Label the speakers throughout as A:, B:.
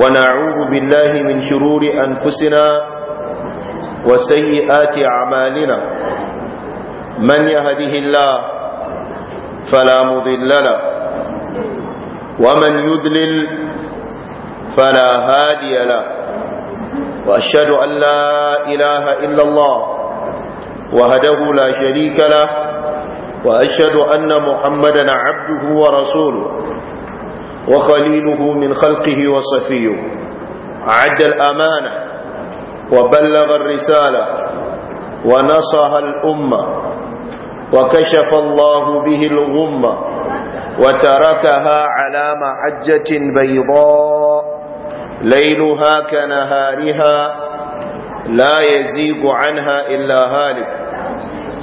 A: ونعوذ بالله من شرور أنفسنا وسيئات أعمالنا من يهده الله فلا مضل له ومن يذلل فلا هادي له وأشهد أن لا إله إلا الله وهده لا شريك له وأشهد أن محمدا عبده ورسوله وخليله من خلقه وصفيه عد الأمانة وبلغ الرسالة ونصها الأمة وكشف الله به الغمة وتركها على معجة بيضاء ليلها كنهارها لا يزيغ عنها إلا هالك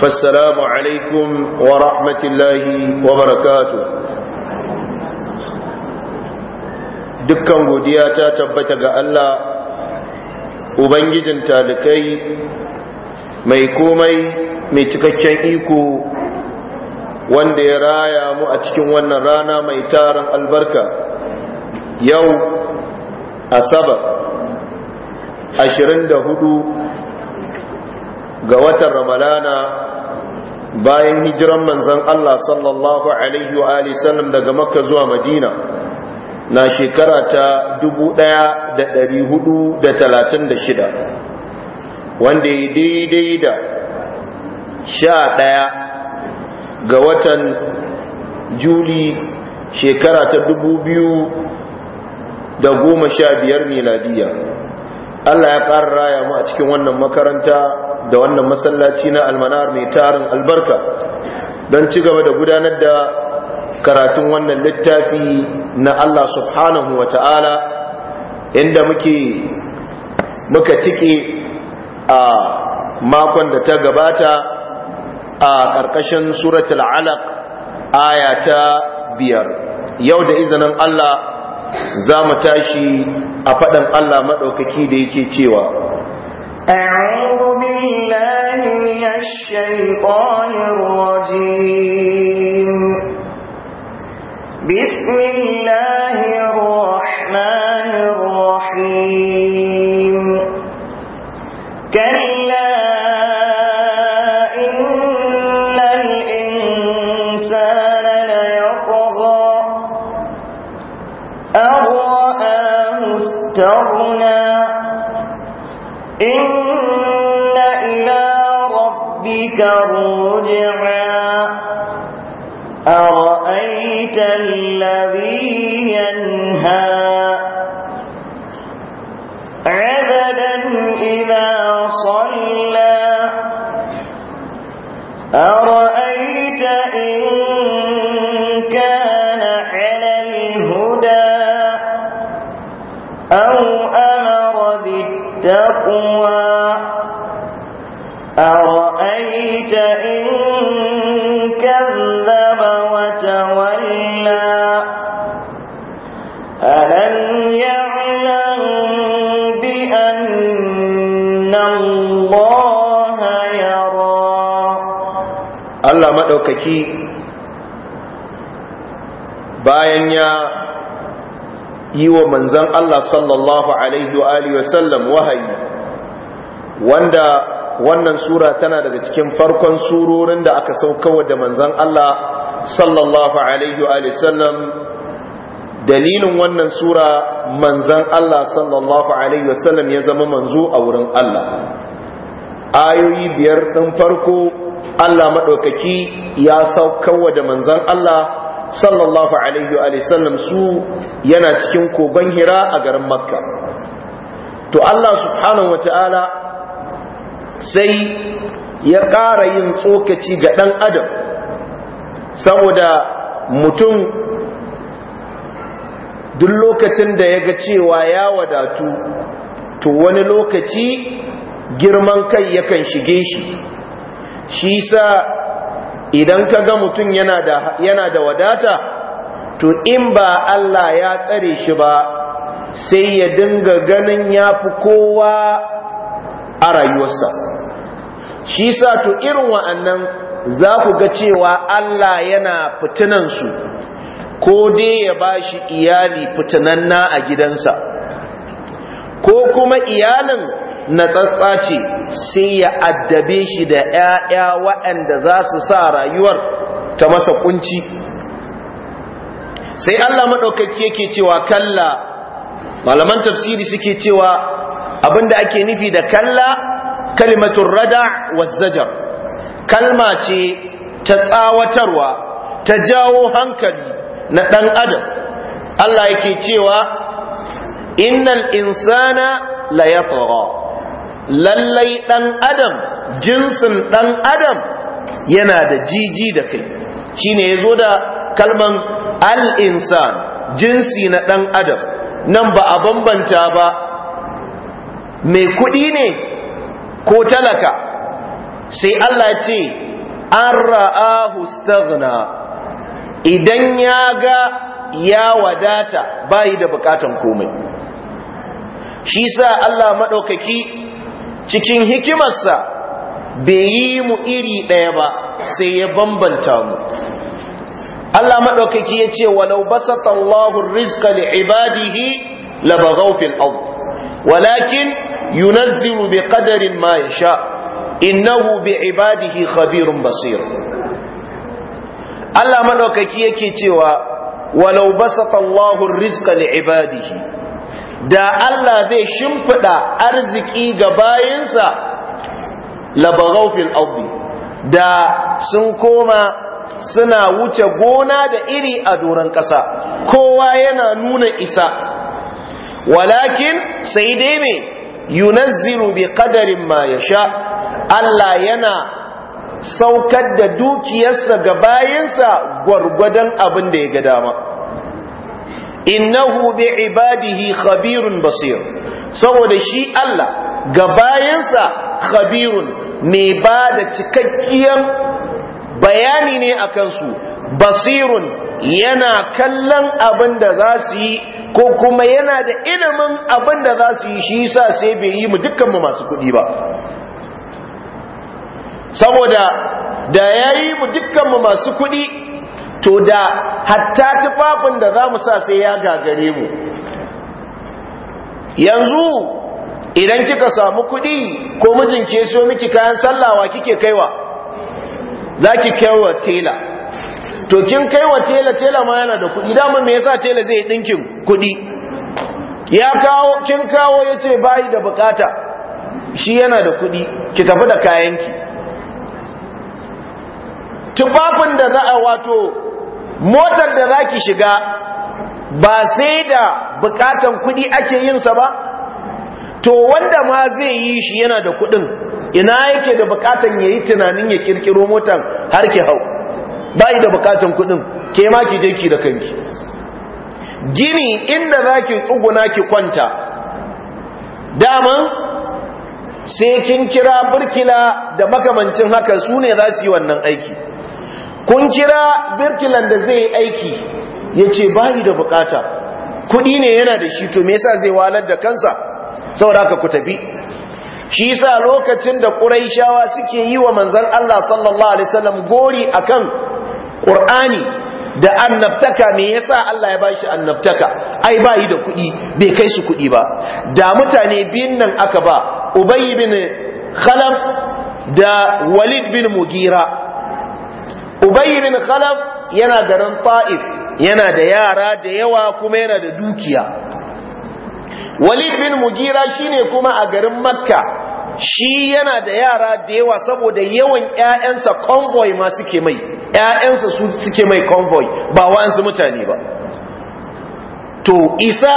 A: فالسلام عليكم ورحمة الله وبركاته dukkan godiya ta tabbata ga Allah ubangijin talikai mai komai mai cikakken iko wanda ya raya mu a cikin wannan rana mai tarin albarka yau asabar 24 ga watan Ramadana bayan hijiran manzan Allah sallallahu alaihi wa sallam daga makka zuwa madina na shekara ta 1436 wanda ya daidai da sha ɗaya ga watan juli shekara ta da goma sha biyar miladiya Allah ya ƙara raya mu a cikin wannan makaranta da wannan masallaci na almanar mai tarin albarka don ci gaba da gudanar da karatun wannan littafi na Allah subhanahu wa ta'ala inda muke muka tike a makon da ta gabata a ƙarƙashin suratul alaq aya ta biyar yau da izinin Allah za mu tashi a faɗin Allah maɗaukaki da yake cewa
B: من الشيطان الرجيم بسم الله الرحمن الذي ينهى عبدا إذا صلى أرأيت إن كان على الهدى أو أمر بالتقوى أرأيت إن
A: maɗaukaki bayan ya yi wa manzan Allah sallallahu Alaihi wasallam wahayi wanda wannan sura tana daga cikin farkon surorin da aka saukawa da manzan Allah sallallahu Alaihi wasallam dalilin wannan sura manzan Allah sallallahu Alaihi wasallam ya zama manzo a wurin Allah ayoyi biyar ɗin farko Allah maɗaukaki ya saukawa da manzan Allah sallallahu alaihi wa su yana cikin kogon hira a garin makka to Allah subhanahu wata'ala sai ya ƙara yin tsokaci ga ɗan adam saboda mutum duk lokacin da ya ga cewa ya wadatu to wani lokaci girman kai yakan shige shi shi sa idan ka ga mutum yana da wadata to in ba Allah ya tsare shi ba sai ya dinga ganin ya fi kowa a rayuwarsa shi sa to irin wa'annan za ku ga cewa Allah yana fitinansu ko dai ya ba shi iyali fitinanna a gidansa ko kuma iyalin natsatsa ce sai ya addabe shi da ‘ya'ya waɗanda za su sa rayuwar ta masa kunci sai Allah maɗaukaki yake cewa kalla malaman tafsiri suke cewa abinda ake nufi da kalla kalimatun rada wazzajar kalma ce ta tsawatarwa ta jawo hankali na ɗan adam Allah yake cewa innal insana la yatgha lallai ɗan adam jinsin ɗan adam yana da jiji da kai shine yazo da kalman al insan jinsi na ɗan adam nan ba a bambanta ba mai kuɗi ne ko talaka sai Allah ce an ra'ahu staghna idan ya ga ya wadata bayi da bukatan komai shi sa Allah maɗaukaki cikin hikimarsa bai yi mu iri ɗaya ba sai ya bambanta mu Allah maɗaukaki ya ce walau basata Allahu rizqa li ibadihi labaghaw fil ard walakin yunazzilu bi qadarin ma yasha innahu bi ibadihi khabirun basir Allah maɗaukaki yake cewa walau basata Allahu rizqa li ibadihi da Allah zai shimfiɗa arziki ga bayinsa labarau fil ardi da sun koma suna wuce gona da iri a doron ƙasa kowa yana nuna isa walakin sai dai ne yunazziru bi qadarin ma ya sha. Allah yana saukar da dukiyarsa ga bayinsa gwargwadon abin da ya ga dama innahu bi ibadihi khabirun basir saboda shi Allah ga bayansa khabirun mai ba da cikakkiyar bayani ne a kansu basirun yana kallon abin da za su yi ko kuma yana da ilimin abin da za su yi shi yasa sai bai yi mu dukkanmu masu kuɗi ba saboda da ya yi mu dukkanmu masu kuɗi to da hatta tufafin da za mu sa sai ya gagare mu yanzu idan kika samu kuɗi ko mijinki ya siyo miki kayan sallawa kike kaiwa za ki kaiwa tela to kin kaiwa tela tela ma yana da kuɗi dama me yasa tela zai ɗinkin kuɗi ya kawo kin kawo yace bayi da bukata shi yana da kuɗi ki tafi da kayanki tufafin da za a wato motar da za ki shiga ba sai da bukatan kudi ake yinsa ba to wanda ma zai yi shi yana da kudin ina yake da bukatan ya yi tunanin ya kirkiro motar har ki hau ba yi da bukatan kudin ke ma ki je ki da kanki gini inda za ki tsuguna ki kwanta daman sai kin kira burkila da makamancin haka su ne za su yi wannan aiki kun kira birkilan da zai aiki ya ce ba ni da bukata kudi ne yana da shi to me yasa zai walar da kansa saboda haka ku tafi shi yasa lokacin da quraishawa suke yi wa manzon Allah sallallahu alaihi wasallam gori akan qur'ani da annabtaka me yasa Allah ya bashi annabtaka ai ba yi da kudi bai kai shi kudi ba da mutane biyun nan aka ba ubay bin khalaf da walid bin mugira Ubayi bin Khalaf yana garin Ta'if yana da yara da yawa kuma yana da dukiya Walid bin shi shine kuma a garin Makka shi yana da yara da yawa saboda yawan ƴaƴansa convoy ma suke mai ƴaƴansa su suke mai convoy ba wa'ansu mutane ba to Isa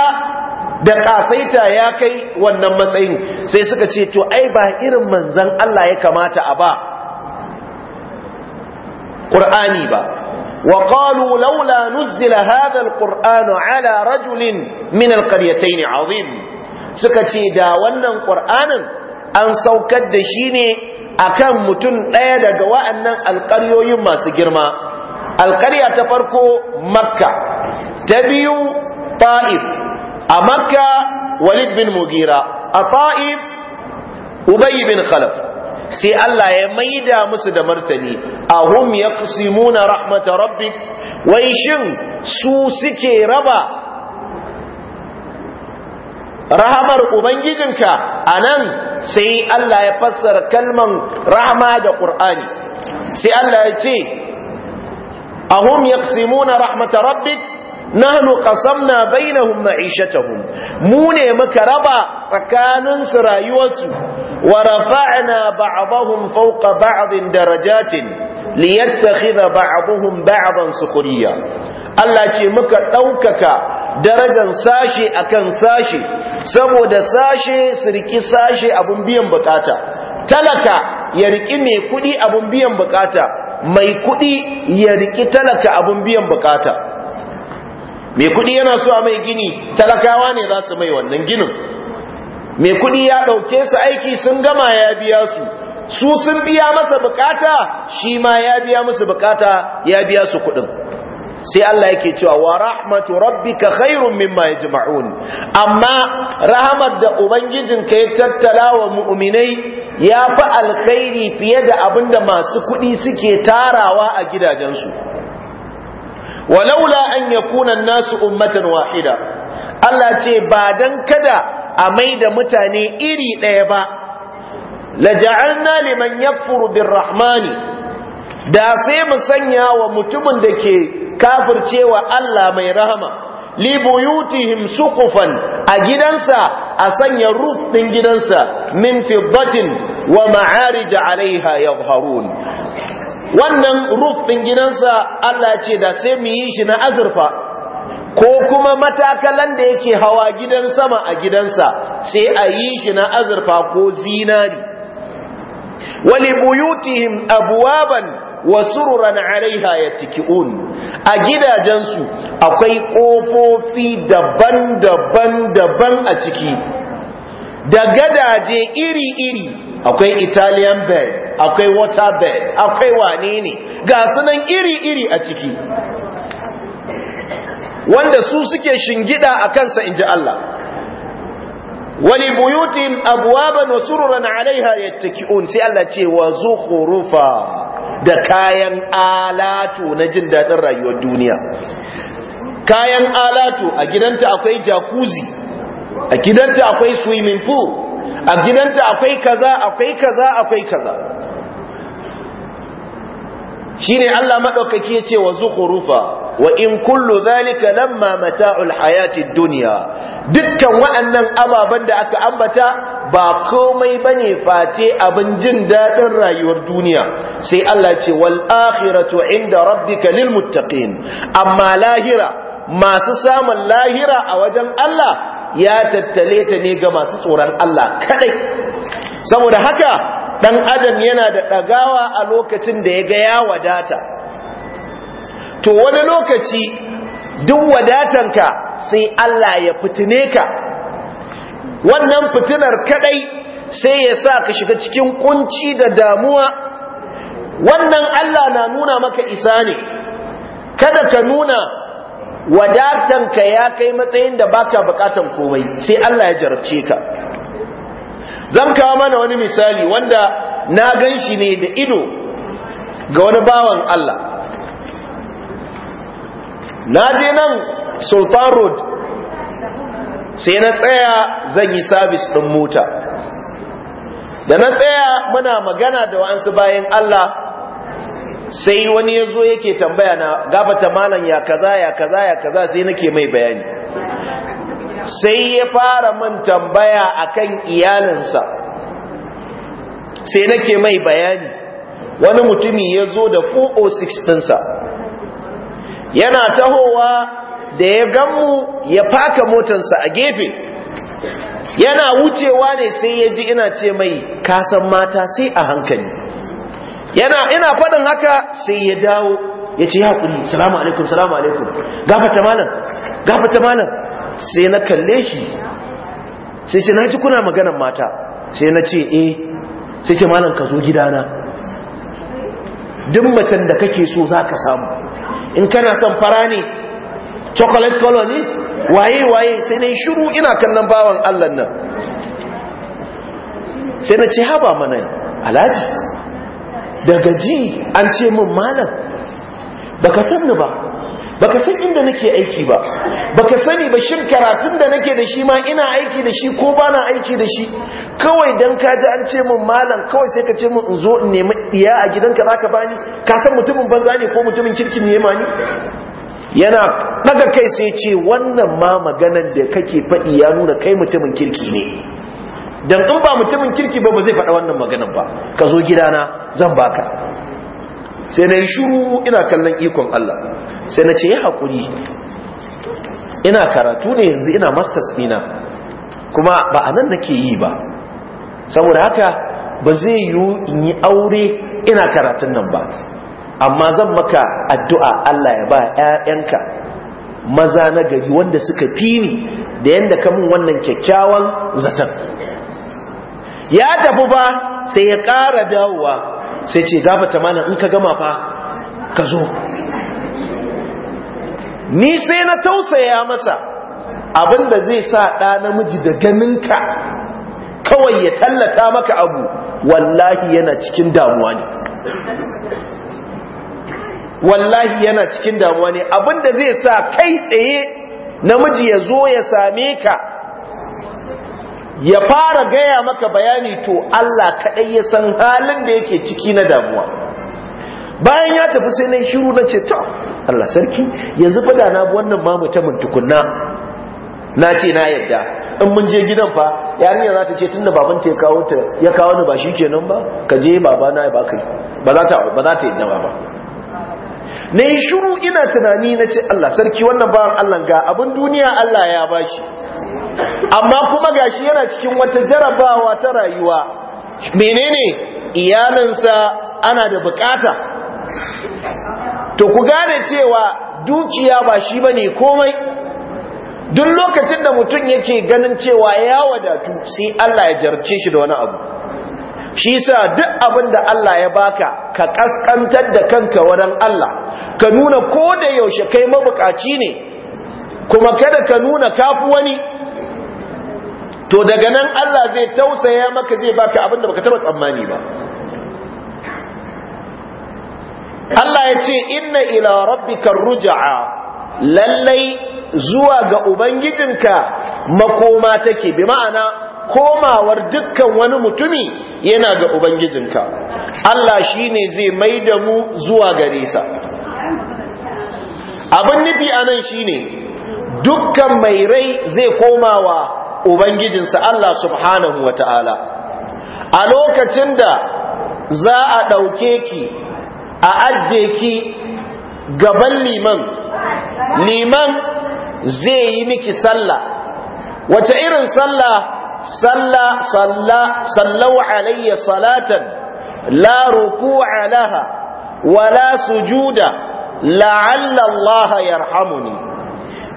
A: da ƙasaita ya kai wannan matsayin sai suka ce to ai ba irin manzon Allah ya kamata a ba Ƙur'ani ba wa qalu laula nuzila hadha alqur'anu ala rajulin min alqaryatayn azim suka ce da wannan qur'anin an saukar da shi ne akan mutum ɗaya daga wa'annan alƙaryoyin masu girma alƙarya ta farko makka ta biyu a makka walid bin a bin khalaf sai Allah ya maida musu da martani ahum yaqsimuna rahmat rabbik wai shin su suke raba rahamar ubangijinka nan? sai Allah ya fassara kalman rahma da ƙur'ani sai Allah ya ce ahum yaqsimuna rahmata rabbik nahnu qasamna bainahum ma'ishatahum mu ne muka raba tsakanin su rayuwarsu wa rafa'na ba'dahum fawqa ba'din darajatin liyattakhidha ba'dahum ba'dan sukhriya Allah ce muka ɗaukaka darajar sashe akan sashe saboda sashe su riki sashe abun biyan bukata talaka ya riki mai kudi abun biyan bukata mai kudi ya riki talaka abun biyan bukata mai kuɗi yana so a mai gini talakawa ne za su mai wannan ginin mai kuɗi ya ɗauke su aiki sun gama ya biya su su sun biya masa bukata shi ma ya biya musu bukata ya biya su kuɗin sai Allah yake cewa wa rahmatu rabbika khairun mimma yajma'un amma rahmat da ubangijinka ya tattala wa mu'minai ya fi alkhairi fiye da abinda masu kuɗi suke tarawa a gidajensu walaula an yakuna nasu ummatan wahida Allah ce ba dan kada a maida mutane iri daya ba laja'alna liman yakfuru birrahmani da sai mu sanya wa mutumin da ke kafircewa Allah mai rahama li buyutihim suqufan a gidansa a sanya roof din gidansa min fiddatin wa ma'arij alaiha yadhharun wannan roof din gidansa Allah ce da sai mu yi shi na azurfa ko kuma matakalan da yake hawa gidan sama a gidansa sai a yi shi na azurfa ko zinari wali buyutihim abwaban wa sururan alaiha yattiki'un a gidajensu akwai kofofi daban-daban daban a ciki da gadaje iri-iri akwai italian bed akwai water bed akwai wane ne ga sunan iri-iri a ciki wanda su suke shingida a kansa in ji Allah wani buyutin abuwaban wasu ruran alaiha ya un? sai Allah ce wa zuhurufa da kayan alatu na jin daɗin rayuwar duniya kayan alatu a gidanta akwai jacuzzi a gidanta akwai swimming pool a gidanta akwai kaza akwai kaza akwai kaza shine Allah madaukaki yace wa zukhrufa wa in kullu zalika lamma mata'ul hayatid dunya dukkan wa'annan ababan da aka ambata ba komai bane face abin jin dadin rayuwar duniya sai Allah ce wal akhiratu inda rabbika lil muttaqin amma lahira masu samun lahira a wajen Allah ya tattale ta ne ga masu tsoron Allah kadai saboda haka dan adam yana da dagawa a lokacin da ya ga ya wadata to wani lokaci duk wadatanka sai Allah ya fitine ka wannan fitinar kadai sai ya sa ka shiga cikin kunci da damuwa wannan Allah na nuna maka isa ne kada ka nuna wadatanka ya kai matsayin da baka bukatan komai sai Allah ya jarabce ka zan kawo mana wani misali wanda na ganshi ne da ido ga wani bawan Allah na je nan sultan road sai na tsaya zan yi sabis ɗin mota da na tsaya muna magana da wa'ansu bayan Allah sai wani ya zo yake tambaya na gabata malam ya kaza ya kaza ya kaza sai nake mai bayani sai ya fara min tambaya akan iyalinsa sai nake mai bayani wani mutumi ya zo da 406 ɗinsa yana tahowa da ya ganmu ya faka motansa a gefe yana wucewa ne sai ya ji ina ce mai kasan mata sai a hankali yana ina faɗin haka sai ya dawo ya ce ya kuni salamu alaikum salamu alaikum gafata malam gafata malam sai na kalle shi sai sai na ji kuna maganan mata sai na ce eh sai ce malam ka zo gidana duk macen da kake so za ka samu in kana son fara ne chocolate color ne waye waye sai na yi shiru ina kallon bawan allan nan sai na ce haba mana alaji daga ji an ce min malam baka san ni ba baka san inda nake aiki ba baka sani ba shin karatun da nake da shi ma ina aiki da shi ko bana aiki da shi kawai dan kaji ji an ce min malam kawai sai ka ce min in zo in nemi iya a gidanka zaka bani ka san mutumin banza ne ko mutumin kirkin ne ma ni yana daga kai sai ce wannan ma maganar da kake faɗi ya nuna kai mutumin kirki ne dan in ba mutumin kirki ba ba zai faɗa wannan maganar ba ka zo gidana zan baka sai na yi shuru ina kallon ikon Allah sai na ce ya hakuri. ina karatu ne yanzu ina masters ɗina kuma ba a nan nake yi ba saboda haka ba zai yiwu in yi aure ina karatun nan ba amma zan maka addu'a Allah ya ba ‘ya'yanka maza na gari wanda suka fi ni da yadda kamun wannan kyakkyawan zaton ya tafi ba sai ya ƙara dawowa sai ce ta mana in ka gama fa ka zo ni sai na tausaya masa abinda zai sa ɗa namiji da ganinka kawai ya tallata maka abu wallahi yana cikin damuwa ne wallahi yana cikin damuwa ne abinda zai sa kai tsaye namiji ya zo ya same ka ya fara gaya maka bayani to Allah kaɗai ya san halin da yake ciki na damuwa bayan ya tafi sai na yi shiru na ce to Allah sarki yanzu fada na wannan mamu ta tukunna na ce na yadda in mun je gidan fa yarinya za ta ce tunda baban ta ya kawo ta ya kawo ni ba shikenan ba ka je baba na ba kai ba za ta ba za ta yadda ba na yi shiru ina tunani na ce Allah sarki wannan ba Allah ga abin duniya Allah ya bashi amma kuma gashi yana cikin wata jarabawa ta rayuwa menene iyalinsa ana da bukata to ku gane cewa dukiya ba shi bane komai duk lokacin da mutum yake ganin cewa ya wadatu sai Allah ya jarce shi da wani abu shi sa duk abin da Allah ya baka ka kaskantar da kanka wurin Allah ka nuna ko da yaushe kai mabukaci ne kuma kada ka nuna kafu wani to daga nan Allah zai tausaya maka zai baka abin da baka taba tsammani ba Allah ya ce inna ila rabbikar ruj'a lallai zuwa ga ubangijinka makoma take bi ma'ana komawar dukkan wani mutumi yana ga Ubangijinka, Allah shine zai mai da mu zuwa gare sa. Abin nufi anan shine dukkan mai rai zai komawa ubangijinsa Allah subhanahu wa ta'ala a lokacin da za a ɗauke ki a ajiye ki gaban liman liman zai yi miki sallah wace irin sallah sallah sallah sallau alayya salatan la Alaha, laha wala sujuda la'allallaha Allah ni.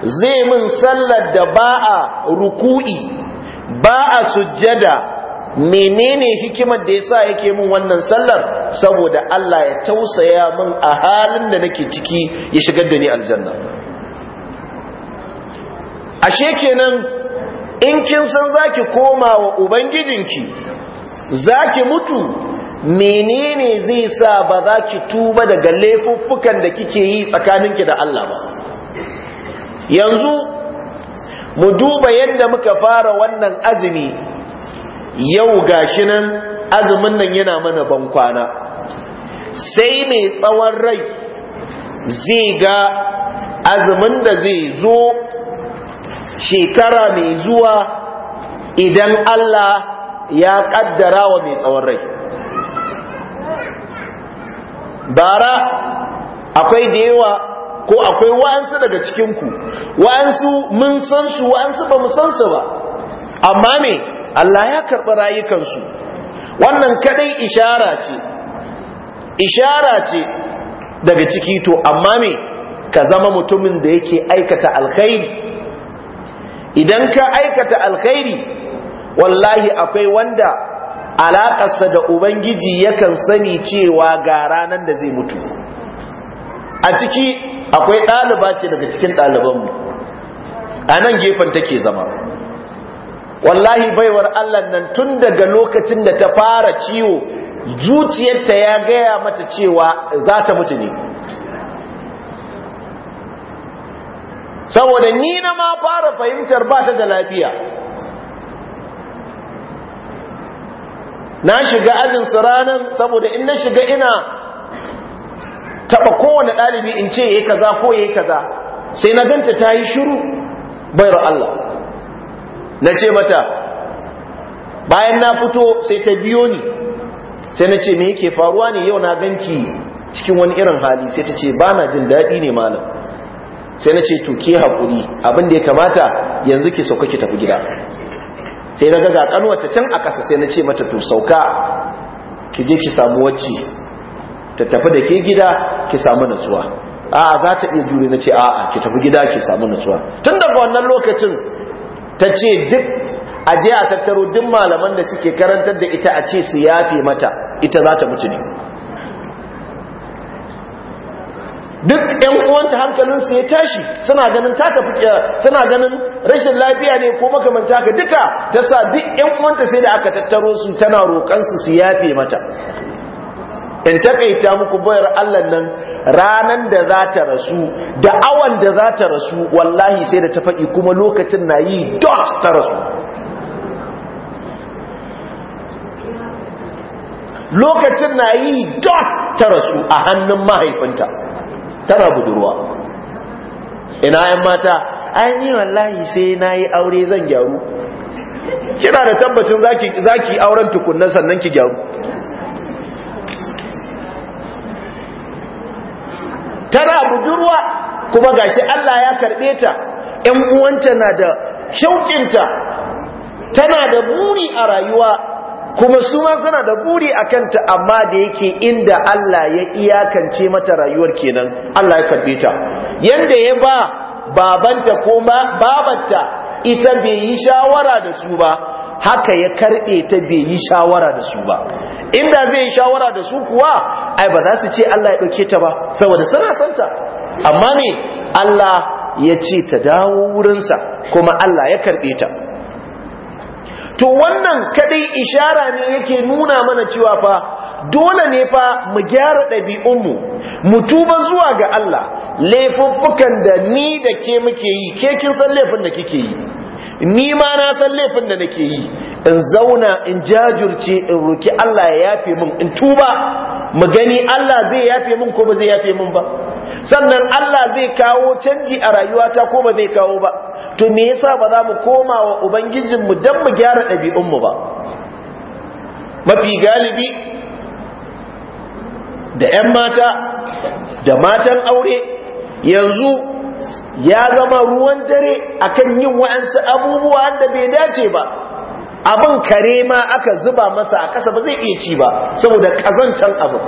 A: zai mun sallar da ba a ruku'i ba a sujjada menene hikimar da yasa yake min wannan sallar saboda Allah ya tausaya min a halin da nake ciki ya shigar da ni aljanna ashe kenan in kin san zaki koma wa ubangijinki zaki mutu menene zai sa ba za ki tuba daga laifuffukan da kike yi tsakaninki da Allah ba yanzu mu duba yadda muka fara wannan azumi yau gashi nan azumin nan yana mana bankwana sai mai tsawon rai zai ga azumin da zai zo shekara mai zuwa idan Allah ya kaddara wa mai tsawon rai bara akwai da yawa ko akwai wa'ansu daga cikinku wa'ansu mun san su wa'ansu ba mu san su ba amma me Allah ya karɓi rayukansu wannan kadai ishara ce ishara ce daga ciki to amma me ka zama mutumin da yake aikata alkhairi idan ka aikata alkhairi wallahi akwai wanda alaƙarsa da ubangiji yakan sani cewa ga ranar da zai mutu a ciki akwai ɗaliba ce daga cikin ɗalibanmu a nan gefen take zama wallahi baiwar allah nan tun daga lokacin da ta fara ciwo zuciyarta ya gaya mata cewa za ta mutu ne saboda ni na ma fara fahimtar ba ta da lafiya na shiga ajinsu ranar saboda in na shiga ina Taba kowane ɗalibi in ce ya yi kaza ko ya yi kaza sai na ganta ta yi shiru bayar Allah na ce mata bayan na fito sai ta biyo ni sai na ce me yake faruwa ne yau na ganki cikin wani irin hali sai ta ce ba na jin daɗi ne malam sai na ce tuke haƙuri abin da ya kamata yanzu ki sauka ki tafi gida sai na ga kanuwa ta can a ƙasa sai na ce mata to sauka ki je ki samu wacce ta tafi da ke gida ki samu nutsuwa a'a za ta iya jure na ce a'a ki tafi gida ki samu nutsuwa tun daga wannan lokacin ta ce duk a je a tattaro duk malaman da suke karantar da ita a ce su yafe mata ita za ta mutu ne duk ɗan uwanta su ya tashi suna ganin ta tafi suna ganin rashin lafiya ne ko makamanta ka duka ta sa duk ɗan uwanta sai da aka tattaro su tana roƙansu su yafe mata in taƙaita muku bayar Allah nan ranan da za ta rasu da awan da za ta rasu wallahi sai da ta faɗi kuma lokacin na yi dot ta rasu lokacin na yi dot ta rasu a hannun mahaifinta tana budurwa ina yan mata an yi wallahi sai na yi aure zan gyaru kina da tabbacin zaki auren tukunna sannan ki gyaru tana budurwa kuma gashi Allah ya karbe ta ƴan uwanta na da shauƙinta tana da buri a rayuwa kuma su ma suna da buri a kanta amma da yake inda Allah ya iyakance mata rayuwar kenan Allah ya karbe ta yanda ya ba babanta ko babanta ita bai yi shawara da su ba haka ya karɓe ta bai yi shawara da su ba inda zai yi shawara da su kuwa ai ba za su ce Allah ya ɗauke ta ba saboda suna santa amma ne Allah ya ce ta dawo wurinsa kuma Allah ya karɓe ta to wannan kaɗai ishara ne yake nuna mana cewa fa dole ne fa mu gyara ɗabi'unmu mu tuba zuwa ga Allah laifuffukan da ni da ke muke yi ke kin san laifin da kike yi ni ma na san laifin da nake yi in zauna in jajirce in roki Allah ya yafe min in tuba mu gani Allah zai yafe min ko ba zai yafe min ba sannan Allah zai kawo canji a rayuwata ko ba zai kawo ba to me yasa ba za mu koma wa ubangijin mu dan mu gyara mu ba mafi galibi da 'yan mata da matan aure yanzu ya zama ruwan dare akan yin wa'ansu abubuwa da bai dace ba abin kare ma aka zuba masa a kasa ba zai iya ci ba saboda kazantan abu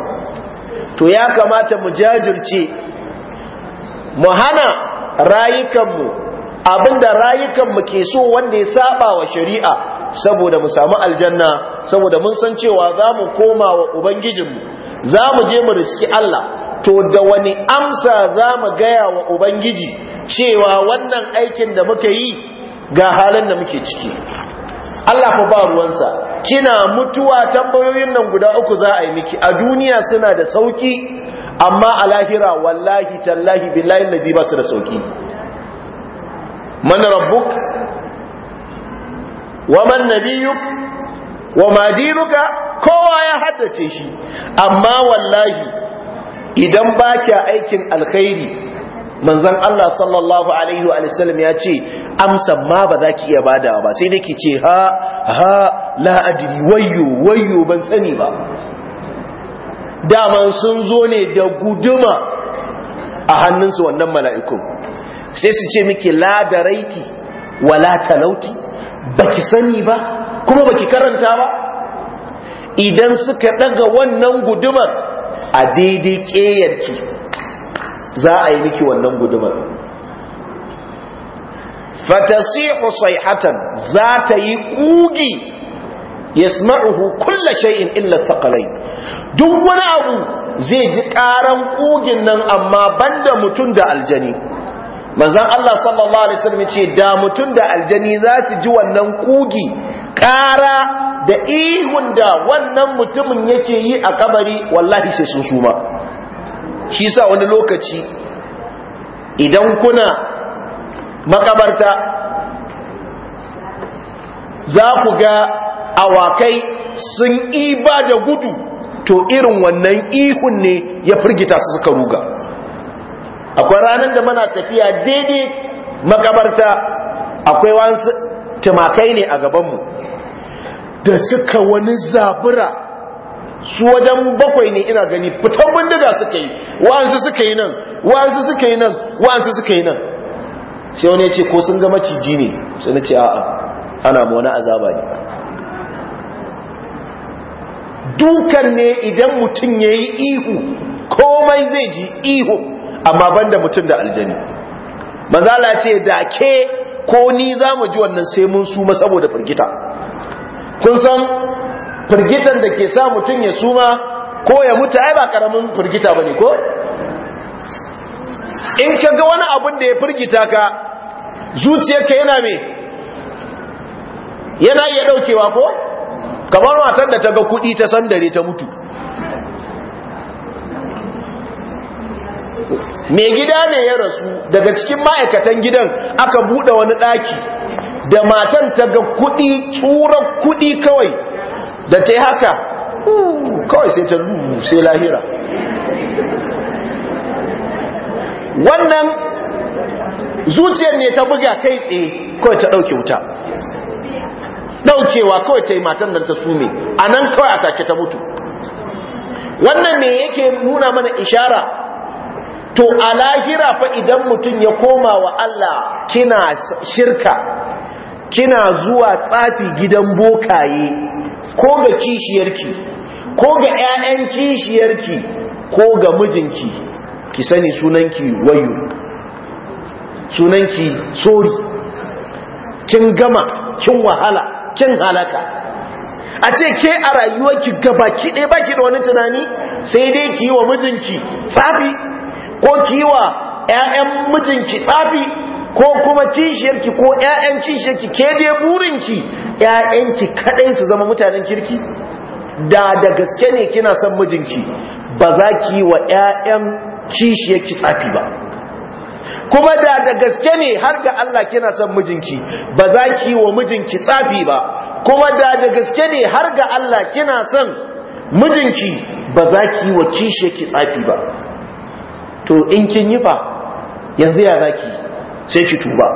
A: to ya kamata mu jajirce mu hana rayukanmu abinda rayukanmu ke so wanda ya saba wa shari'a saboda mu samu aljanna saboda mun san cewa za mu koma wa ubangijinmu za mu je mu riski Allah to da wani amsa za mu gaya wa ubangiji cewa wannan aikin da muka yi ga halin da muke ciki Allah fa ba ruwansa kina mutuwa tambayoyin nan guda uku za a yi miki a duniya suna da sauki amma a lahira wallahi tallahi billahi ladi ba su da sauki man rabbuk wa man nabiyuk wa ma kowa ya haddace shi amma wallahi idan ba kya aikin alkhairi manzon Allah sallallahu alaihi wa sallam ya ce amsa ma ba za ki iya badawa ba sai nake ce ha ha la adri wayyo ban sani ba daman sun zo ne da guduma a hannunsu wannan mala'ikun sai su ce miki la raiti wa latalauti. baki sani ba kuma baki karanta ba idan suka daga wannan gudumar a daidai ƙeyarki za a yi miki wannan gudumar fatasihu hatan za ta yi kugi yasma'uhu kulla shay'in illa thaqalain duk wani abu zai ji karan kugin nan amma banda mutum da aljani manzon Allah sallallahu alaihi wasallam ce da mutum da aljani za su ji wannan kugi ƙara da ihun da wannan mutumin yake yi a kabari wallahi sai sun suma shi sa wani lokaci idan kuna makabarta za ku ga awakai sun iba da gudu to irin wannan ihun ne ya firgita su suka ruga akwai ranar da mana tafiya daidai makabarta akwai wasu tumakai ne a gabanmu da suka wani zabura su wajen bakwai ne ina gani fitan bindiga suka yi wa'ansu suka yi nan wa'ansu suka yi nan wa'ansu suka yi nan sai wani ya ce ko sun ga maciji ne su na ce a'a ana ma wani azaba ne dukan ne idan mutum ya yi ihu komai zai ji ihu amma ban da mutum da aljani manzala ce da ke ko ni za mu ji wannan sai mun suma saboda firgita kun san firgitan da ke sa mutum ya suma ko ya mutu ai ba karamin firgita bane ko in ka ga wani abin da ya firgita ka zuciyarka yana me yana iya daukewa ko kamar matar da ta ga kudi ta sandare ta mutu mai gida ne ya rasu daga cikin ma'aikatan gidan aka buɗe wani ɗaki da matan ta ga kudi tsuran kudi kawai da ta haka kawai sai ta lulu sai lahira wannan zuciyar ne ta buga kai tsaye kawai ta dauke wuta ɗaukewa kawai ta yi matan da ta sume a nan kawai a take ta mutu wannan me yake nuna mana ishara to a lahira fa idan mutum ya koma wa Allah kina shirka kina zuwa tsafi gidan bokaye ko ga kishiyarki ko ga 'ya'yan kishiyarki ko ga mijinki ki sani sunanki wayo sunanki sori kin gama kin wahala kin halaka a ce ke a rayuwarki gabaki ɗaya baki da wani tunani sai dai ki yi wa mijinki tsafi ko ki yi wa 'ya'yan mijinki tsafi ko kuma kishiyarki ko ƴaƴan cishiyarki ke dai burinki ƴaƴanki kadai su zama mutanen kirki da da gaske ne kina son mijinki ba za ki yi wa ƴaƴan ki tsafi ba kuma da da gaske ne har ga Allah kina son mijinki ba za ki yi wa mijinki tsafi ba kuma da da gaske ne har ga Allah kina son mijinki ba za ki yi wa kishiyarki tsafi ba to in kin yi fa yanzu ya zaki yi sai ki tuba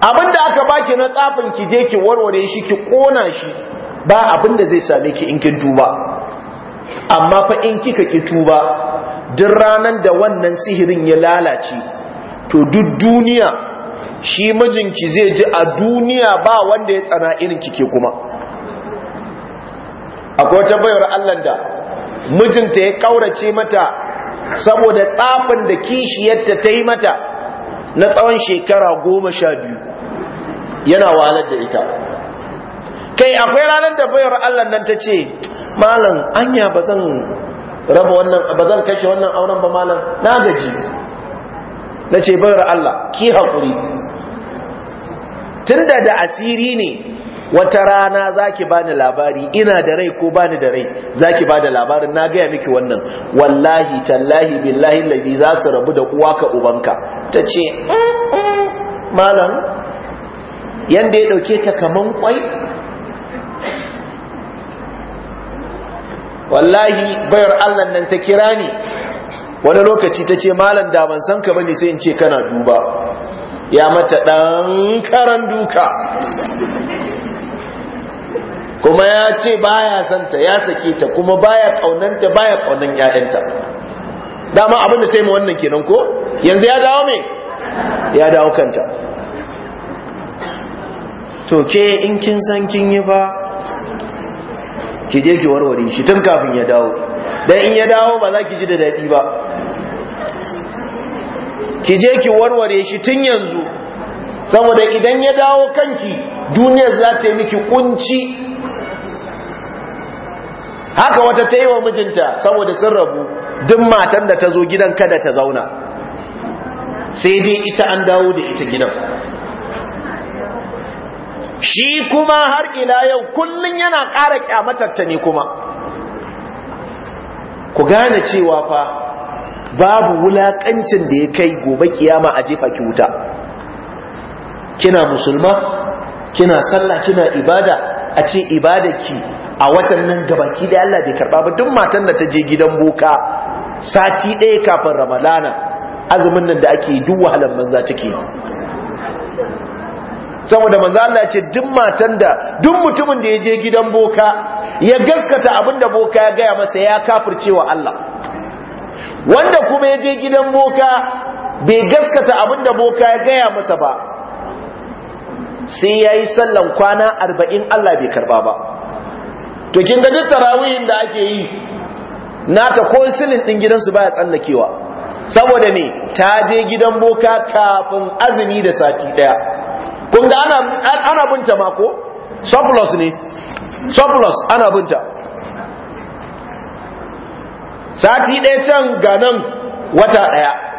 A: abinda aka baki na tsafin ki je ki warware shi ki kona shi ba abinda zai same ki in kin tuba amma fa in kika ki tuba duk ranan da wannan sihirin ya lalace to duk duniya shi mijinki zai ji a duniya ba wanda ya tsana irin kike kuma akwai wata bayar Allah da mijinta ya kaurace mata saboda tsafin da kishiyarta ta yi mata na tsawon shekara goma sha biyu yana walar da ita kai akwai ranar da bayar Allah nan ta ce malam anya ba zan raba wannan ba zan kashe wannan auren ba malam na gaji na ce bayar Allah ki haƙuri tunda da asiri ne wata rana za zaki bani labari ina da rai ko bani da rai Za zaki bada labarin na gaya miki wannan wallahi tallahi billahi lalli za su rabu da uwa ka ubanka ce malam yadda ya dauke ta kaman kwai wallahi bayar Allah nan ta kira ne. wani lokaci ta ce malam da ban san ka bane sai in ce kana duba ya mata ɗan karan duka kuma ya ce baya santa ya sake ta kuma baya kaunanta baya kaunan ƴaƴanta dama abin da taimu wannan kenan ko yanzu ya dawo me ya dawo kanta to ke in kin san kin yi ba ki je ki warware shi tun kafin ya dawo dan in ya dawo ba za ki ji da daɗi ba ki je ki warware shi tun yanzu saboda idan ya dawo kanki duniyar za ta yi miki kunci haka wata ta yi wa mijinta saboda sun rabu duk matan da ta zo gidan kada ta zauna sai dai ita an dawo da ita gidan shi kuma har ila yau kullum yana ƙara ƙyamatarta ne kuma ku gane cewa fa babu wulaƙancin da ya kai gobe kiyama a jefa ki wuta kina musulma kina sallah kina ibada a ce ibadarki a watan nan gabaki da Allah bai karba ba duk matan da ta je gidan boka sati ɗaya kafin ramadana azumin nan da ake duk wahalar banza take saboda manzo Allah ya ce duk matan da duk mutumin da ya je gidan boka ya gaskata abin da boka ya gaya masa ya kafircewa Allah wanda kuma ya je gidan boka bai gaskata abin da boka ya gaya masa ba sai ya yi sallan kwana arba'in Allah bai karba ba to kin ga duk tarawihin da ake yi nata ko silin din gidansu ba ya tsallakewa saboda me ta je gidan boka kafin azumi da sati daya kun ga ana ana binta ma ko surplus ne surplus ana binta sati daya can ga nan wata daya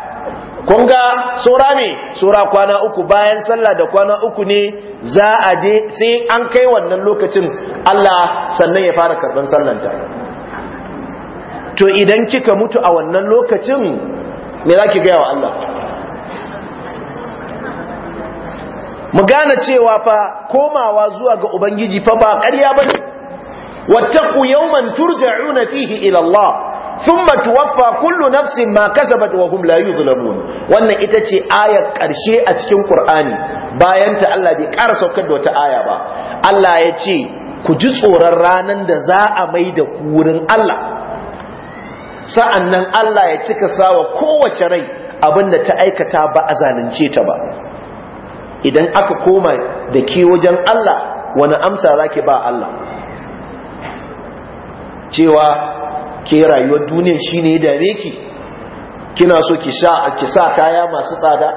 A: Kunga ga sura me sura kwana uku bayan sallah da kwana uku ne za a je sai an kai wannan lokacin Allah sannan ya fara karban sallanta to idan kika mutu a wannan lokacin me zaki gaya wa Allah mu gane cewa fa komawa zuwa ga ubangiji fa ba ƙarya bane wattaqu yawman turja'una fihi ila Allah thumma tuwaffa kullu nafsin ma kasabat wa hum la yuzlamun wannan ita ce ayar karshe a cikin Qur'ani bayan ta Allah bai ƙara saukar da wata aya ba Allah ya ce ku ji tsoron ranan da za a mai da ku wurin Allah sa'annan Allah ya cika sawa kowace rai abinda ta aikata ba a zalunce ta ba idan aka koma da ke wajen Allah wani amsa za ba Allah cewa ke rayuwar duniya shine da dame ki kina so ki sha ki sa kaya masu tsada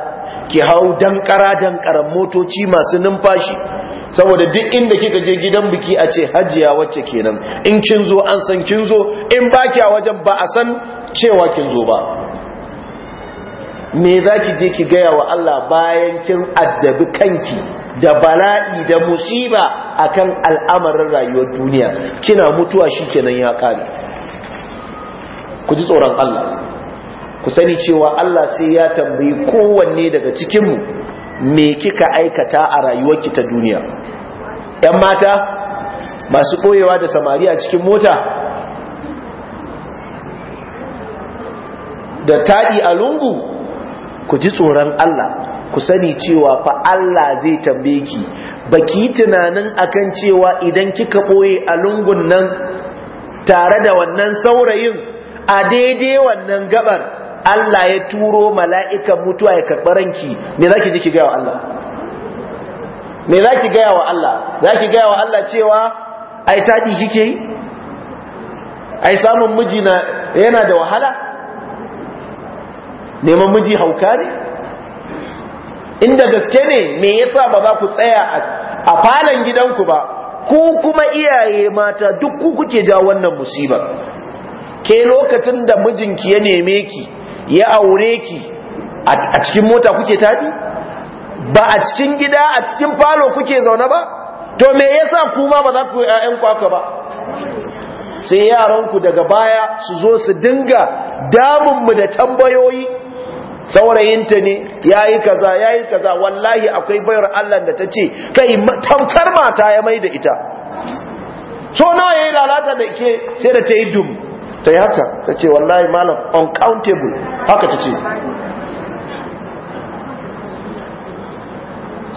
A: ki hau dankara karan motoci masu numfashi saboda duk inda kika je gidan biki a ce hajiya wacce kenan in kin zo an san kin zo in ba a wajen ba a san cewa kin zo ba me zaki je ki gaya wa Allah bayan kin addabi kanki da bala'i da musiba akan al'amarin rayuwar duniya kina mutuwa shikenan ya kare ku ji tsoron Allah ku sani cewa Allah sai ya tambayi kowanne daga cikinmu me kika aikata a rayuwarki ta duniya ‘yan mata masu ɓoyewa da samari a cikin mota da taɗi a lungu ku ji tsoron Allah ku sani cewa fa Allah zai tambaye ki baki yi tunanin akan cewa idan kika ɓoye a lungun nan tare da wannan saurayin a daidai wannan gabar Allah ya turo mala'ikan mutuwa ya karɓi ranki za ki ji ki gaya wa Allah me ki gaya wa Allah Za ki gaya wa Allah cewa ai taɗi kike yi ai samun miji na yana da wahala neman miji hauka ne inda gaske ne me yasa ba za ku tsaya a falon gidanku ba ku kuma iyaye mata duk ku kuke ja wannan musibar ke lokacin da mijinki ya neme ki ya aure ki a cikin mota kuke tafi ba a cikin gida a cikin falo kuke zaune ba to me yasa ku ma ba za ku yi ƴaƴan kwaka ba sai yaranku daga baya su zo su dinga damun mu da tambayoyi saurayinta ne ya yi kaza ya kaza wallahi akwai bayar Allah da ta ce kai tamkar mata ya mai da ita so nawa yayi yi lalata da ke sai da ta yi dum ta yi haka ta ce wallahi malam uncountable haka ta ce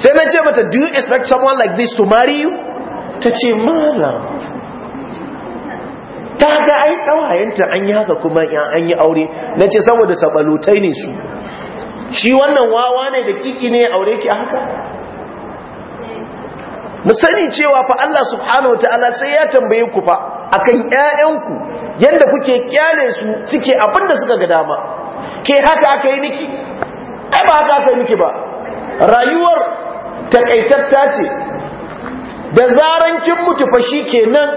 A: sai na ce mata do you expect someone like this to marry you ta ce malam ta ga ai tsawayenta an yi haka kuma an yi aure na ce saboda sabalutai ne su shi wannan wawa ne da kiki ne aure ki haka mu sani cewa fa Allah subhanahu ta'ala sai ya tambaye ku fa akan ƴaƴanku yadda kuke kyale su suke abinda suka ga dama ke haka aka yi miki ai ba haka aka yi niki ba rayuwar takaitatta ce da zaran kin mutu fa kenan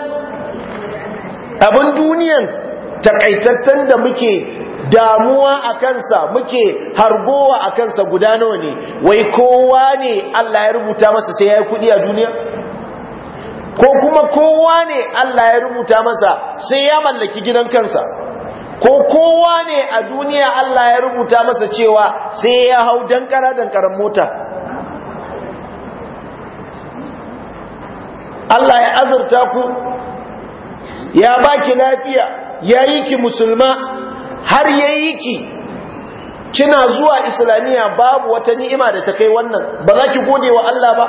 A: abin duniyan takaitattan da muke damuwa a kansa muke harbowa a kansa guda nawa ne wai kowa ne Allah ya rubuta masa sai ya yi kudi a duniya ko kuma kowa ne Allah ya rubuta masa sai ya mallaki gidan kansa ko kowa ne a duniya Allah ya rubuta masa cewa sai ya hau dankara dankaran mota Allah ya azurta ku ya baki lafiya ya yi ki musulma har ya yi ki kina zuwa islamiyya babu wata ni'ima da ta kai wannan ba za ki gode wa Allah ba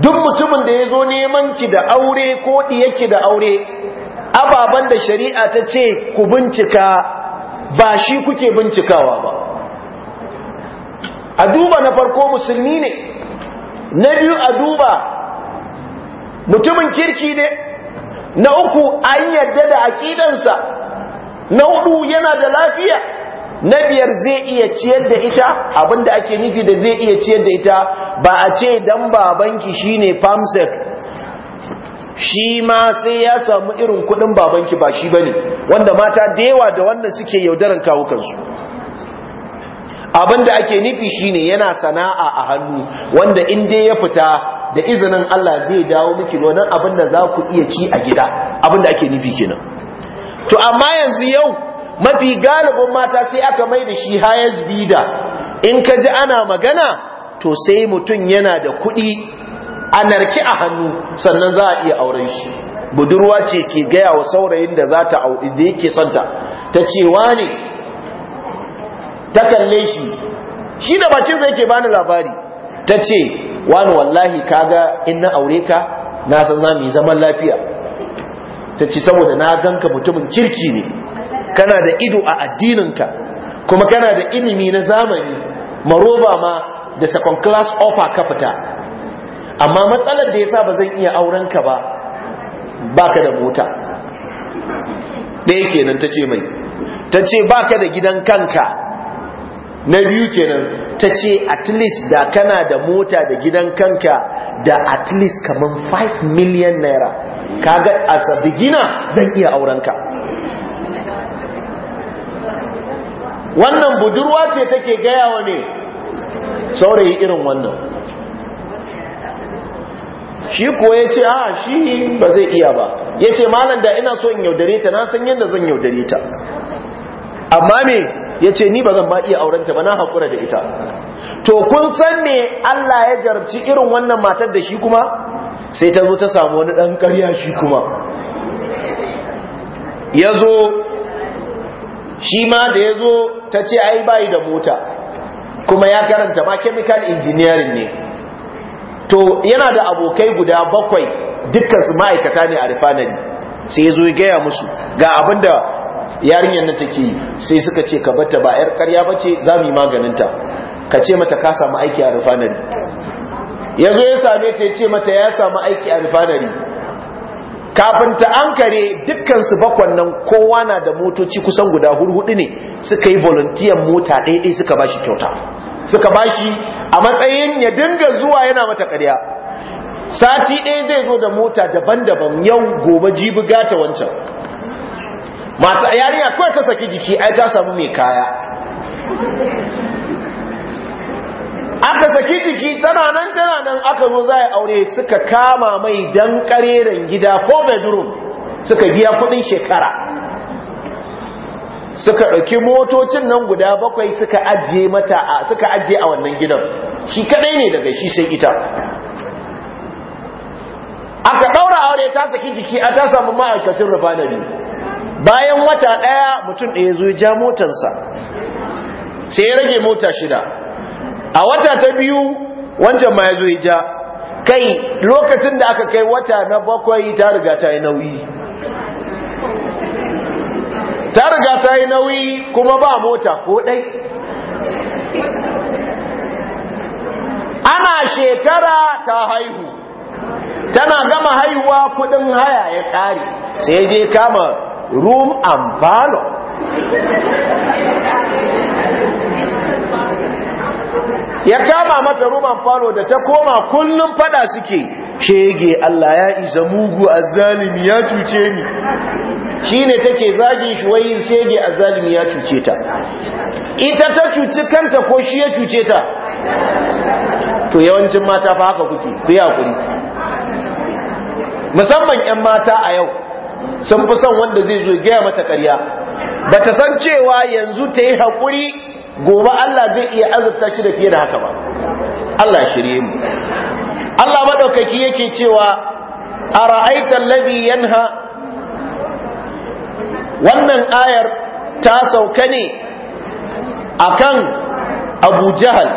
A: duk mutumin da ya zo neman ki da aure ko ɗiyarki da aure ababan da shari'a ta ce ku bincika ba shi kuke bincikawa ba a duba na farko musulmi ne na biyu a duba mutumin kirki ne na uku an yarda da aƙidansa na hudu yana da lafiya na biyar zai iya ciyar da ita abinda ake nufi da zai iya ciyar da ita ba a ce dan babanki shine famsek shi ma sai ya samu irin kudin babanki ba shi bane wanda mata da da wannan suke yaudaran kawo kansu abinda ake nufi shine yana sana'a a hannu wanda in dai ya fita da izinin Allah zai dawo miki wannan abin da za ku iya ci a gida abin da ake nufi kenan to amma yanzu yau mafi galibin mata sai aka mai da shi highest bida in ka ji ana magana to sai mutum yana da kuɗi a narki a hannu sannan za a iya aure shi budurwa ce ke gaya wa saurayin da za ta auri da yake santa ta cewa ne ta kalle shi shi da bakin zai ke bani labari ta ce wani wallahi kaga in na aure ka na san za mu yi zaman lafiya ta ce saboda na ganka mutumin kirki ne kana da ido a addininka kuma kana da ilimi na zamani maroba ma da second class offer ka fita amma matsalar da yasa ba zan iya auren ba baka da mota ɗaya kenan ta ce mai ta ce baka da gidan kanka na biyu kenan ta ce at least da kana da mota da gidan kanka da at least kamar 5 million naira kaga as a beginner zan iya aurenka
C: wannan budurwa ce
A: take gaya wa ne saurayi irin wannan
C: shi kuwa ya ce a shi ba
A: zai iya ba ya ce malam da ina so in yaudare ta na san yadda zan yaudare ta amma me ya ce ni ba zan ba iya ta ba na haƙura da ita to kun san ne Allah ya jarabci irin wannan matar da shi kuma sai ta zo ta samu wani ɗan ƙarya shi kuma ya zo shi ma da ya zo ta ce ai bayi da mota kuma ya karanta ma chemical engineering ne to yana da abokai guda bakwai dukkan su ma'aikata ne a refinery sai ya zo ya gaya musu ga abinda da yarinyar na take yi sai suka ce ka bata ba yar karya bace za mu yi maganinta ka ce mata ka samu aiki a refinery ya zo ya same ta ya ce mata ya samu aiki a refinery kafin ta kare dukkan su bakwan nan kowa na da motoci kusan guda hurhudu ne suka yi volunteer mota ɗaya suka bashi kyauta suka bashi a matsayin ya dinga zuwa yana mata ƙarya sati ɗaya zai zo da mota daban-daban yau gobe jibi gata wancan mata yarinya kawai ta saki jiki ai ta samu mai kaya aka saki jiki tana nan tana nan aka zo za aure suka kama mai dan kareren gida ko bedroom suka biya kudin shekara suka ɗauki motocin nan guda bakwai suka ajiye mata a suka ajiye a wannan gidan shi kadai ne daga shi sai ita aka ɗaura aure ta saki jiki a ta samu ma'aikacin rufanari bayan wata ɗaya mutum ɗaya zo ya ja motarsa sai ya rage mota shida a wata ta biyu wancan ma ya zo ya ja kai lokacin da aka kai wata na bakwai ta riga ta yi nauyi ta riga ta yi nauyi kuma ba mota ko ɗai ana shekara ta haihu tana gama haihuwa kudin haya
C: ya ƙare sai je
A: kama room and parlor ya kama mata ruman falo da ta koma kullum fada suke shege Allah ya isa mugu azzalimi ya cuce ni shine take zagin shi wai shege azzalimi ya cuce ta ita ta cuci kanta ko shi ya cuce ta to yawancin mata fa haka kuke ku yi hakuri musamman yan mata a yau sun fi son wanda zai zo gaya mata karya. ba ta san cewa yanzu ta yi hakuri. gobe Allah zai iya azurta shi da fiye da haka ba Allah shirye mu Allah madaukaki yake cewa ara'aita alladhi yanha wannan ayar ta sauka ne akan Abu Jahal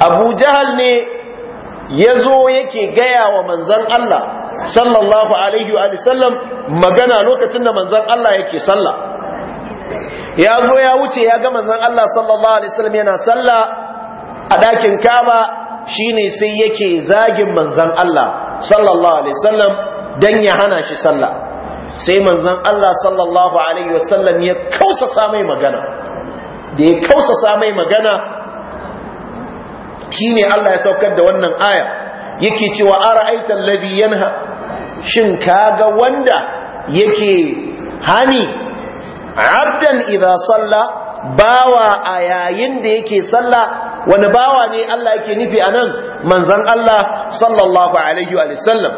A: Abu Jahal ne yazo yake gaya wa manzon Allah sallallahu alaihi wa sallam magana lokacin da manzon Allah yake sallah ya zo ya wuce ya ga manzon Allah sallallahu alaihi wasallam yana sallah a dakin Kaaba shine sai yake zagin manzon Allah sallallahu alaihi wasallam dan ya hana shi sallah sai manzon Allah sallallahu alaihi wasallam ya kausa mai magana da ya kausa mai magana shine Allah ya saukar da wannan aya yake cewa ara'aita aitan yanha shin kaga wanda yake hani abdan idza salla bawa a yayin da yake salla wani bawa ne Allah yake nufi anan manzon Allah sallallahu alaihi wa sallam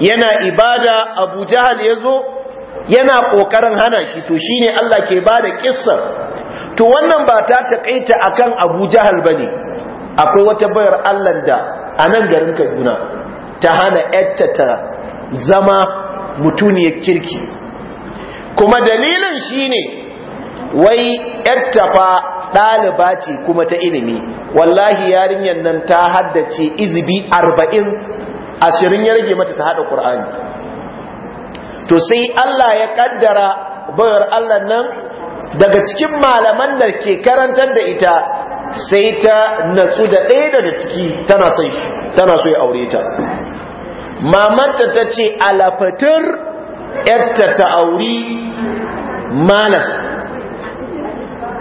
A: yana ibada Abu Jahal yazo yana kokarin hana shi to shine Allah ke bada kissa to wannan ba ta takaita akan Abu Jahal bane akwai wata bayar Allah da anan garin Kaduna ta hana yatta ta zama mutuniyar kirki kuma dalilin shine wai yattafa ɗaliba ce kuma ta ilimi wallahi yarinyar nan ta haddace izibi arba'in ashirin ya rage mata ta haɗa ƙur'ani to sai Allah ya ƙaddara bayar Allah nan daga cikin malaman da ke karantar da ita sai ta natsu da ɗaya daga ciki tana so ya aure ta mamanta ta ce alafatar yatta ta auri malam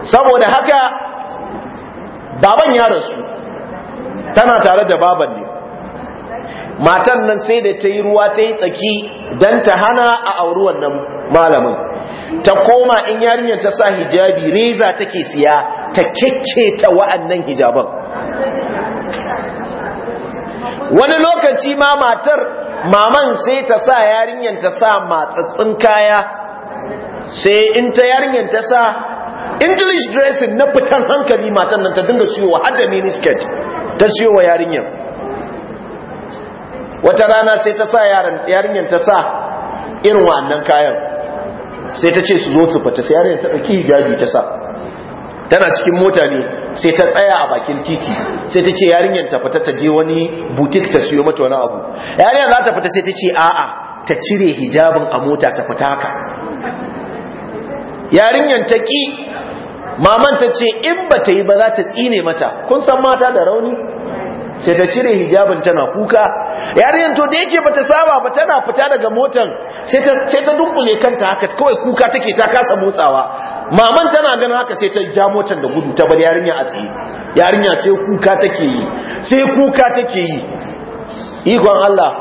A: saboda haka baban ya rasu tana tare da baban ne matan nan sai da ta yi ruwa ta yi tsaki don ta hana a auri wannan malamin ta koma in yarinyar ta sa hijabi reza take siya ta ta wa'annan hijaban wani lokaci ma matar maman sai ta sa yarinyar ta sa matsatsin kaya sai in ta yarinyar ta sa English dressing na fitan hankali matan nan ta dinga wa har da miniskirt ta wa yarinyar wata rana sai ta sa yarinyar ta sa irin wannan kayan sai ta ce su zo su fita sai yarinyar ta ɗauki hijabi ta sa tana cikin mota ne sai ta tsaya a bakin titi sai ta ce yarinyar ta fita ta je wani butik ta siyo mata wani abu yarinyar za ta fita sai ta ce a'a ta cire hijabin a mota ta fita haka yarinyar ta ki maman ta ce in ba ta yi ba za ta tsine mata kun san mata da rauni sai ta cire hijabin tana kuka yarinyar to da yake bata saba ba tana fita daga motan sai ta sai ta dunkule kanta haka kawai kuka take ta kasa motsawa maman tana ganin haka sai ta ja motan da gudu ta bar yarinya a tsaye yarinya sai kuka take yi sai kuka take yi ikon Allah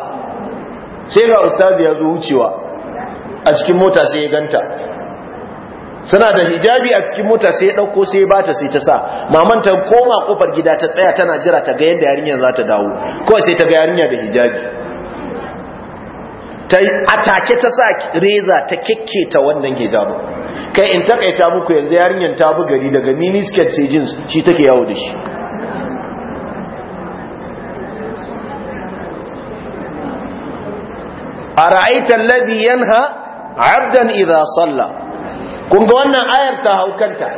A: sai ga ustazi ya zo wucewa a cikin mota sai ya ganta suna da hijabi a cikin mota sai ya dauko sai ba bata sai ta sa maman ta koma kofar gida ta tsaya tana jira ta ga yadda yarinyar za ta dawo kawai sai ta ga yarinya da hijabi ta atake ta sa reza ta ta wannan hijabu kai in takaita muku yanzu yarinyar ta bu gari daga mini skirt sai jeans shi take yawo da shi
D: ara'aita alladhi
A: yanha 'abdan idha Sallah. Kunga wannan ayar ta haukanta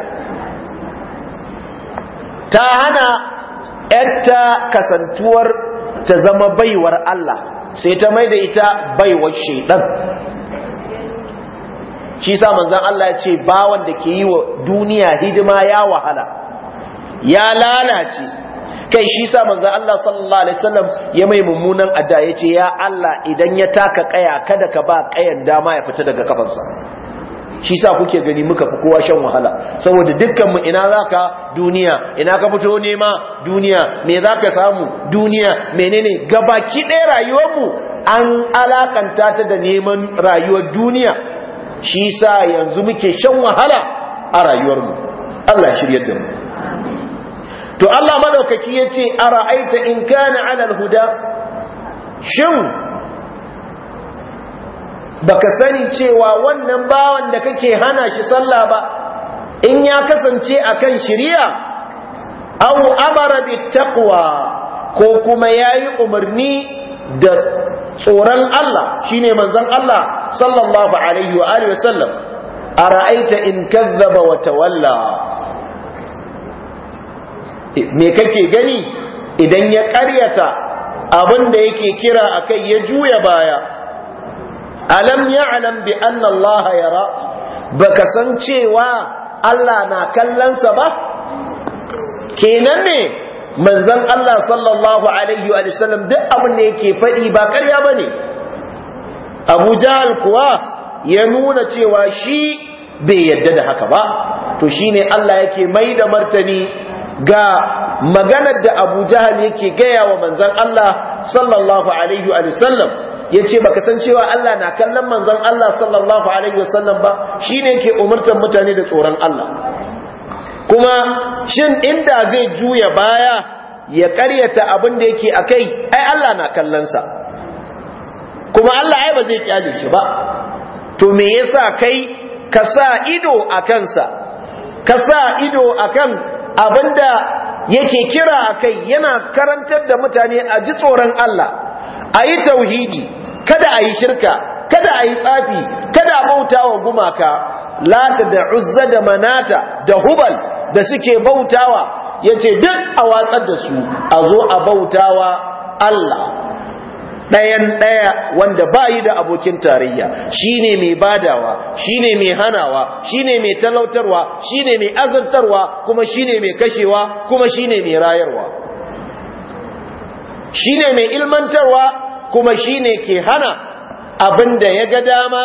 A: ta hana ‘yarta kasantuwar ta zama baiwar Allah sai ta mai da ita baiwar shaidan shi sa manzan Allah ya ce bawan da ke yi wa duniya hidima ya wahala ya lalace kai shi sa manzan Allah sallallahu alaihi wasallam ya mai mummunan adda ya ce ya Allah idan ya taka kaya kada ka ba kayan dama ya fita daga kafansa shi sa kuke gani muka fi kowa shan wahala saboda dukkanmu ina za ka duniya ina ka fito nema duniya me za ka samu duniya menene gabaki ɗaya mu an alakanta ta da neman rayuwar duniya shi sa yanzu muke shan wahala a rayuwarmu Allah shirya da mu to Allah madaukaki yace ara'aita in kana 'ala huda shin baka sani cewa wannan bawan da kake hana shi sallah ba in ya kasance akan shari'a aw amara bittaqwa ko kuma yayi umarni da tsoron Allah shine manzon Allah sallallahu alaihi wa alihi wasallam ara'aita in kazzaba wa tawalla me kake gani idan ya karyata abin da yake kira akai ya juya baya alam ya'lam bi anna yara baka san cewa Allah na kallonsa ba kenan ne manzon Allah sallallahu alaihi wa sallam duk abin ne yake faɗi ba karya bane Abu Jahal kuwa ya nuna cewa shi bai yadda da haka ba to shine Allah yake mai da martani ga maganar da Abu Jahal yake gaya wa manzon Allah sallallahu alaihi wa sallam ya ce baka san cewa Allah na kallon manzon Allah sallallahu alaihi wasallam ba shine ke umartar mutane da tsoron Allah kuma shin inda zai juya baya ya karyata abin da yake kai, ai Allah na kallonsa kuma Allah ai ba zai kyale shi ba to me yasa kai ka sa ido a kansa ka sa ido a kan abin da yake kira a kai yana karantar da mutane a ji tsoron Allah a yi tauhidi kada a yi shirka kada a yi tsafi kada a bauta wa gumaka lata da uzza da manata da hubal da suke bautawa yace duk a watsar da su a zo a bautawa Allah ɗayan ɗaya wanda ba yi da abokin tarayya shine mai badawa shine mai hanawa shine mai talautarwa shine mai azantarwa kuma shine mai kashewa kuma shine mai rayarwa shine mai ilmantarwa kuma shine ke hana abin da ya ga dama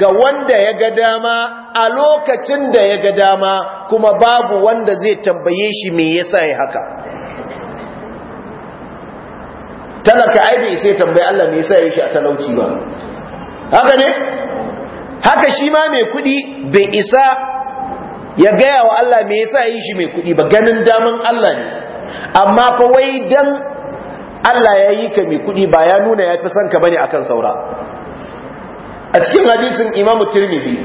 A: ga wanda ya ga dama a lokacin da ya ga dama kuma babu wanda zai tambaye shi me yasa ya haka talaka aibi sai tambaye Allah me yasa ya shi a talauci ba haka ne haka shi ma mai kudi bai isa ya gaya wa Allah me yasa ya shi mai kudi ba ganin daman Allah ne amma fa wai dan Allah ya yi ka mai kuɗi, ba ya nuna ya fi son ka bane akan saura a cikin hadisin imamu tirmidhi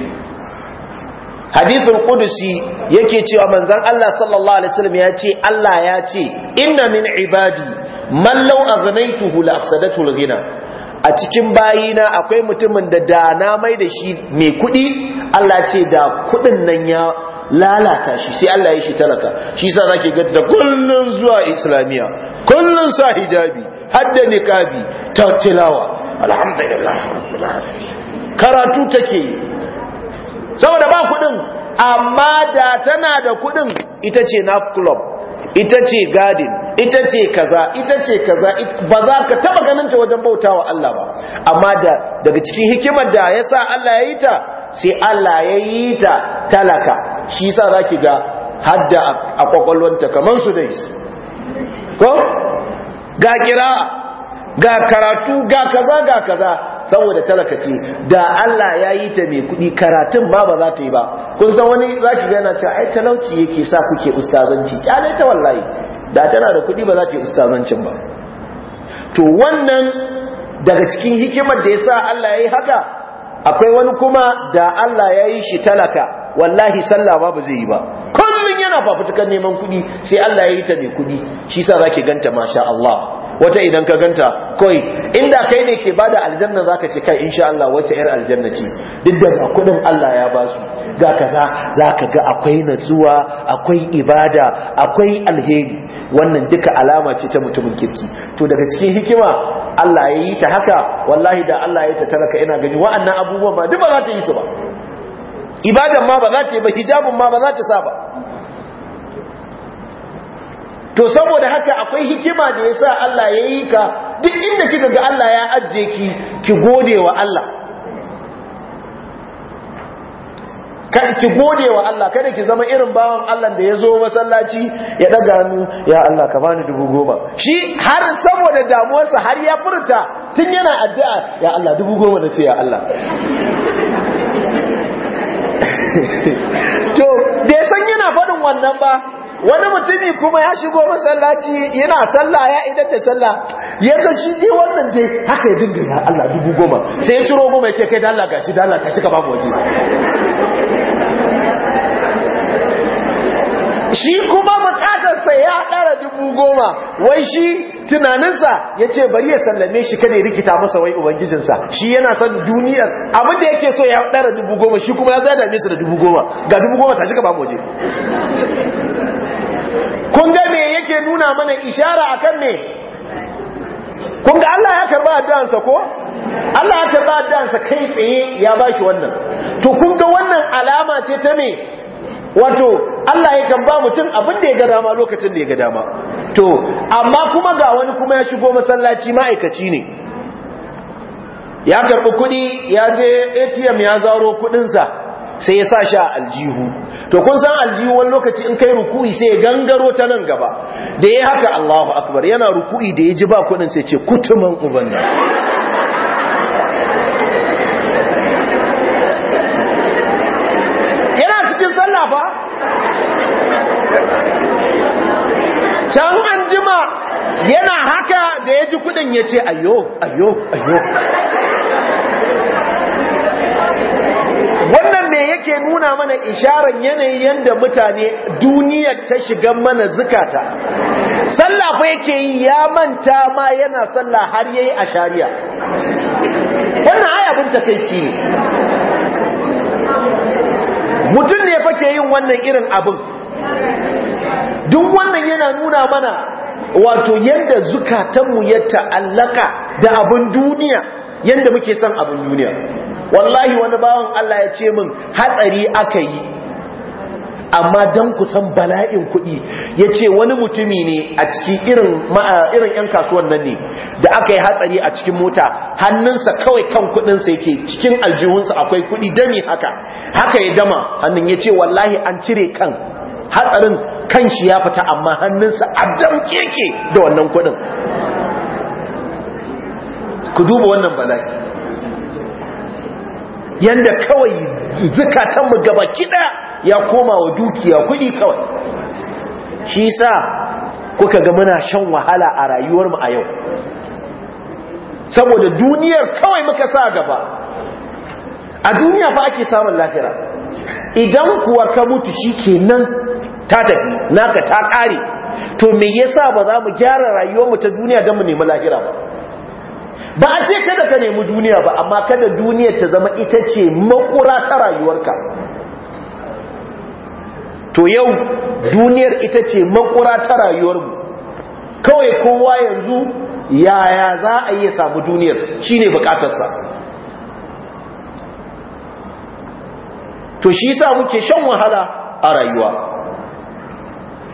A: hadisin kudusi yake cewa manzan Allah sallallahu alaihi wasallam ya ce Allah ya ce inna min ibadi man law aghnaytuhu la afsadatu ghina a cikin bayina akwai mutumin da da na mai da shi mai kuɗi. Allah ce da kuɗin nan ya lalata shi sai Allah ya shi talaka shi yasa zake ga da kullun zuwa islamiya kullun sa hijabi hadda niqabi ta tilawa alhamdulillah karatu take saboda ba kudin amma da tana da kudin ita ce nap club ita ce garden ita ce kaza ita ce kaza ba za ka taba ganin ta wajen bautawa Allah ba amma da daga cikin hikimar da yasa Allah ya yi ta sai Allah ya yi ta talaka shi sa za ki ga hadda a ta kamar su dai ko ga kira ga karatu ga kaza ga kaza saboda talaka da Allah ya yi ta mai kuɗi karatun ma ba za ta yi ba kun san wani za ki ga yana cewa ai talauci yake sa kuke ustazanci kyale ta wallahi da tana da kuɗi ba za ta yi ustazancin ba to wannan daga cikin hikimar da ya sa Allah ya yi haka akwai wani kuma da Allah ya yi shi talaka wallahi sallah ba zai yi ba kullun yana fafutukan neman kuɗi sai Allah ya yi ta mai kuɗi shi sa zaki ganta masha Allah wata idan ka ganta koi inda kai ne ke bada aljanna zaka ce kai insha Allah wata yar aljanna ce duk da kudin Allah ya ba su ga kaza zaka ga akwai zuwa, akwai ibada akwai alheri wannan duka alama ce ta mutumin kirki to daga cikin hikima Allah ya yi ta haka wallahi da Allah ya ta taraka ina gani wa'annan abubuwan ba duk ba za ta yi su ba ibadan ma ba za ta yi ba hijabin ma ba za ta sa ba to saboda haka akwai hikima da yasa Allah ya yi ka duk inda kika ga Allah ya ajiye ki ki gode wa Allah kada ki gode wa Allah kada ki zama irin bawan Allah da ya zo masallaci ya daga hannu ya Allah ka bani dubu goma shi har saboda damuwarsa har ya furta tun yana addu'a ya Allah dubu goma na ce ya Allah to bai san yana faɗin wannan ba wani mutumi kuma ya shigo masallaci yana sallah ya idan da sallah ya ga shi dai wannan dai haka ya dinga ya Allah dubu goma sai ya ciro goma ya ce kai da Allah gashi da Allah gashi ka babu waje shi kuma sai ya ɗara dubu goma wai shi tunaninsa ya ce bari ya sallame shi kada rikita masa wai ubangijinsa shi yana son duniyar abin da yake so ya ɗara dubu goma shi kuma ya dame su da dubu goma ga dubu goma ta ka ba waje kun ga me yake nuna mana ishara akan ne kun ga Allah ya karba addu'ansa ko Allah ya karba addu'ansa kai tsaye ya bashi wannan to kun ga wannan alama ce ta me wato Allah yakan ba mutum abin da ya ga dama lokacin da ya ga dama to amma kuma ga wani kuma ya shigo masallaci ma'aikaci ne ya karɓi kuɗi ya je ATM ya zaro kuɗinsa sai ya sa shi a aljihu to kun san aljihu wani lokaci in kai ruku'i sai ya gangaro ta nan gaba da ya haka Allahu akbar yana ruku'i da ya ji ba kuɗin sai ce kutuman ubanna can an jima yana haka da ya ji kudin ya ce ayo ayo ayo wannan ne yake nuna mana isharar yanayi yadda mutane duniyar ta shiga mana zukata sallah fa yake yi ya manta ma yana sallah har yayi a shari'a wannan abin takeici ne mutum ne fa ke yin wannan irin abin duk wannan yana nuna mana wato yadda zukatanmu ya ta'allaka da abin duniya yadda muke son abin duniya wallahi wani bawan Allah ya ce min hatsari aka yi amma don kusan bala'in kuɗi ya ce wani mutumi ne a cikin irin ‘yan kasuwan nan ne da aka yi hatsari a cikin mota hannunsa kawai kan kuɗinsa yake cikin aljihunsa akwai kuɗi dami haka haka ya dama hannun ya ce wallahi an cire kan hatsarin kan shi ya fita amma hannunsa a damke yake da wannan kudin ku duba wannan bala'i yanda kawai zukatanmu gaba kiɗa ya koma wa dukiya kuɗi kawai shi sa kuka ga muna shan wahala a rayuwar mu a yau saboda duniyar kawai muka sa gaba a duniya fa ake samun lafiya idan kuwa ka mutu shi kenan ta tafi naka ta kare, to me yasa ba za mu gyara mu ta duniya don mu nemi lahira ba ba a ce kada ka nemi duniya ba amma kada duniya ta zama ita ce makura ta rayuwarka to yau duniyar ita ce makura ta mu kawai kowa yanzu yaya za a iya samu duniyar shine bukatarsa to shi yasa muke shan wahala a rayuwa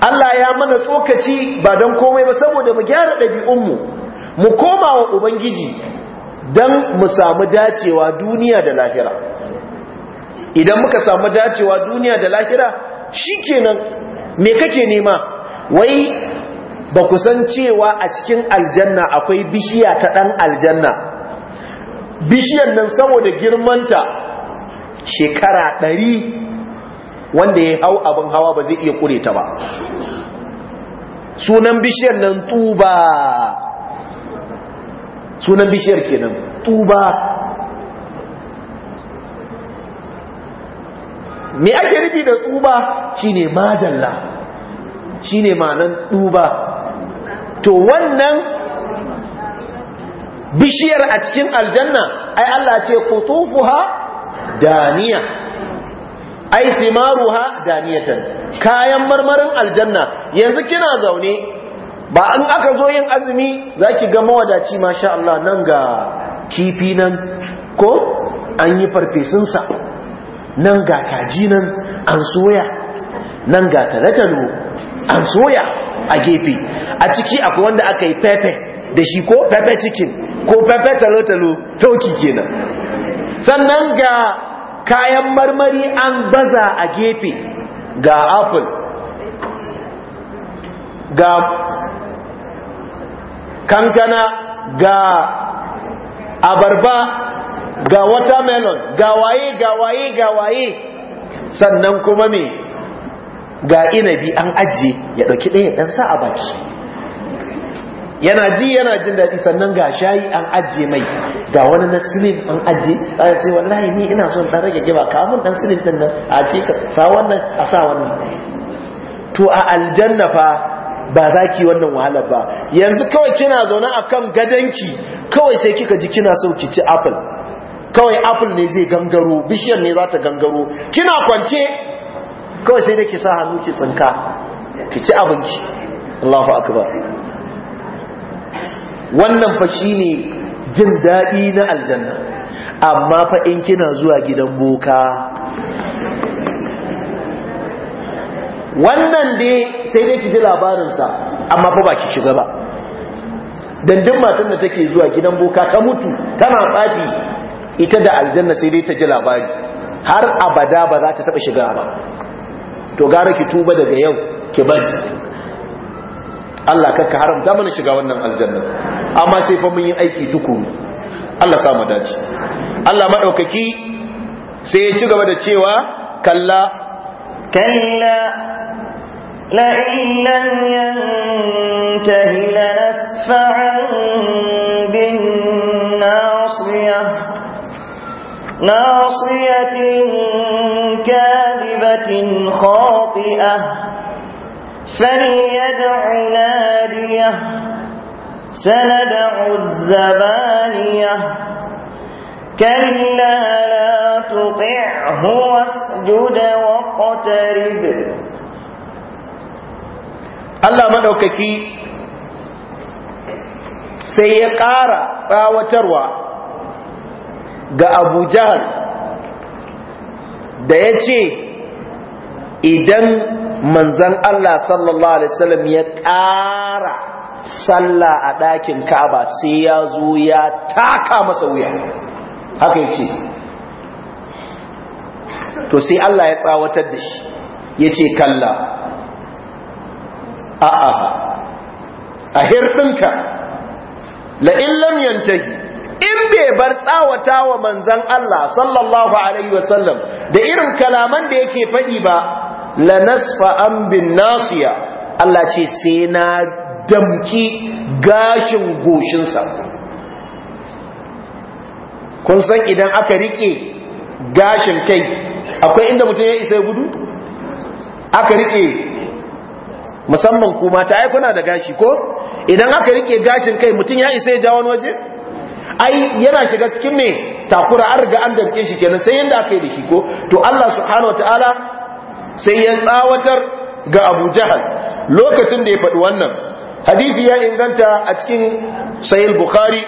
A: Allah ya mana tsokaci ba don komai ba saboda mu gyara dabi'un mu mu koma wa Ubangiji dan mu samu dacewa duniya da lahira idan muka samu dacewa duniya da lahira shikenan me kake nema wai ba ku san cewa a cikin aljanna akwai bishiya ta ɗan aljanna Bishiyar nan saboda girmanta shekara ɗari wanda ya hau abin hawa ba zai iya ƙure ta ba sunan bishiyar nan tuba sunan bishiyar nan tuba mai ake rufi da tsuba shine madalla shine manan tuba to wannan bishiyar a cikin aljanna ai Allah ce ha? daniya ai simaruha daniyatan kayan marmarin aljanna yanzu kina zaune ba an aka zo yin azumi zaki ga mawadaci masha Allah nan ga kifi nan ko an yi farfesun sa nan ga kaji nan an soya nan ga talatalu an soya a gefe a ciki akwai wanda aka yi pepe da shi ko pepe chicken ko pepe talatalu toki kenan sannan ga kayan marmari an baza a gefe ga apple ga kankana ga abarba ga watermelon ga waye ga waye ga waye sannan kuma me ga inabi an ajiye ya ɗauki ɗaya sa a baki yana ji yana jin daɗi sannan ga shayi an ajiye mai ga wani na silin an ajiye a ce wallahi ni ina son ɗan rage giba ka mun ɗan silin ɗin nan a ce ka sa wannan a sa wannan to a aljanna fa ba za ki wannan wahalar ba yanzu kawai kina zaune a kan gadonki kawai sai kika ji kina so ki ci apple kawai apple ne zai gangaro bishiyar ne za ta gangaro kina kwance kawai sai da ki sa hannu ki tsinka ki ci abinci Allahu akbar wannan fa shi ne jin daɗi na aljanna amma fa in kina zuwa gidan boka wannan dai sai dai ki ji labarinsa amma fa ba ki shiga ba dandin matan da take zuwa gidan boka ta mutu tana fadi ita da aljanna sai dai ta ji labari har abada ba za ta taɓa shiga ba to gara ki tuba daga yau ki bari Allah haram haramta mana shiga wannan aljanna amma sai fa mun yi aiki tukuru Allah sa mu dace Allah madaukaki sai ya ci gaba da cewa kalla
B: kalla la illam yantahi nasfa'an bin nasiyah ناصية كاذبة خاطئة فليدع نادية سندعو الزبانية كلا لا تطعه واسجد واقترب الله من أوككي
A: سيقار فاو تروى ga Abu Jahal da ya manzan Allah sallallahu alaihi wasallam ya
B: ƙara
A: sallah a ɗakin Ka'aba sai ya zo ya taka masa wuya haka yake to sai Allah ya tsawatar da shi Ya ce kalla a'a a hirɗinka la in lam in bai bar tsawata wa manzan Allah sallallahu Alaihi wasallam da irin kalaman da yake faɗi ba, lanasfa an bin nasiya Allah ce sai na damki gashin goshinsa kun san idan aka rike gashin kai akwai inda mutum ya isa gudu aka rike musamman kuma ta aikuna da gashi ko idan aka rike gashin kai mutum ya isa ya ja wani waje ai yana shiga cikin mai takura an riga an damke shi kenan sai yadda aka yi da shi ko to Allah subhanahu ta'ala sai ya tsawatar ga abu jahal lokacin da ya faɗi wannan hadithi ya inganta a cikin sayil bukhari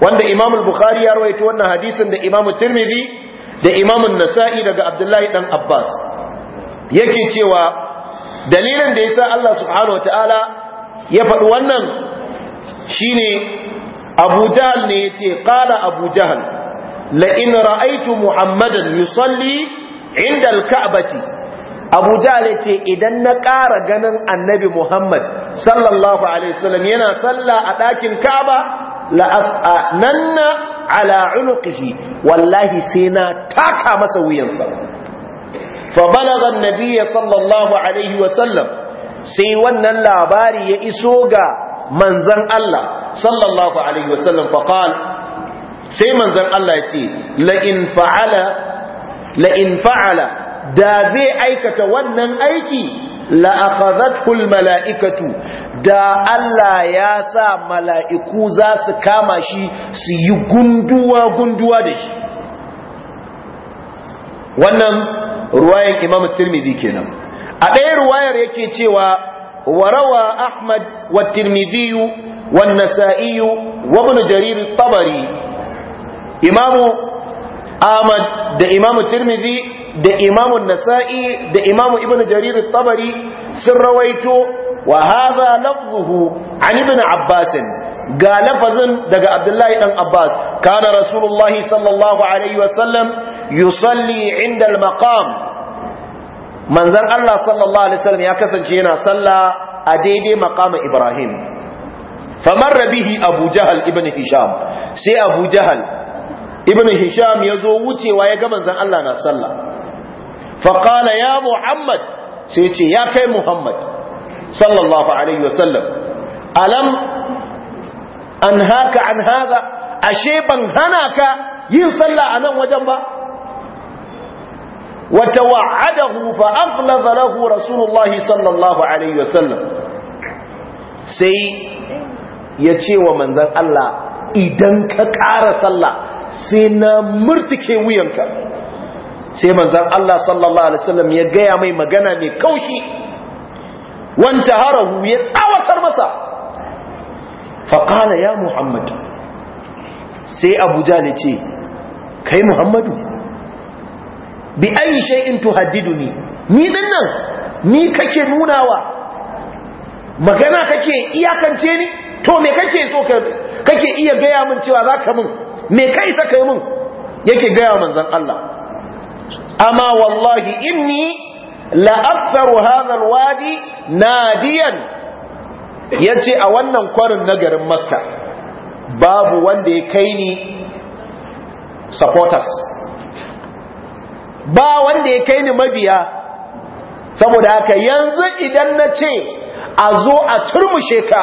A: wanda Imamul bukhari ya rawaito wannan hadisin da Imamul tirmidhi da Imamul nasa'i daga abdullahi dan abbas yake cewa dalilin da ya sa Allah subhanahu ta'ala ya faɗi wannan shine abu jahal ne ce qala abu jahal la'ina ra'aitu muhammadan yusalli inda alka'abati abu jahal ce idan na ƙara ganin annabi muhammad sallallahu alaihi wasallam yana salla a ɗakin ka'aba na ala unuqihi wallahi sai na taka masa wuyansa fa balagha an-nabiy sallallahu alaihi wasallam sai wannan labari ya iso ga manzan Allah sallallahu alaihi wasallam sai manzon Allah ya ce la fa'ala La'in fa'ala da zai aikata wannan aiki la mala'ikatu da Allah ya sa mala'iku za su kama shi su yi gunduwa gunduwa da shi wannan ruwayan Imam Tirmidhi kenan a ɗaya ruwayar yake cewa warawa Ahmad wa Tirmidhi wa Nasa'i wa Ibn Jarir Tabari Imamu Ahmad da imamu Tirmidhi da imamu Nasa'i da Imam Ibn Jarir at-Tabari sun rawaito wa hadha lafzuhu an Ibn Abbas ga lafazin daga Abdullahi dan Abbas kana Rasulullahi sallallahu alaihi wasallam yusalli inda al-maqam manzon Allah sallallahu alaihi wasallam ya kasance yana sallah a daidai maqam Ibrahim famar bihi Abu Jahal ibn Hisham sai Abu Jahal ibn hisham ya zo wucewa ya ga manzon Allah na sallah fa qala ya muhammad sai ce ya kai muhammad sallallahu alaihi wasallam alam anhaka an hada ashe ban hana ka yin sallah a nan wajen ba wa tawa'adahu fa aghlaba lahu rasulullahi sallallahu alaihi wasallam sai ya ce wa manzon Allah idan ka ƙara sallah sai na murtuke wuyanka sai manzan Allah sallallahu alaihi wasallam ya gaya mai magana mai kaushi wanta harahu ya tsawatar masa faƙala ya Muhammadu sai abu jale ce kai muhammadu bi ayi shay'in ne ni dinnan ni kake nunawa magana kake iyakance ni to me kake so kake iya gaya min cewa za ka mun? me kai saka yi mun yake gaya manzan Allah amma wallahi inni la aktharu hadha alwadi Ya ce a wannan kwarin na garin Makka babu wanda ya kai ni supporters ba wanda ya kai ni mabiya saboda haka yanzu idan na ce a zo a turmushe ka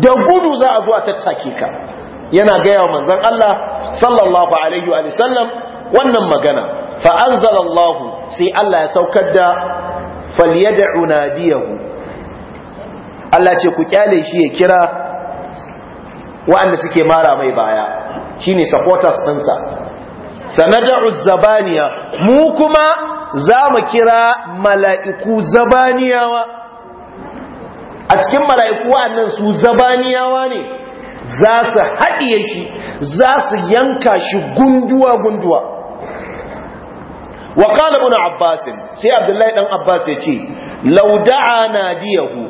A: da gudu za a zo a tattake ka yana gaya wa manzon Allah sallallahu alaihi wa sallam wannan magana fa anzalallahu sai Allah ya saukar da falyad'u nadiyahu Allah ce ku kyale shi ya kira waɗanda suke mara mai baya shine supporters ɗinsa sanad'u zabaniya mu kuma zamu kira mala'iku zabaniyawa a cikin mala'iku waɗannan su zabaniyawa ne za su haɗiye shi za su yanka shi gunduwa-gunduwa wa ƙala Abbas abbasin sai abdullahi ɗan abbas ya ce lauda'a na diyahu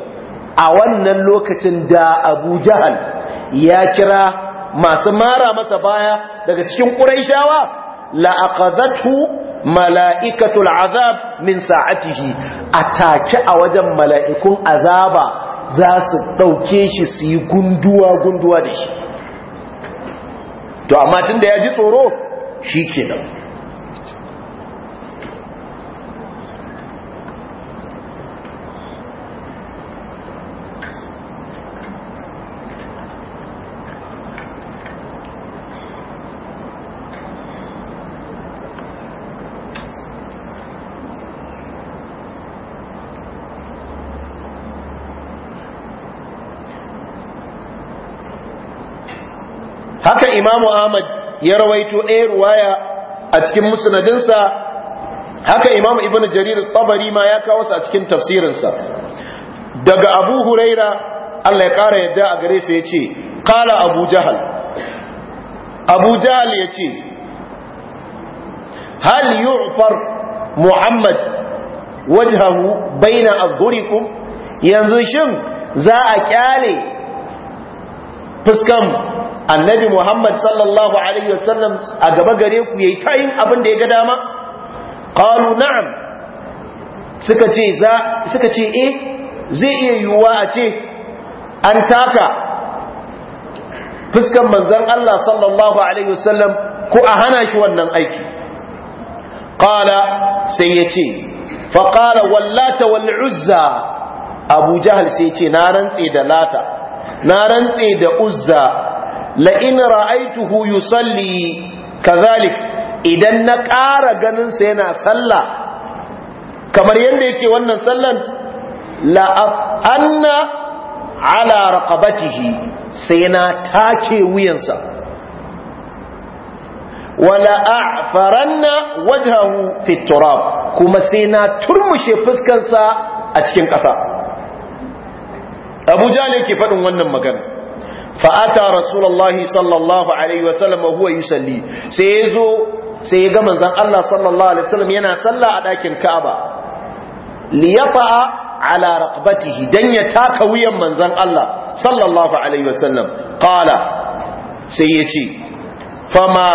A: a wannan lokacin da abu jahal ya kira masu mara masa baya daga cikin ƙuraishawa la'aqazathu mala'ikatul azab min sa'atihi a take a wajen mala'ikun azaba za su ɗauke shi su yi gunduwa-gunduwa da shi to amma tun da ya ji tsoro
B: shi kenan
A: imamu ahmad ya rawaito ɗaya ruwaya a cikin musnadinsa haka imamu Ibn jarir tabari ma ya kawo sa cikin tafsirinsa daga abu huraira allah ya ƙara yadda a gare sa ya ce ƙala abu jahal abu jahal ya ce hal yu'far muhammad wajhahu baina azhurikum yanzu shin za a kyale fuskan annabi Muhammad sallallahu alaihi wasallam a gaba gare ku yayi tayin abin da ya ga dama qalu na'am suka ce e, zai iya yiwuwa a ce an taka fuskan manzan Allah sallallahu alaihi wasallam ko a hana shi wannan aiki qala sai yace fa qala wallata wal uzza abu jahal sai ce na rantse da lata na rantse da uzza la in ra'aituhu yusalli kazalik idan na ƙara ganin sa yana salla kamar yanda yake wannan sallan la anna ala raqabatihi sai na take wuyansa wala a'faranna wajhahu fi turab kuma sai na turmushe fuskansa a cikin ƙasa Abu ne ke faɗin wannan magana fa'ata rasulullahi sallallahu alaihi wasallam huwa yusalli sai ya zo sai ya ga manzon Allah sallallahu alaihi wasallam yana sallah a ɗakin Ka'aba liyafa'a ala raqbatihi dan ya taka wuyan manzon Allah sallallahu alaihi wasallam qala sai ya ce fama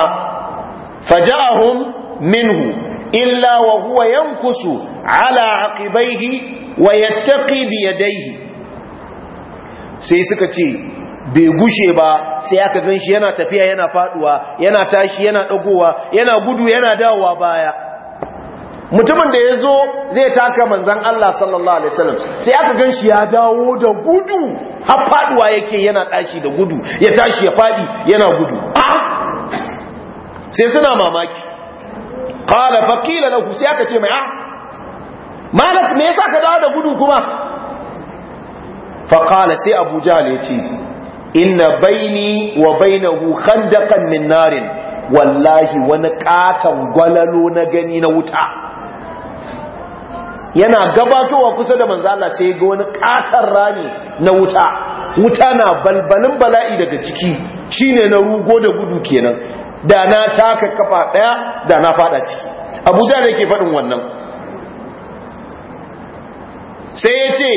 A: faja'ahum minhu illa wa huwa yankusu ala aqibaihi wa yattaqi bi yadayhi sai suka ce bai gushe ba sai aka gan shi yana tafiya yana faduwa yana tashi yana dagowa yana gudu yana dawowa baya mutumin da ya zo zai taka manzan Allah sallallahu alaihi wasallam sai aka gan shi ya dawo da gudu har faduwa yake yana tashi da gudu ya tashi ya fadi yana gudu ah! sai suna mamaki qala fakila na sai aka ce mai a. Ah! malak me yasa ka dawo da gudu kuma fakala sai Abuja ne ce inna baini wa bainahu khandaqan min narin wallahi wani katon gwalalo na gani na wuta yana gabatowa kusa da Manzala sai ga wani katon rani na wuta wuta na balbalin bala'i daga ciki shine na rugo da gudu kenan da na taka kafa daya da na fada ciki Abuja da ke faɗin wannan sai ya ce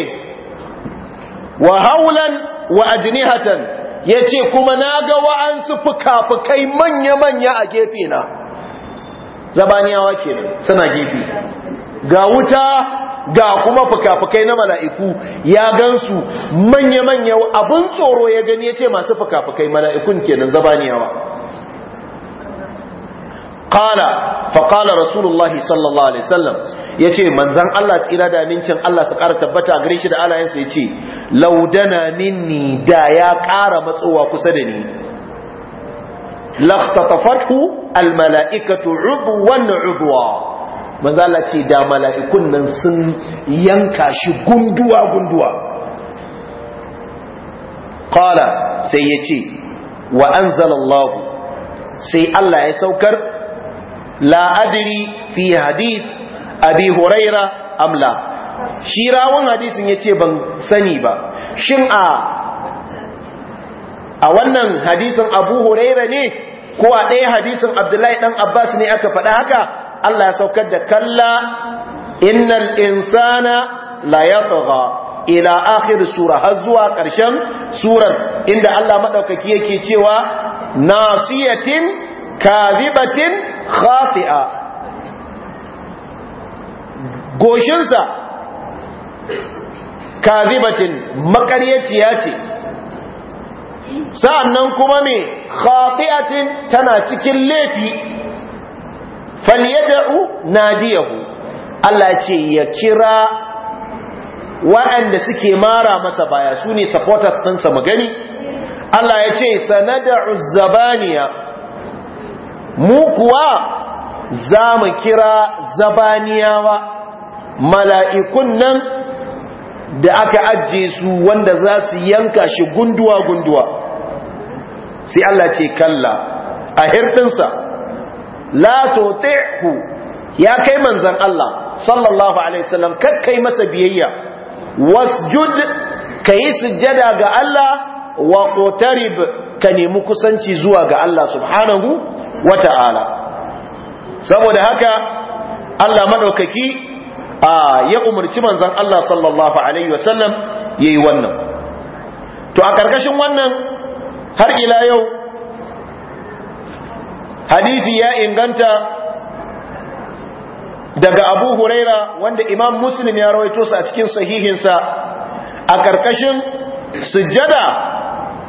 A: wa haulan wa ajnihatan yace kuma naga wa'ansu fuka-fukai manya-manya a gefe na zabaniyawa kenan suna gefe ga wuta ga kuma fuka-fukai na mala'iku ya gansu manya-manya abin tsoro ya gani yace masu fuka-fukai mala'ikun kenan zabaniyawa qala fa qala rasulullahi sallallahu alaihi wasallam ya ce manzan Allah tsira da amincin Allah su ƙara tabbata gare shi da alayensa ya ce laudana minni da ya ƙara matsowa kusa da ni laqtatafatu almala'ikatu udwan udwa Manzan Allah ce da mala'ikun nan sun yanka shi gunduwa gunduwa qala sai yace wa anzala sai Allah ya saukar la adri fi hadith abi huraira amla shi rawun hadisin ya ce ban sani ba shin a a wannan hadisin abu huraira ne ko a ɗaya hadisin abdullahi ɗan abbas ne aka faɗa haka allah ya saukar da kalla innal insana la yatgha ila akhir sura har zuwa ƙarshen surar inda allah maɗaukaki yake cewa nasiyatin kadhibatin khafi'a. goshinsa kazibatin makaryaciya ce sa'annan kuma me khati'atin tana cikin laifi falyad'u nadiyahu Allah ce ya kira waɗanda suke mara masa baya su ne supporters ɗinsa magani Allah ya ce sanada'u zabaniya mu kuwa za mu kira zabaniyawa mala'ikun nan da aka ajiye su wanda za su yanka shi gunduwa-gunduwa sai Allah ce kalla a hirtinsa la tuti'hu ya kai manzan Allah sallallahu Alaihi wasallam kakkai masa biyayya wasjud ka yi sujjada ga Allah wa kotarib ka nemi kusanci zuwa ga Allah subhanahu wata'ala saboda haka Allah maɗaukaki ya umarci manzan Allah sallallahu alaihi wasallam yayi wannan to a ƙarƙashin wannan har ila yau hadisi ya inganta daga Abu Huraira wanda Imam Muslim ya rawaito su a cikin sahihinsa a ƙarƙashin sujjada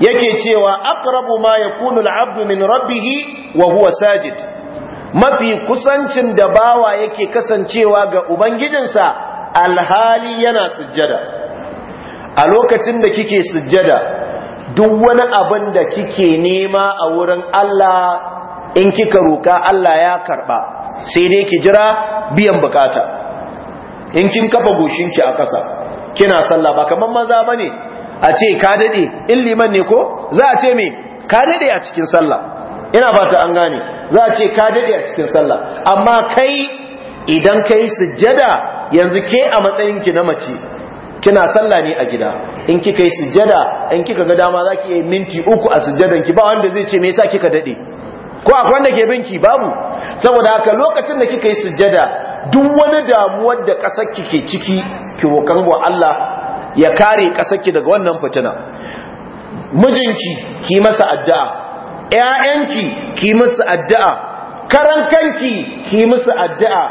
A: yake cewa aqrabu ma yakunu al-'abdu min rabbihi wa huwa sajid mafi kusancin da bawa yake kasancewa ga ubangijinsa alhali yana sujjada a lokacin da kike sujjada duk wani abin da kike nema a wurin Allah in kika roka Allah ya karba sai dai ki jira biyan bukata in kin kafa goshinki a ƙasa kina sallah ba kamar maza bane a ce ka dade in liman ne ko za a ce me ka dade a cikin sallah ina fata an gane za a ce ka dade a cikin sallah amma kai idan kai sujjada yanzu ke a matsayin ki na mace kina sallah ne a gida in kika yi sujjada in kika ga dama zaki yi minti uku a sujjadan ki ba wanda zai ce me yasa kika dade ko akwai wanda ke binki babu saboda haka lokacin da kika yi sujjada duk wani damuwar da kasar ki ke ciki ki wokan wa Allah ya kare kasar ki daga wannan fitina mijinki ki masa addu'a ƴaƴanki ki musu addu'a karankanki ki musu addu'a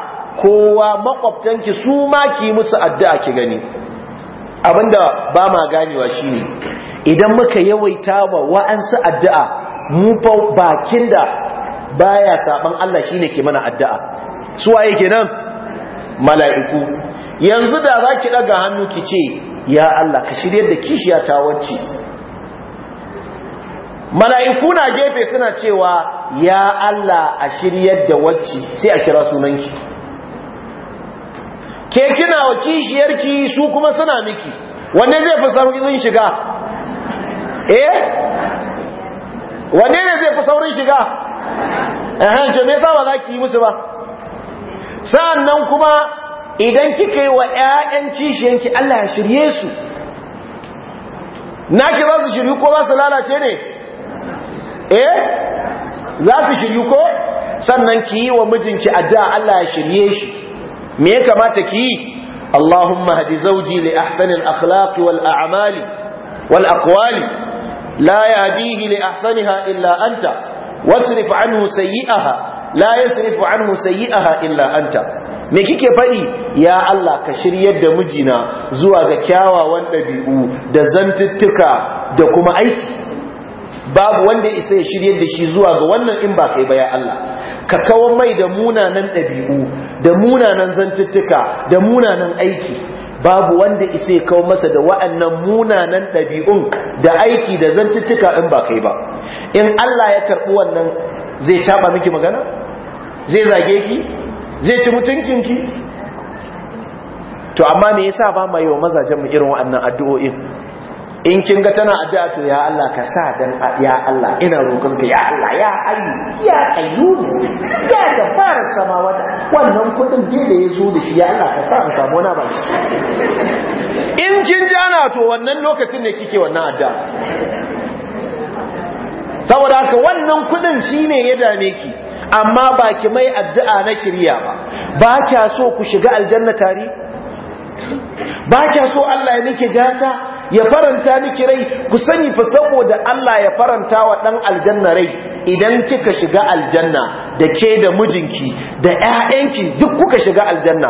A: kowa makwabtanki su ma ki musu addu'a ki gani abinda ba ma ganewa shine idan muka yawaita wa wa'ansu addu'a mu fa bakin da baya saɓan Allah shine ke mana addu'a su waye kenan mala'iku yanzu da zaki ɗaga hannu ki ce ya Allah ka shiryar da kishiya ta wacce mala'iku na gefe suna cewa ya Allah a shiryar da wacce sai a kira sunanki ke kina wa kishiyarki su kuma suna miki wanne zai fi saurin shiga eh wanne ne zai fi saurin shiga ehem ce me yasa ba za ki yi musu ba nan kuma idan kika yi wa 'ya'yan kishiyarki Allah ya shirye su naki ba su shiryu ko ba su lalace ne eh za su shiryu ko sannan ki yi wa mijinki addu'a Allah ya shirye shi me ya kamata ki yi Allahumma hadi zawji li ahsani al-akhlaq wal a'mali wal aqwali la yahdihi li ahsaniha illa anta wasrif anhu sayyi'aha la yasrif anhu sayyi'aha illa anta me kike fadi ya Allah ka shiryar da mijina zuwa ga kyawawan dabi'u da zantuttuka da kuma aiki babu wanda ya isa ya shiryar da shi zuwa ga wannan in ba kai ba ya Allah ka kawo mai da munanan ɗabi'u da munanan zantuttuka da munanan aiki babu wanda isa ya kawo masa da wa'annan munanan ɗabi'un da aiki da zantuttuka in ba kai ba in Allah ya karɓi wannan zai caɓa miki magana zai zage ki zai ci ki to amma me yasa ba ma yi wa mazajen mu irin wa'annan addu'o'in in kin ga tana addu'a to ya Allah ka sa dan ya Allah ina roƙon ka ya Allah
C: ya ayyu ya qayyum
B: ya fara samawa
A: wannan kudin dai da yazo da shi ya Allah ka sa mu samu wani ba in kin jana to wannan lokacin ne kike wannan addu'a saboda haka wannan kudin shine ya dame ki amma ba ki mai addu'a na kiriya ba ba kya so ku shiga aljanna tare ba kya so Allah ya nake jata ya faranta miki rai ku sani fa saboda Allah ya faranta wa dan aljanna rai idan kika shiga aljanna da ke da mijinki da ƴaƴanki duk kuka shiga aljanna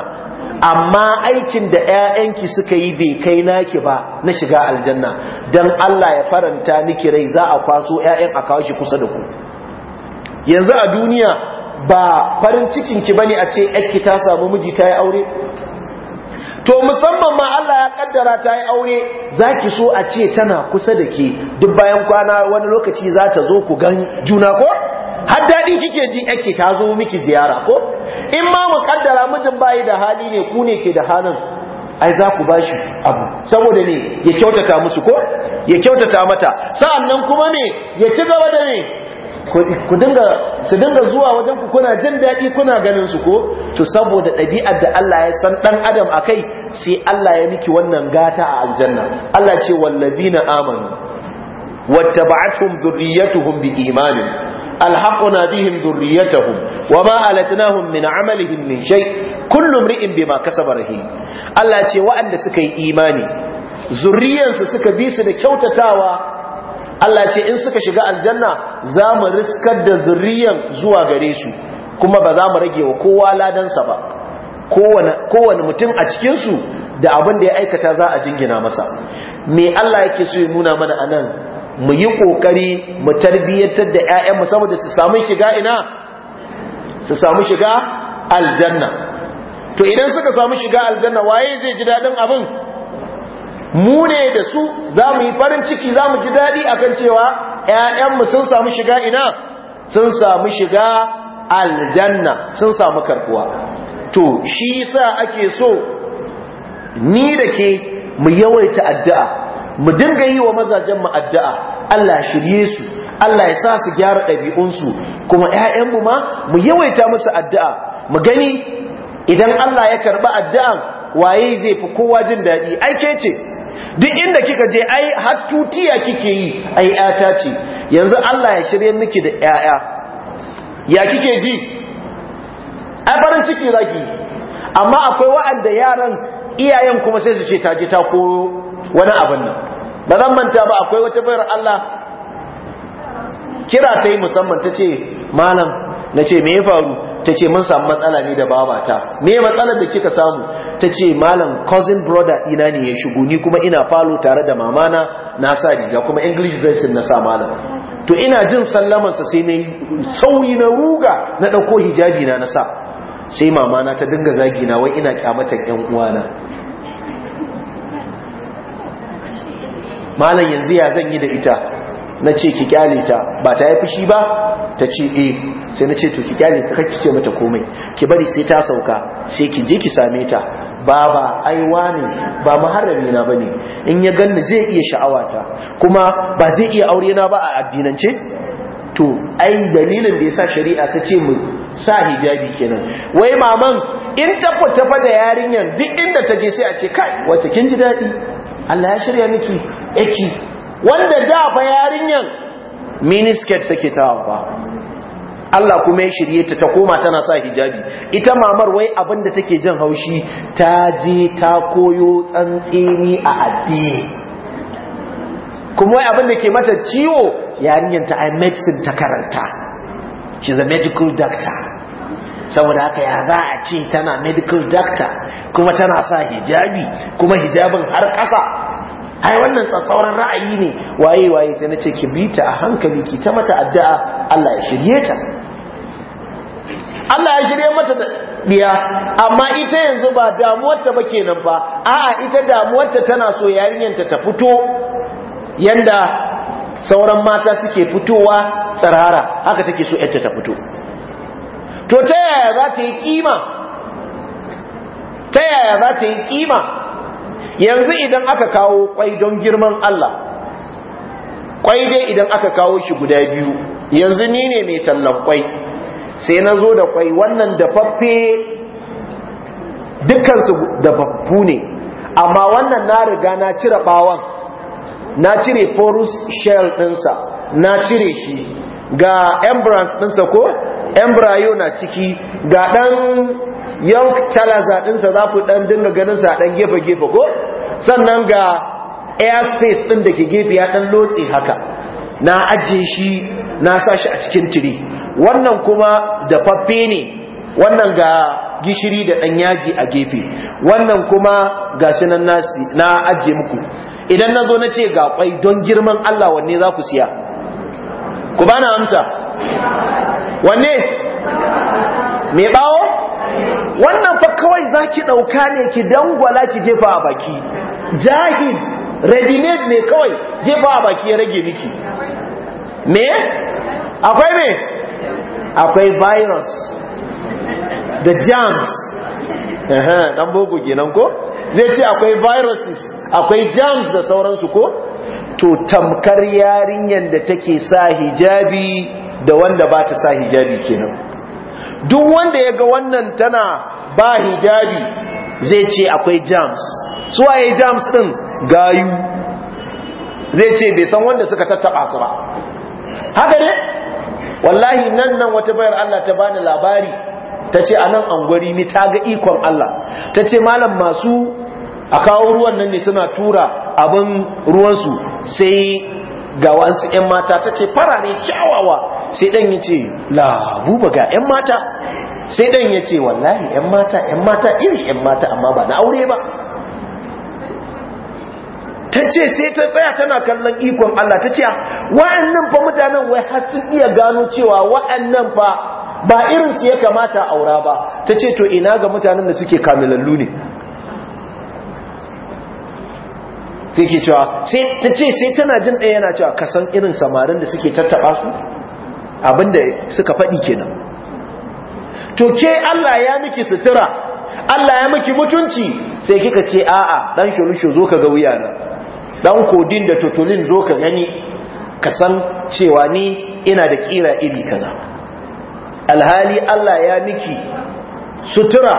A: amma aikin da ƴaƴanki suka yi bai kai naki ba na shiga aljanna dan Allah ya faranta miki rai za a kwaso ƴaƴan a kawo shi kusa da ku yanzu a duniya ba farin cikin ki bane a ce ƴakki ta samu miji ta yi aure to musamman ma Allah ya kaddara ta yi aure zaki so a ce tana kusa da ke duk bayan kwana wani lokaci za ta zo ku gan juna ko har daɗi kike ji yake ta zo miki ziyara ko in ma mu kaddara mijin bayi da hali ne ku ne ke da halin ai za ku bashi abu saboda ne ya kyautata musu ko ya kyautata mata sa'annan kuma ne ya ci gaba da ne ku dinga su dinga zuwa wajen ku kuna jin daɗi kuna ganin su ko to saboda ɗabi'ar da Allah ya san ɗan adam akai sai Allah ya miki wannan gata a aljanna Allah ce wallazina amanu wattaba'atuhum dhurriyyatuhum biimanin alhaqna bihim dhurriyyatahum wama alatnahum min amalihim min shay kullu imri'in bima kasaba rahim Allah ce wa'anda suka yi imani zurriyansu suka bi su da kyautatawa Allah ce in suka shiga aljanna za mu riskar da zuriyan zuwa gare su kuma ba za mu rage wa kowa ladansa ba kowane mutum a cikinsu da abin da ya aikata za a jingina masa me Allah yake so ya nuna mana anan nan mu yi ƙoƙari mu tarbiyyantar da 'ya'yanmu saboda su samu shiga ina su samu shiga aljanna to idan suka samu shiga aljanna waye zai ji daɗin abin mu ne da su za mu yi farin ciki za mu ji daɗi akan cewa ‘ya'yanmu sun samu shiga ina sun samu shiga aljanna sun samu karbuwa. to shi sa ake so ni da ke mu yawaita addu'a mu dinga yi wa mu addu'a Allah shirye su Allah ya sa su gyara ɗabi'unsu kuma ‘ya'yanmu ma mu yawaita musu addu'a mu gani idan Allah ya karɓi addu'an waye zai fi kowa jin daɗi aike ce duk inda kika je ai hattutiya kike yi ai yata ce yanzu Allah ya shirye miki da yaya ya kike ji ai farin ciki zaki amma akwai wa'anda yaran iyayen kuma sai su ce ta je ta koyo wani abin nan ba zan manta ba akwai wata bayar Allah kira ta yi musamman ta ce malam na ce me ya faru ta ce mun samu matsala ne da babata me matsalar da kika samu ta ce malam cousin brother ina ne ya shigo ni kuma ina falo tare da mamana na sa riga kuma english dressing na sa malam to ina jin sa sai na sauyi na ruga na ɗauko hijabi na na sa sai mamana ta dinga zagi na wai ina kyamata ƴan uwana malam yanzu ya zan yi da ita na ce ki kyale ta ba ta yi fushi ba ta ce eh sai na ce to ki kyale ta kake ce mata komai ki bari sai ta sauka sai ki je ki same ta baba ai wani ba muharrami na bane in ya ganni zai iya sha'awata kuma ba zai iya aure na ba a addinance to ai dalilin da yasa shari'a ta ce mu sa hijabi kenan wai maman in ta fa da yarinyar duk inda ta je sai a ce kai wace kin ji dadi Allah ya shirya miki yake. wanda da fa yarinyan miniskirt take ta ba Allah kuma ya shirye ta ta koma tana sa hijabi ita mamar wai abinda take jin haushi ta je ta koyo tsantsini a addini kuma wai abinda ke mata ciwo yarinyar ta ai medicine ta karanta she's a medical doctor saboda haka ya za a ce tana medical doctor kuma tana sa hijabi kuma hijabin har kasa ai wannan tsatsauran ra'ayi ne waye waye sai nace ki bi ta a hankali ki ta mata addu'a Allah ya shirye ta Allah ya shirye mata da diya amma ita yanzu ba ta ba kenan ba a'a ita ta tana so yarinyar ta fito yanda sauran mata suke fitowa tsarara haka take so yarta ta fito to ta yaya za ta yi kima ta yaya za ta yi kima yanzu idan aka kawo kwai don girman Allah kwai dai idan aka kawo shi guda biyu yanzu ni ne mai tallan kwai sai na zo da kwai wannan dafaffe dukansu dafaffu ne amma wannan na riga na cire bawan na cire porous shell ɗinsa na cire shi ga embrance ɗinsa ko embryo na ciki ga ɗan yau calaza ɗinsa za ku ɗan dinga ganin a ɗan gefe-gefe ko sannan ga airspace ɗin da ke gefe ya ɗan lotse haka na ajiye shi na sa a cikin tire wannan kuma da faffe ne wannan ga gishiri da ɗan yaji a gefe wannan kuma ga shi nasi na ajiye muku idan nazo zo na ce ga kwai don girman Allah wanne za ku siya ku bana amsa wanne mai bawo wannan fa kawai zaki dauka ɗauka ne ki dangwala ki jefa a baki jahil ready-made ne kawai jefa a baki ya rage miki me akwai me akwai virus da germs dan boko kenan ko zai ce akwai viruses akwai germs da sauransu ko to tamkar yarinyar da take sa hijabi da wanda ba ta sa hijabi kenan duk wanda ya ga wannan tana ba hijabi zai ce akwai jams su waye jams din gayu zai ce bai san wanda suka tattaɓa su ba haka ne wallahi nan nan wata bayar Allah ta bani labari ta ce a nan gwari ni ta ga ikon Allah ta ce malam masu a kawo ruwan nan ne suna tura abin ruwansu sai ga wasu 'yan mata ta ce farare kyawawa sai ɗan ya ce labu ba ga 'yan mata sai ɗan ya ce wallahi 'yan mata 'yan mata iri 'yan mata amma ba na aure ba ta ce sai ta tsaya tana kallon ikon Allah ta ce wa'annan fa mutanen wai har sun iya gano cewa wa'annan fa ba irin su ya kamata aura ba ta ce to ina ga mutanen da suke kamilallu ne sai ke cewa sai ta ce sai tana jin ɗaya yana cewa ka san irin samarin da suke tattaɓa su abinda suka faɗi kenan to ke Allah ya miki sutura Allah ya miki mutunci sai kika ce a'a dan shurushu zo ka ga wuyana dan kodin da totolin zo ka gani ka san cewa ni ina da kira iri kaza alhali Allah ya miki sutura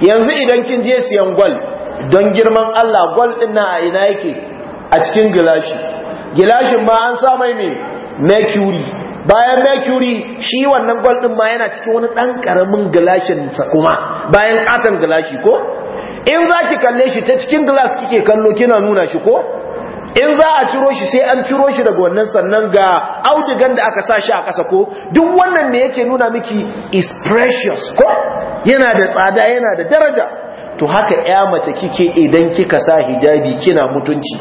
A: yanzu idan kin je siyan gwal don girman Allah gwal din na a ina yake a cikin gilashi gilashin ma an samai mai mercury bayan mercury shi wannan gwal din ma yana cikin wani ɗan karamin gilashin sa kuma bayan katon gilashi ko in za ki kalle shi ta cikin glass kike kallo kina nuna shi ko in za a ciro shi sai an ciro shi daga wannan sannan ga audigan da aka sa shi a ƙasa ko duk wannan me yake nuna miki is precious ko yana da tsada yana da daraja to haka ya mace kike idan kika sa hijabi kina mutunci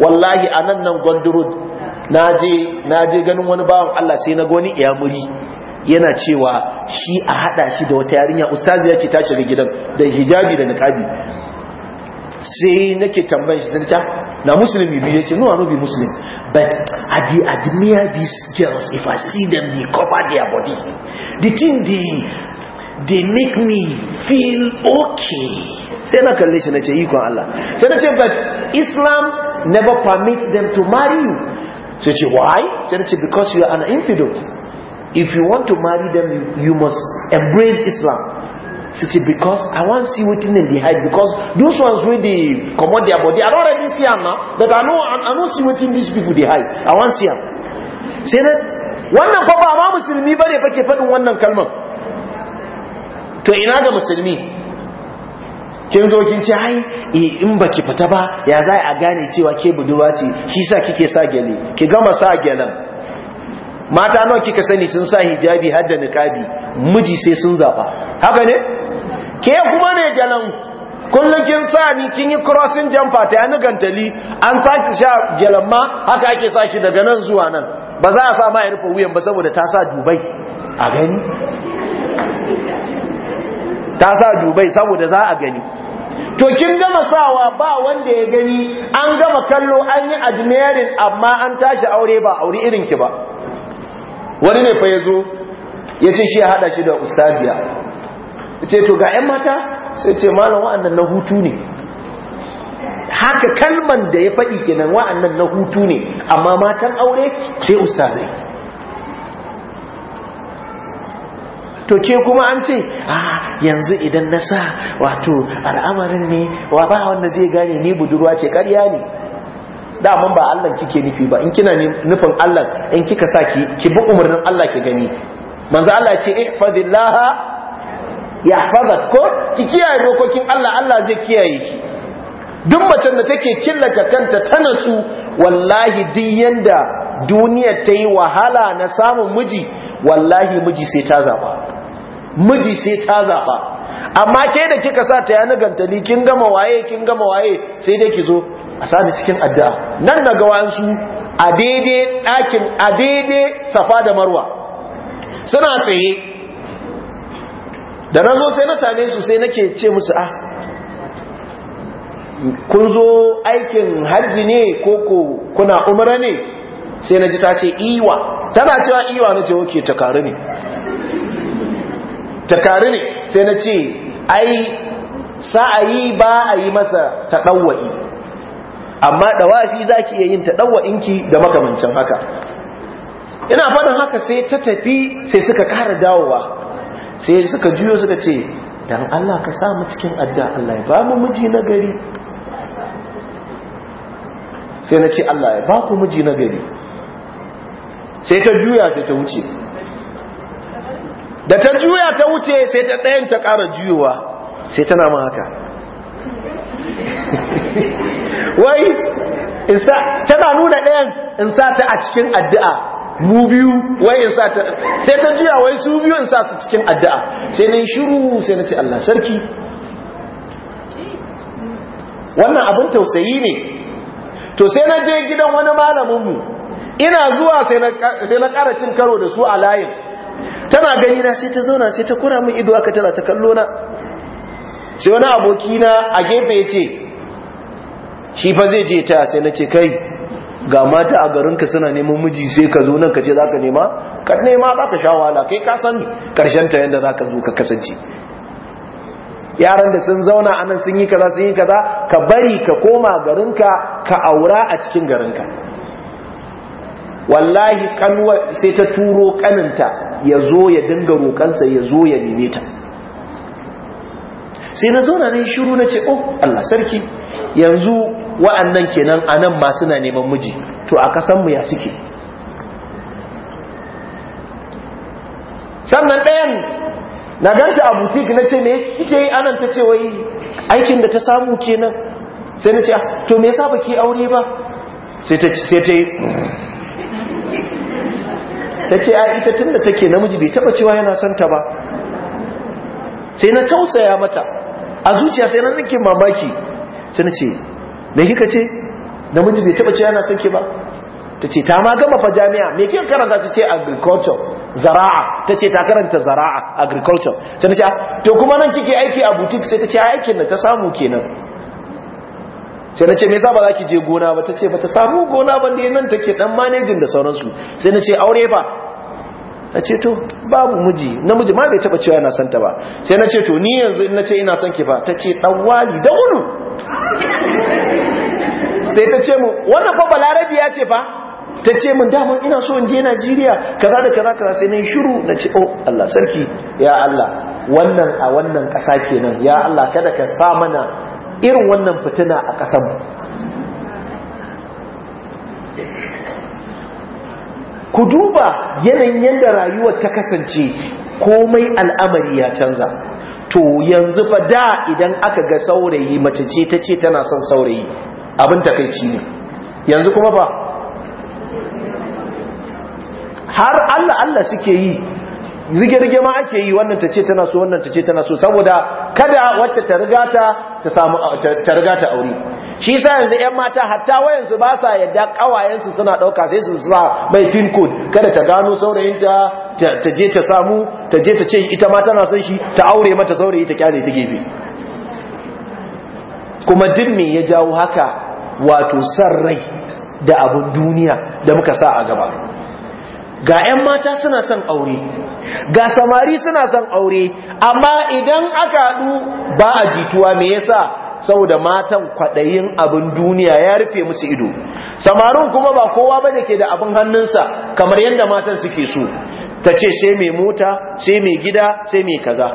A: wallahi anan nan nan naje na ganin wani bawan Allah sai na goni muri. yana cewa shi a hada shi da wata yarinya ustazi ya ce ta shiga gidan da hijabi da niqabi sai nake tambayar shi zanta na ah, musulmi bi ya no no muslim but I admire these girls if I see them they cover their body the thing they they make me feel okay sai na kalle shi na ce ikon Allah sai na ce but Islam never permits them to marry you sai ce why sai na ce because you are an infidel if you want to marry them you, must embrace Islam sai ce because I want see wetin dem dey hide because those ones wey dey comot their body I don already see am now but I no I no see wetin these people dey hide I wan see am sai na wannan fa ba ma musulmi ba fa ke faɗin wannan kalmar to ina ga musulmi kin zo kin ce ai eh, in baki fita ba ya za a gane cewa ke budurwa ce shi sa kike sa gele ki gama sa gelen mata nawa kika sani sun sa hijabi har da niqabi miji sai sun zaba haka ne ke kuma ne gelen kullum kin sa ni kin yi crossing jumper ta yana gantali an fashi sha gelen ma haka ake sa shi daga nan zuwa nan ba za a sa ma ya rufe wuyan ba saboda ta sa dubai a gani ta sa dubai saboda za a gani to kin gama sawa ba wanda ya gani an gama kallo an yi admiring amma an tashi aure ba aure irin ki ba wani ne fa yazo ya ce shi ya hada shi da ustadiya ce to ga 'yan mata sai ce malam wa'annan na hutu ne haka kalman da ya faɗi kenan wa'annan na hutu ne amma matan aure sai ustazai to ke kuma an ce a ah, yanzu idan na sa wato al'amarin ne wa ba wanda zai gane ni budurwa ce karya ne daman ba Allah kike nufi ba in kina nufin Allah in kika sa ki ki bi umarnin Allah ki gani manzo Allah ya ce ya yahfazak ko ki kiyaye dokokin Allah Allah zai kiyaye ki duk macen da take killata kanta ta nasu wallahi duk yanda duniya ta yi wahala na samun miji wallahi miji sai ta zaba miji sai ta zaɓa amma ke da kika sa ta yana gantali kin gama waye kin gama waye sai dai ki zo a sani cikin addu'a nan daga wasu a daidai ɗakin a daidai safa da marwa suna tsaye da nazo sai na same su sai nake ce musu a, ah, kun zo aikin hajji ne ko kuna umra ne sai na ji ta ce iwa tana cewa iwa na ce oke ta karu ne takari ne sai na ce ai sa'ayi ba a yi masa taɗawa'i amma ɗawafi za ki iya yin taɗawwa'inki da makamancin haka ina faɗin haka sai ta tafi sai suka kara dawowa sai suka juyo suka ce don Allah ka samu cikin adda Allah ya ba mu miji na gari sai na ce Allah ya ba miji na gari sai ta juya sai ta wuce da ta juya ta wuce sai ta ɗayan ta ƙara juyowa sai tana ma haka wai tana nuna ɗayan in sa ta a cikin addu'a mu biyu wai in sa ta sai ta juya wai su biyu in sa su cikin addu'a sai na shiru sai na ce Allah sarki wannan abin tausayi ne to sai na je gidan wani malamin mu ina zuwa sai na ƙara cin karo da su a layin tana gani na sai ta zauna sai ta kura min ido aka tana ta kallo na sai wani aboki na a gefe ya ce shi fa zai je ta sai na ce kai ga mata a garin ka suna neman miji sai ka zo nan ka ce za nema ka nema zaka sha wahala kai ka sani karshen ta yanda za ka zo ka kasance yaran da sun zauna anan nan sun yi kaza sun yi kaza ka bari ka koma garinka ka aura a cikin garinka wallahi kanwa sai ta turo kaninta ya zo ya dinga roƙansa ya zo ya neme ta sai na zauna na yi shiru na ce oh Allah sarki yanzu wa'annan kenan a nan ma suna neman miji to a kasanmu ya suke sannan ɗayan na ganta a butik na ce me kike yi anan ta ce wai aikin da ta samu kenan sai na ce ah, to me yasa baki aure ba sai ta sai ta ce a ita tun da take namiji bai taba cewa yana son ta ba sai na tausaya mata a zuciya sai na nake mamaki sai na ce me kika ce namiji bai taba cewa yana son ke ba ta ce ta ma gama fa jami'a me kika karanta ta ce agriculture zara'a ta ce ta karanta zara'a agriculture sai na ce ah, to kuma nan kike aiki a boutique sai ta ce aikin da ta samu kenan sai na ce me yasa ba za ki je gona ba ta ce ba ta samu gona ba ne nan take dan manejin da sauransu sai na ce aure ba ta ce to babu miji namiji ma bai taba cewa yana son ta ba sai na ce to ni yanzu in na ce ina son ki fa ta ce dan wali da ulu sai ta ce mu wannan fa balarabi ya ce fa ta ce mun daman ina so in je Najeriya kaza da kaza kaza sai na yi shiru na ce oh Allah sarki ya Allah wannan a wannan ƙasa kenan ya Allah kada ka sa mana irin wannan fitina a ƙasan. ku duba yanayin yadda rayuwar ta kasance komai al'amari ya canza to yanzu fa da idan aka ga saurayi mace ce ta ce tana son saurayi abin takaici ne yanzu kuma ba har Allah Allah suke yi rige ma ake yi wannan ta ce tana so wannan ta ce tana so saboda kada wacce ta riga ta ta samu ta riga ta aure shi yasa yanzu ƴan mata hatta wayansu ba sa yadda kawayensu suna dauka sai su sa mai pin code kada ta gano saurayinta ta je ta samu ta je ta ce ita ma tana son shi ta aure mata saurayi ta kyale ta gefe kuma duk me ya jawo haka wato san rai da abun duniya da muka sa a gaba ga 'yan mata suna son aure ga samari suna son aure amma idan aka haɗu ba a jituwa me yasa saboda matan kwaɗayin abin duniya ya rufe musu ido samarin kuma ba kowa ba da ke da abin hannunsa kamar yadda matan suke so ta ce sai mai mota sai mai gida sai mai kaza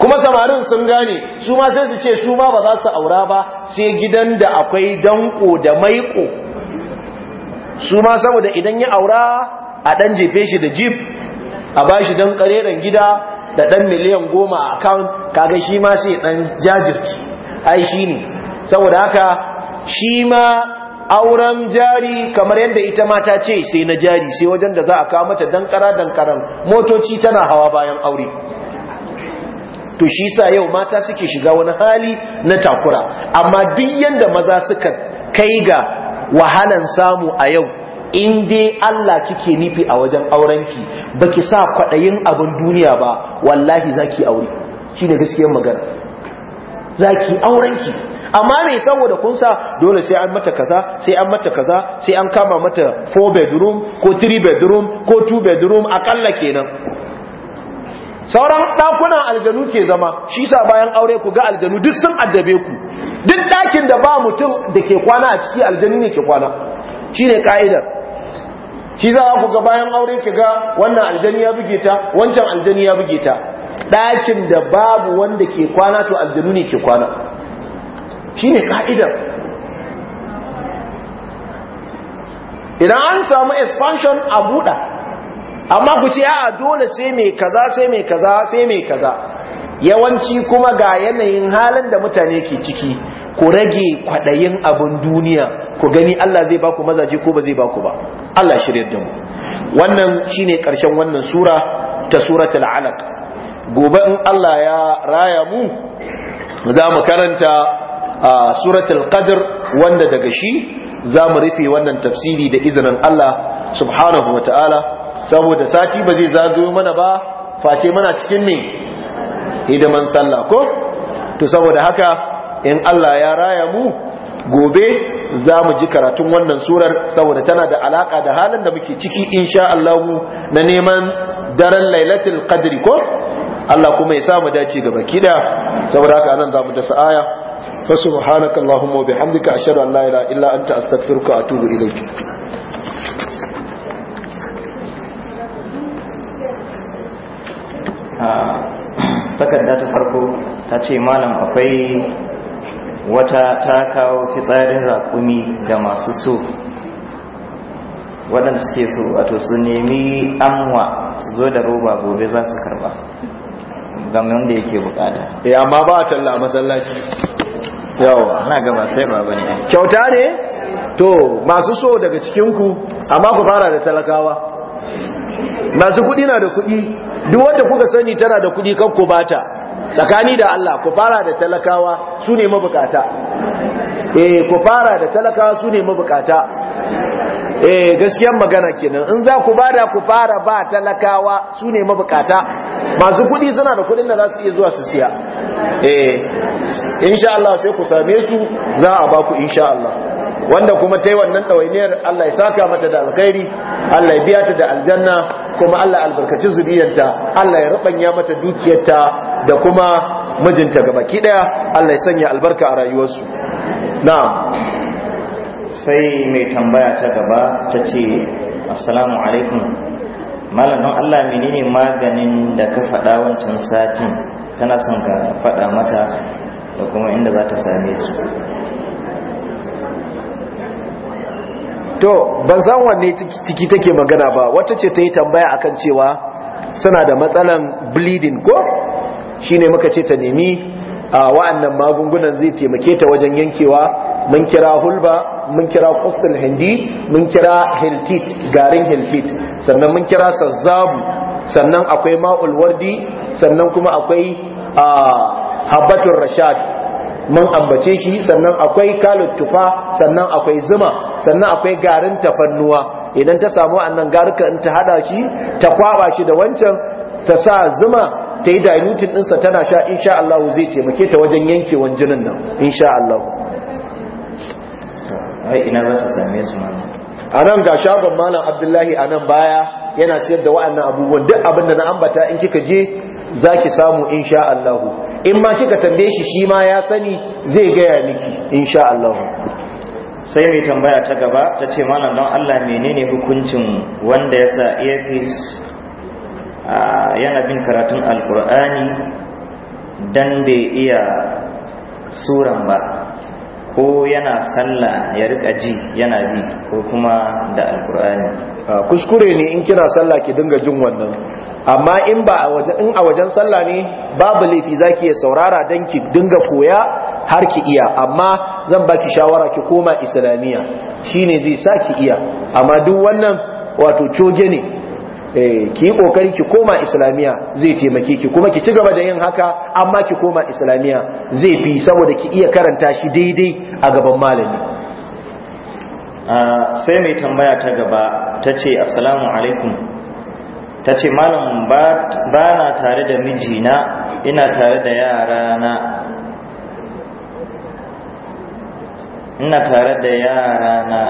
A: kuma samarin sun gane su ma sai su ce su ma ba za su aura ba sai gidan da akwai danko da maiko su ma saboda idan ya aura a dan jefe shi da jib a ba shi dan kareren gida da dan miliyan goma a account kaga shi ma sai dan jajirci ai ne saboda haka shi ma auren jari kamar yadda ita mata ce sai na jari sai wajen da za a kawo mata dan kara dan karan motoci tana hawa bayan aure to shi sa yau mata suke shiga wani hali na takura amma duk yanda maza suka kai ga wahalan samu a yau in dai Allah kike nufi a wajen aurenki baki sa kwaɗayin abin duniya ba wallahi zaki aure shine gaskiyar magana zaki aurenki amma me saboda kun sa dole sai an mata kaza sai an mata kaza sai an kama mata 4 bedroom ko 3 bedroom ko 2 bedroom akalla kenan sauran dakunan aljanu ke zama shi sa bayan aure ku ga aljanu duk sun addabe ku duk ɗakin da ba mutum da ke kwana a ciki aljani ne ke kwana shi ne ƙa'idar shi za ku ga bayan aure ki ga wannan aljani ya buge ta wancan aljani ya buge ta ɗakin da babu wanda ke kwana to aljanu ne ke kwana shi ne ƙa'idar idan an samu expansion a buɗa amma ku ce a dole sai mai kaza sai mai kaza sai mai kaza yawanci kuma ga yanayin halin da mutane ke ciki ku rage kwaɗayin abin duniya ku gani Allah zai baku mazaje ko ba zai baku ba Allah shirya da mu wannan shine ƙarshen wannan sura ta suratul alaq gobe in Allah ya raya mu za mu karanta suratul qadr wanda daga shi za mu rufe wannan tafsiri da izinin Allah subhanahu wata'ala saboda sati ba zai zagayo mana ba face mana cikin me hidiman sallah ko to saboda haka in Allah ya raya mu gobe za mu ji karatun wannan surar saboda tana da alaka da halin da muke ciki insha Allah na neman daren lailatul qadri ko Allah kuma ya sa mu dace gaba kida saboda haka anan za mu dasa aya fa subhanakallahumma wa bihamdika ashhadu an la ilaha illa anta astaghfiruka wa atubu ilayk
E: uh, takarda ta farko ta ce malam akwai wata ta kawo fitsarin raƙumi ga masu so waɗanda suke so wato su nemi amwa su zo da roba gobe za su karba ga wanda yake bukada ya eh, amma ba a talla a masallaci Yau ana gaba sai ba bane kyauta ne to masu so daga cikinku amma ku
A: fara da talakawa masu kuɗi na da kuɗi duk wanda kuka sani tana da kudi kan ku bata tsakani da Allah ku fara da talakawa su ne mabukata eh ku fara da talakawa su ne mabukata eh gaskiyar magana kenan in za ku bada ku fara ba talakawa su ne mabukata masu kudi suna da kudin da za su iya zuwa su siya eh insha Allah sai ku same su za a ba ku insha Allah wanda kuma ta yi wannan ɗawainiyar Allah ya saka mata da alkhairi Allah ya biya ta da aljanna kuma Allah albarkaci zuriyarta Allah ya rubanya mata dukiyarta da kuma mijinta gabaki daya Allah ya sanya albarka a rayuwarsu
E: na'am sai mai tambaya ta gaba ta ce assalamu alaikum malam don Allah menene maganin da ka faɗa wancan satin tana son ka faɗa mata da kuma inda za ta same su to ban san wanne
A: ciki take magana ba wata ce ta yi tambaya akan cewa suna da matsalan bleeding ko shine muka ce ta nemi a wa'annan magungunan zai taimake ta wajen yankewa mun kira hulba mun kira kustin hindi mun kira hiltit garin hiltit sannan mun kira sazzabu sannan akwai ma'ulwardi sannan kuma akwai habbatun rashad mun ambace shi sannan akwai kalut tufa sannan akwai zuma sannan akwai garin tafannuwa idan ta samu annan garuka in ta hada shi ta kwaba shi da wancan ta sa zuma ta yi dilutin ɗinsa tana sha insha Allah zai taimake ta wajen yankewan jinin nan insha Allah a nan ga shagon malam abdullahi a nan baya yana siyar da wa'annan abubuwan duk abin da na ambata in kika je za ki samu insha Allahu, in ma kika tambaye shi shi ma ya sani zai gaya miki
E: insha Allahu. sai mai tambaya ta gaba ta ce malam don Allah menene hukuncin wanda ya sa earpiece yana bin karatun alkur'ani dan bai iya suran ba ko yana sallah ya rika ji yana bi ko kuma da alkur'ani ah, kuskure ne in kina sallah ki dinga jin wannan amma in ba a wajen in a wajen
A: sallah ne babu laifi zaki ya saurara dan ki dinga koya har ki iya amma zan baki shawara ki koma islamiya shine zai sa ki iya amma duk wannan wato coge ne Eh, ki yi kokari ki koma islamiya zai taimake ki kuma ki ci gaba da yin haka amma ki koma islamiya zai fi saboda ki iya karanta shi daidai
E: a gaban malami sai mai tambaya ta gaba ta ce assalamu alaikum ta ce malam ba na tare da mijina ina tare da yarana
C: ina tare da yarana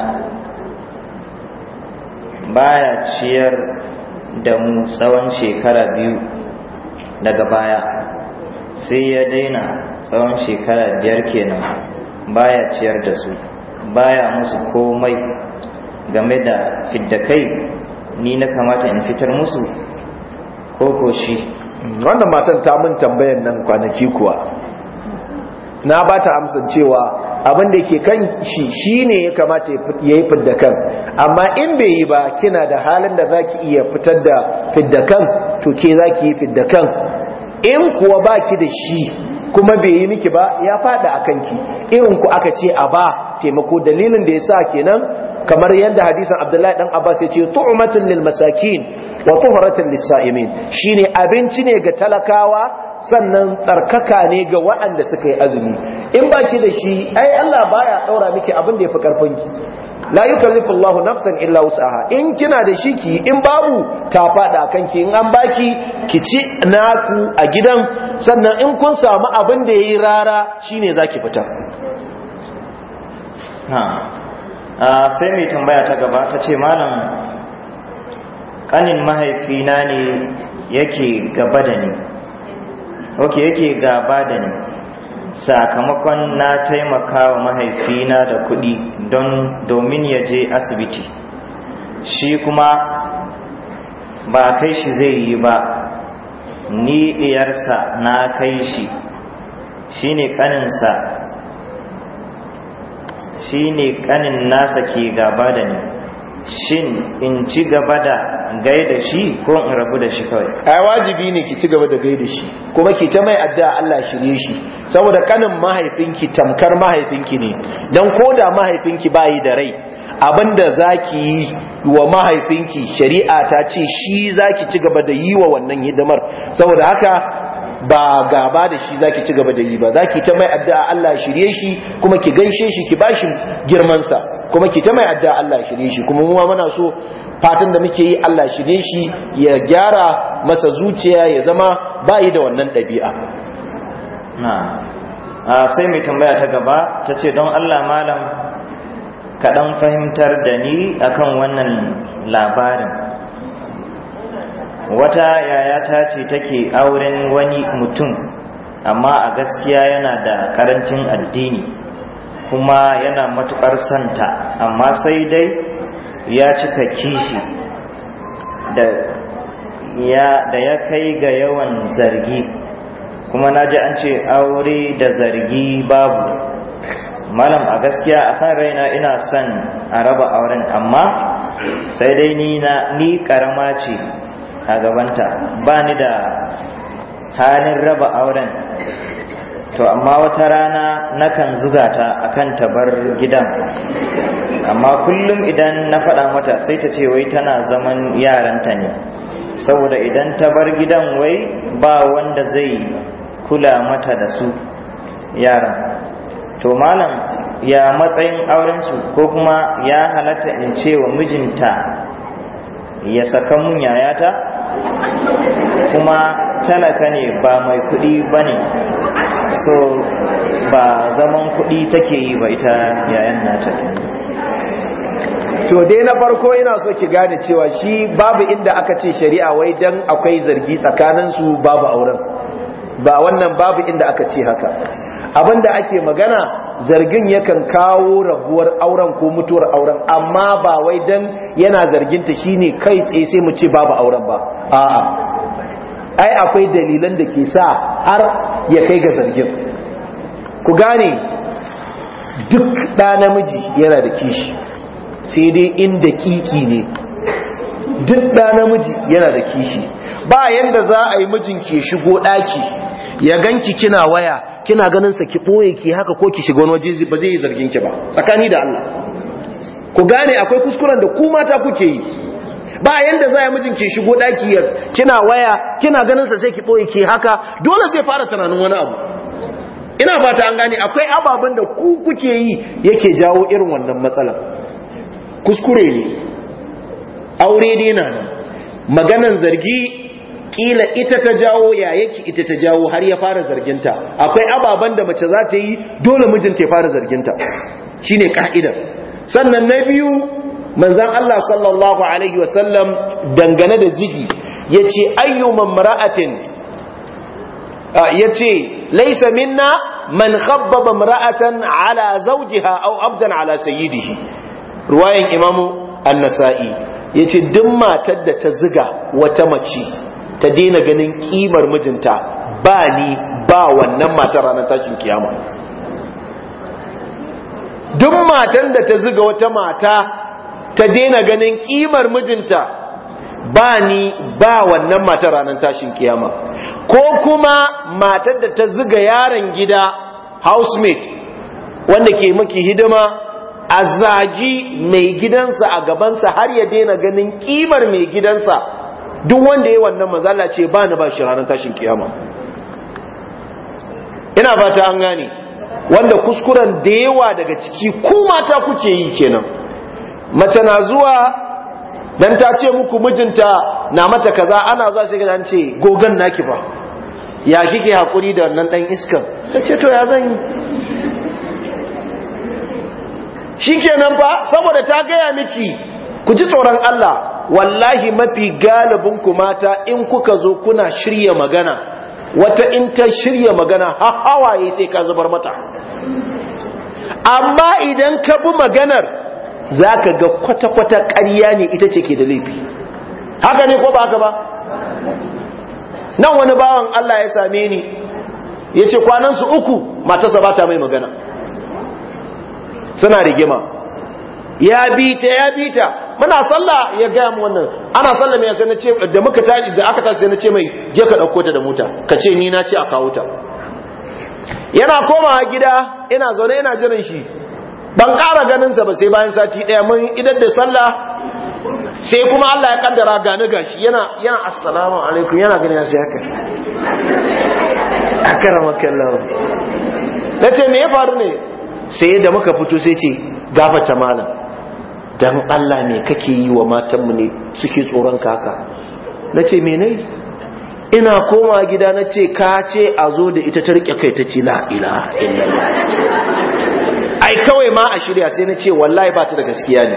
E: baya ciyar da mu tsawon shekara biyu daga baya sai ya daina tsawon shekara biyar kenan baya ciyar da su baya musu komai game da fidda kai ni na kamata in fitar musu ko ko shi wannan matan ta mun tambayan nan kwanaki kuwa na ba ta amsan cewa
A: abin da yake kan shi shine ya kamata ya yi fidda kan amma in bai yi ba kina da halin da zaki iya fitar da fidda kan to ke ki yi fidda kan in kuwa baki da shi kuma bai yi miki ba ya fada a kanki. irin ku aka ce a ba taimako dalilin da ya yasa kenan kamar yadda hadisan Abdullahi dan Abbas ya ce tu'matun lil masakin wa tuhratan lis sa'imin shine abinci ne ga talakawa sannan tsarkaka ne ga waɗanda suka yi azumi in ba ki da shi ai Allah baya ɗaura miki abin da ya fi ƙarfin ki la yukallifu Allah nafsan illa wus'aha in kina da shi ki in babu ta fada kanki in an baki ki ci naku a gidan sannan in kun samu abin da yayi rara shine zaki fitar
E: ha ah, sai mai tambaya ta gaba ta ce malam kanin mahaifina ne yake gaba da ni ok yake gaba da ni sakamakon na taimaka wa mahaifina da kuɗi domin ya je asibiti shi kuma ba kai shi zai yi ba ni ɗiyarsa na kai shi shi ne ƙaninsa shi ne ƙanin nasa ke gaba da ni shin in ci gaba da gaida shi ko in rabu da shi kawai ai wajibi ne ki ci gaba da gaida
A: shi kuma ki ta mai addu'a Allah shirye shi saboda kanin mahaifinki tamkar mahaifinki ne dan koda mahaifinki bayi da rai abinda zaki yi wa mahaifinki shari'a ta ce shi zaki ci gaba da yi wa wannan hidimar saboda haka ba gaba da shi zaki ci gaba da yi ba zaki ta mai addu'a Allah shirye shi kuma ki gaishe shi ki bashi girman sa kuma ki ta mai addu'a Allah shirye shi kuma mu ma muna so fatan da muke yi Allah shirye shi ya gyara masa zuciya ya zama bayi da
E: wannan ɗabi'a na sai mai tambaya ta gaba ta ce don Allah malam kaɗan fahimtar da ni akan wannan labarin wata yayata ce take auren wani mutum amma a gaskiya yana da karancin addini kuma yana matuƙar santa amma sai dai ya cika kishi da ya, da ya kai ga yawan zargi kuma na ji an ce aure da zargi babu malam a gaskiya a san raina ina son a raba auren amma sai dai ni na ni karama ce a gabanta ba ni da halin raba auren to amma wata rana nakan zuga ta akan ta bar gidan amma kullum idan na faɗa mata sai ta ce wai tana zaman yaranta ne saboda idan ta bar gidan wai ba wanda zai kula mata da su yaran to malam ya matsayin aurensu ko kuma ya halatta in ce wa mijinta ya saka mun yayata kuma talaka ne ba mai kuɗi ba ne so ba zaman kuɗi take yi ba ita yayan nata to dai na farko ina so ki gane
A: cewa shi babu inda aka ce shari'a wai dan akwai zargi tsakaninsu babu auren ba wannan babu inda aka ce haka abinda ake magana zargin yakan kawo rabuwar auren ko mutuwar auren amma ba wai dan yana zarginta shine kai tsaye sai mu ce babu auren ba a'a ai akwai dalilan da ke sa har ya kai ga zargin ku gane duk ɗa namiji yana da kishi sai dai inda kiki ne duk ɗa namiji yana da kishi ba yanda za a yi mijin ke shigo
C: ɗaki
A: ya ganki kina waya kina ganin sa ki boye ki haka ko ki shiga wani waje ba zai yi zargin ki ba tsakani da Allah ku gane akwai kuskuren da ku mata kuke yi ba yanda za ya mijin ki shigo daki ya kina waya kina ganin sa sai ki boye ki haka dole sai fara tunanin wani abu ina fata an gane akwai ababen da ku kuke yi yake jawo irin wannan matsalar kuskure ne aure ne na maganan zargi kila ita ta jawo yayaki ita ta jawo har ya fara zarginta akwai ababen da mace za ta yi dole mijinta ya fara zarginta shine ka'idar sannan na biyu manzon Allah sallallahu alaihi wasallam dangane da zigi yace ayyuma mar'atin ah, yace laysa minna man khabbaba mar'atan ala zawjiha abdan ala sayidihi. ruwayan imamu an-nasa'i yace duk matar da ta ziga wata mace ta daina ganin kimar mijinta ba ni ba wannan matar ranar tashin kiyama duk matan da ta zuga wata mata ta daina ganin kimar mijinta ba ni ba wannan matar ranar tashin kiyama ko kuma matar da ta zuga yaron gida housemate wanda ke maki hidima a zagi mai gidansa a gabansa har ya daina ganin kimar mai gidansa duk wanda yi wannan mazala ce ba ni ba shi ranar tashin kiyama ina fata an gane wanda kuskuren da yawa daga ciki ku mata kuke yi kenan mace na zuwa dan ta ce muku mijinta na mata kaza ana zuwa sai an ce gogan naki ba ya kike hakuri da wannan dan iskan ce to ya zan yi shikenan fa saboda ta gaya miki ku ji tsoron Allah wallahi mafi galibin ku mata in kuka zo kuna shirya magana wata in ta shirya magana ha hawaye sai ka zubar mata amma idan ka bi maganar zaka ga kwata-kwata ƙarya ne ita ce ke da laifi haka ne ko ba haka ba nan wani bawan Allah ya same ni ya ce kwanansu uku matarsa ba ta mai magana suna rigima ya bi ta ya bi ta muna sallah ya gaya mu wannan ana sallah mai sai na ce da muka tashi da aka tashi sai na ce mai je ka dauko ta da mota ka ce ni na ce a kawo ta yana koma gida ina zaune ina jiran shi ban ƙara ganin sa ba sai bayan sati daya mun idan da sallah sai kuma Allah ya kaddara gani gashi yana yana assalamu alaikum yana gani ya sai haka Na nace me ya faru ne sai da muka fito sai ce gafata malam dan Allah ne kake yi wa matanmu ne suke tsoron kaka na ce menai ina koma gida nace ce ka ce a zo da ita ta rike kai ta ce la ila ai kawai ma a shirya sai na ce wallahi ba ta da gaskiya ne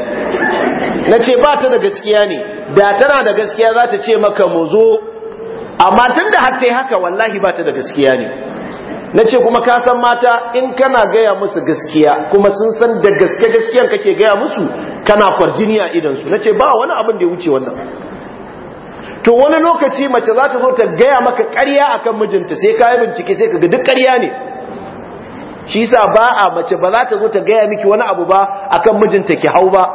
A: na ba ta da gaskiya ne da tana da gaskiya za ta ce maka mu zo amma tun da hatta haka wallahi ba ta da gaskiya ne na ce kuma ka san mata in kana gaya musu gaskiya kuma sun san da gaske gaskiyan kake gaya musu kana kwarjini a idansu na ce ba wani abin da ya wuce wannan to wani lokaci mace za ta zo ta gaya maka karya a kan mijinta sai ka yi bincike sai ka ga duk karya ne shi sa ba a mace ba za ta zo ta gaya miki wani abu ba a kan mijinta ki hau ba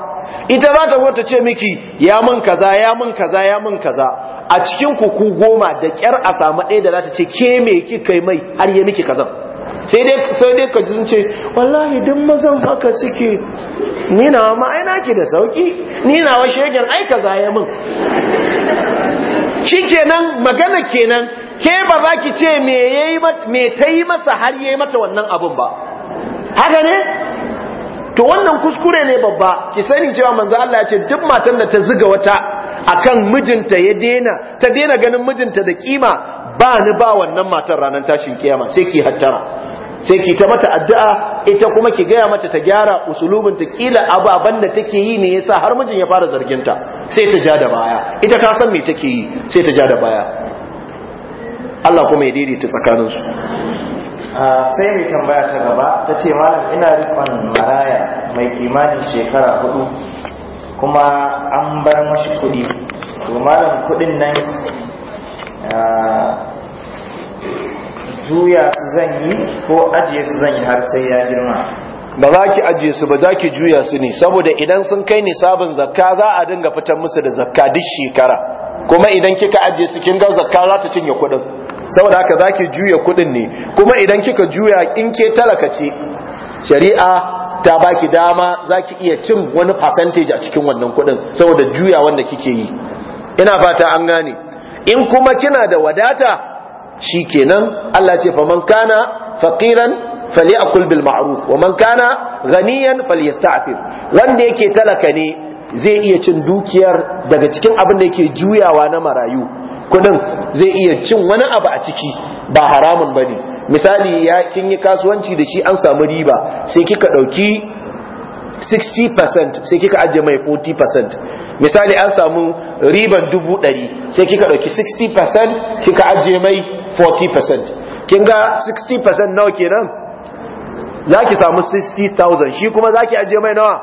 A: ita za ta zo ta ce miki ya min kaza ya min kaza ya min kaza a cikin kuku goma da ƙyar a samu ɗaya da za ta ce ke me kika mai har ya miki kazan sai dai sai dai ka ji ce wallahi duk mazan haka suke ni nawa ma da sauki ni nawa shegen Aika, zaya min. shi kenan magana kenan ke ba za ki ce me ta yi masa har yi mata wannan abin ba haka ne to wannan kuskure ne babba ki sani cewa manzo Allah ya ce duk matan da ta zuga wata akan mijinta ya dena ta dena ganin mijinta da kima ba ni ba wannan matan ranar tashin kiyama sai ki hattara sai ki ta mata addu'a ita kuma ki gaya mata ta gyara usulubin ta kila ababan da take yi ne yasa har mijin ya fara zargin ta sai ta ja da baya ita ka san me take yi sai ta ja da baya Allah kuma ya daidaita tsakanin su
E: sai mai tambaya ta gaba ta ce malam ina rikon maraya mai kimanin shekara hudu kuma an bar mashi kudi to malam kudin nan juya su zan yi ko ajiye su zan yi har sai ya girma ba za
A: ki ajiye su ba za ki juya su ne saboda idan sun kai nisabin zakka za a dinga fitar musu da zakka duk shekara kuma idan kika ajiye su kin ga zakka za ta cinye kuɗin saboda haka za ki juya kuɗin ne kuma idan kika juya in ke talaka ce shari'a ta baki dama za ki iya cin wani percentage a cikin wannan kuɗin saboda juya wanda kike yi ina fata an gane in kuma kina da wadata Shi kenan Allah ce faman kana faqiran falyakul bil ma'ruf wa man kana ghaniyan falyasta'fif wanda yake talaka ne zai iya cin dukiyar daga cikin abin da yake juyawa na marayu kudin zai iya cin wani abu a ciki ba haramun bane misali ya kin yi kasuwanci da shi an samu riba sai kika dauki 60% sai kika ajiye mai 40% misali an samu riban dubu ɗari sai kika ɗauki 60% kika ajiye mai 40% kin ga 60% nawa kenan za ki samu 60,000 shi kuma za ki ajiye mai nawa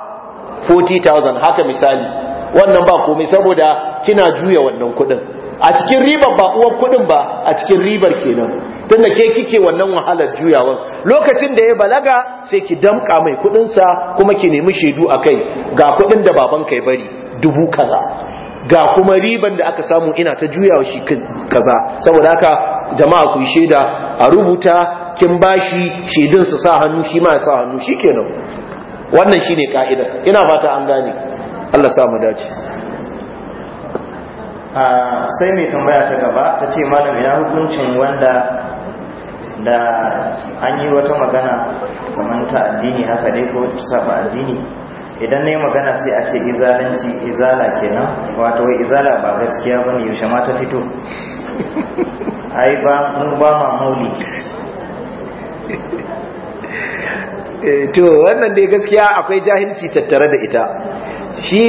A: 40,000 haka misali wannan ba komai saboda kina juya wannan kuɗin a cikin ribar ba uwar kudin ba a cikin ribar kenan tunda ke kike wannan wahalar juyawa. lokacin da ya balaga sai ki damka mai kudin sa kuma ki nemi shaidu a kai ga kudin da baban kai bari dubu kaza ga kuma riban da aka samu ina ta juyawa shi kaza saboda haka jama'a ku shaida a rubuta kin bashi shaidun su sa hannu shi ma ya sa hannu shikenan wannan shine ka'idar ina fata an gane Allah sa mu dace
E: sai mai tambaya ta gaba ta ce malam ya hukuncin wanda da an yi wata magana kamar ta addini haka dai ko ta saba addini idan na yi magana sai a ce izalanci izala kenan wato wai izala ba gaskiya ba ne yaushe ma ta fito ai ba mu ba ma mauli eh, to wannan dai
A: gaskiya akwai jahilci tattare da ita shi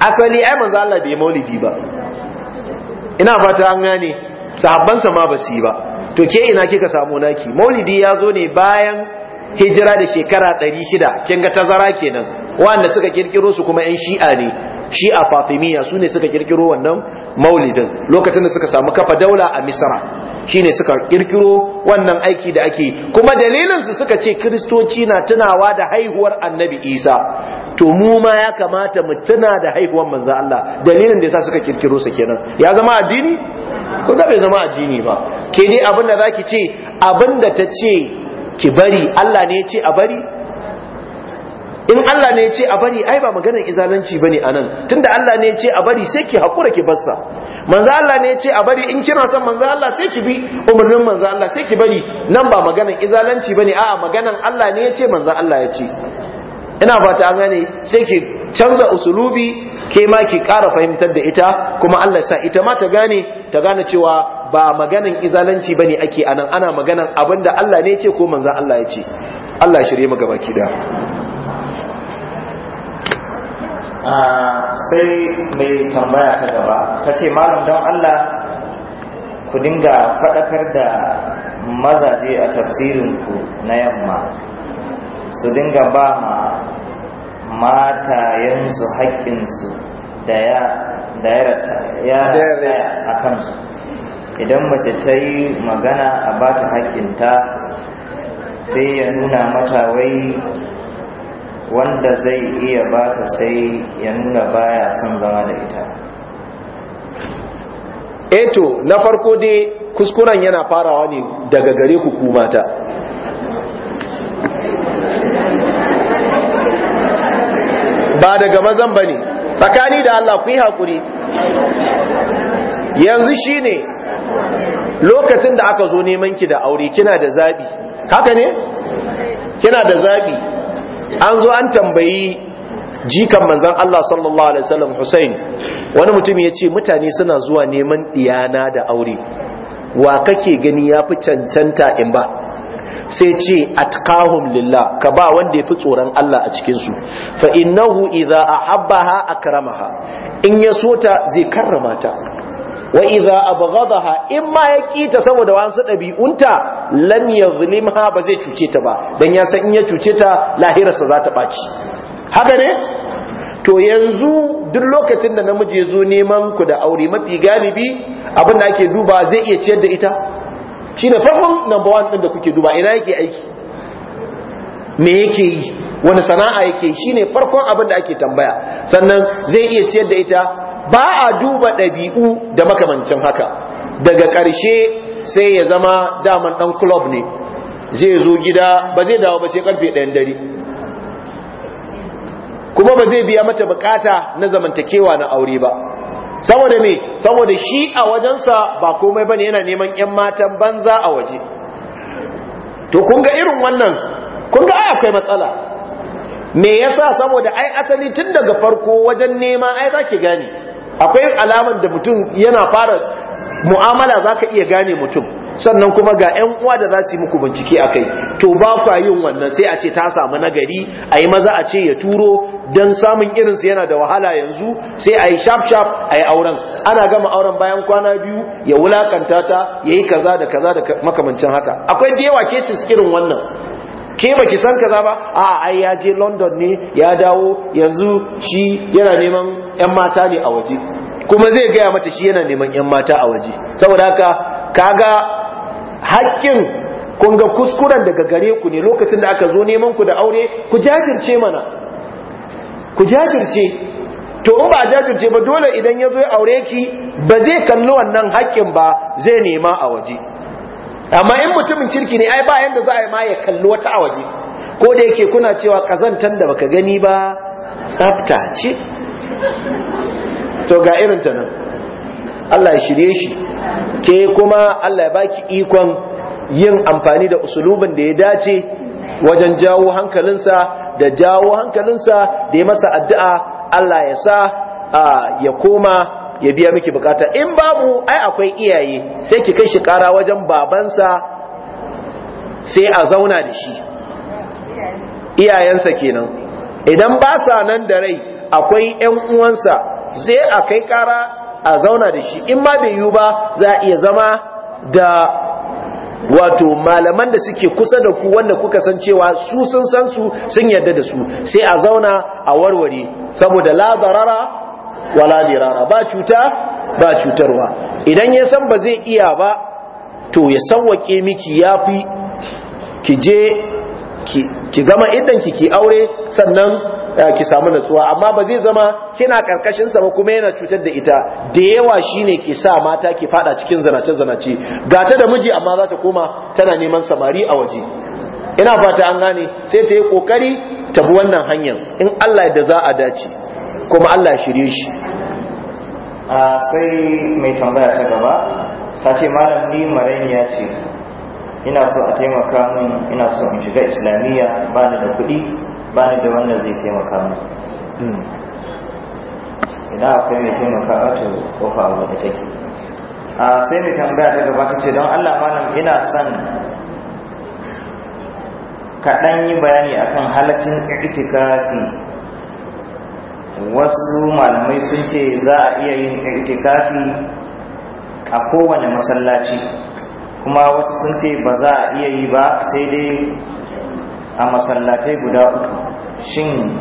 A: asali ai manzo Allah bai maulidi ba ina fata an gane sahabbansa ma basu ba to ke ina kika samu naki maulidi ya zo ne bayan hijira da shekara 600 kin ga tazara kenan wanda suka kirkiro su kuma yan shi'a ne shi'a fatimiyya su ne suka kirkiro wannan maulidin lokacin da suka samu kafa daula a misra shine suka kirkiro wannan aiki da ake kuma dalilin su suka ce kristoci na tunawa da haihuwar annabi isa to mu ma ya kamata mu tuna da haihuwar manzo Allah dalilin da yasa suka kirkiro su kenan ya zama addini ko da bai zama addini ba ke dai abinda da zaki ce abinda da ta ce ki bari Allah ne ya ce a bari in Allah ne ya ce a bari ai ba maganar izalanci bane anan tunda Allah ne ya ce a bari sai ki hakura ki barsa manzo Allah ne ya ce a bari in kina son manzo Allah sai ki bi umarnin manzo Allah sai ki bari nan ba maganar izalanci bane a'a maganar Allah ne ya ce manzo Allah ya ce ina fata an gane sai ki canza usulubi ke ma ki ƙara fahimtar da ita kuma Allah sa ita ma ta gane ta gane cewa ba maganan izalanci bane ake anan ana maganan abinda Allah ne ya ce ko manzo Allah ya ce Allah ya shirye mu gaba ki da
E: Ah, sai mai tambaya ta gaba ta ce malam don Allah ku dinga faɗakar da mazaje a tafsirinku na yamma su dinga ba ma matayensu haƙƙinsu da ya ya tsaya a kansu idan mace ta yi magana a ba ta haƙƙinta sai ya nuna mata wai wanda zai iya ba ta sai ya nuna baya son zama da ita
A: eto eh na farko dai kuskuren yana farawa ne daga gare ku kumata ba daga mazan ba ne tsakani da Allah ku yi haƙuri yanzu shi ne lokacin da aka zo neman ki da aure kina da zaɓi haka ne kina da zaɓi an zo an tambayi jikan manzan Allah sallallahu alaihi wasallam Hussein wani mutum ya ce mutane suna zuwa neman diyana da aure wa kake gani ya fi cancanta in ba sai ce atqahum lilla. ka ba wanda ya fi tsoron Allah a cikin su fa innahu a ahabbaha akramaha in ya so ta zai karrama ta wa idza abghadaha in ma ya kita saboda wasu dabi'unta lam yazlimha ba zai cuce ta ba dan ya san in ya cuce ta lahirarsa za ta baci haka ne to yanzu duk lokacin da namiji ya zo neman ku da aure mafi galibi abin da ake duba zai iya ciyar da ita shine farkon number 1 din da kuke duba ina yake aiki me yake yi wani sana'a yake shine farkon abin da ake tambaya sannan zai iya ciyar da ita ba a duba ɗabi'u da makamancin haka daga ƙarshe sai ya zama daman ɗan kulob ne zai zo gida ba zai dawo ba sai karfe ɗayan dare kuma ba zai biya mata bukata na zamantakewa na aure ba saboda me saboda shi a wajensa ba komai ba ne yana neman 'yan matan banza a waje to kun ga irin wannan kun ga akwai matsala me yasa saboda ai asali tun daga farko wajen nema ai zaki gane akwai alaman da mutum yana fara mu'amala za ka iya gane mutum sannan kuma ga 'yan uwa da za su yi muku bincike a kai to ba fa yin wannan sai a ce ta samu nagari ayi maza a ce ya turo don samun irinsu yana da wahala yanzu sai ayi yi sharp a yi auren ana gama auren bayan kwana biyu ya wulakanta ta ya yi kaza da kaza da makamancin haka akwai da yawa cases irin wannan ke baki san kaza ba a ai ya je London ne ya dawo yanzu shi yana neman yan mata ne a waje kuma zai gaya mata shi yana neman yan mata a waje saboda haka kaga hakkin kun ga kuskuren daga gare ku ne lokacin da aka zo neman ku da aure ku jajirce mana ku jajirce to in ba a jajirce ba dole idan ya zo ya aure ki ba zai kalli wannan haƙƙin ba zai nema a waje amma in mutumin kirki ne ai ba yanda za a yi ma ya kalli wata a waje ko da yake kuna cewa kazantan da baka gani ba tsafta ce to ga irin ta nan Allah ya shirye shi ke kuma Allah ya baki ikon yin amfani da usulubin da ya dace wajen jawo hankalinsa da jawo hankalinsa da ya masa addu'a Allah ya sa ya koma ya biya miki bukata in babu ai akwai iyaye sai ki kai shi kara wajen babansa sai a zauna da shi iyayensa kenan idan ba sa nan da rai akwai ƴan uwansa sai a kai kara a zauna da shi in ma bai yiwu ba za a iya zama da wato malaman da suke kusa da ku wanda kuka san cewa su sun san su sun yarda da su sai a zauna a warware saboda la darara wala dirara ba cuta ba cutarwa idan ya san ba zai iya ba to ya sawwake miki yafi ki je ki gama idan ki ki aure sannan eh, ki samu natsuwa amma ba zai zama kina karkashin sa ba kuma yana cutar da ita da yawa shine ke sa mata ke fada cikin zanace zanace gata da miji amma za ta koma tana neman samari a waje ina fata an gane sai ta yi kokari ta bi wannan
E: hanyar in Allah da za a dace kuma Allah shirye shi sai mai tambaya ta gaba ta ce malam ni ya ce ina so a taimaka min ina so in shiga islamiyya ba ni da kuɗi ba ni da wanda zai taimaka min hmm. idan akwai mai taimaka wato kofa abu da take sai mai tambaya ta gaba ta ce don Allah malam ina son kaɗan yi bayani akan halaccin itikafi wasu malamai sun ce za a iya yin itikafi a kowane masallaci kuma wasu sun ce ba za a iya yi ba sai dai a masallatai guda uku shin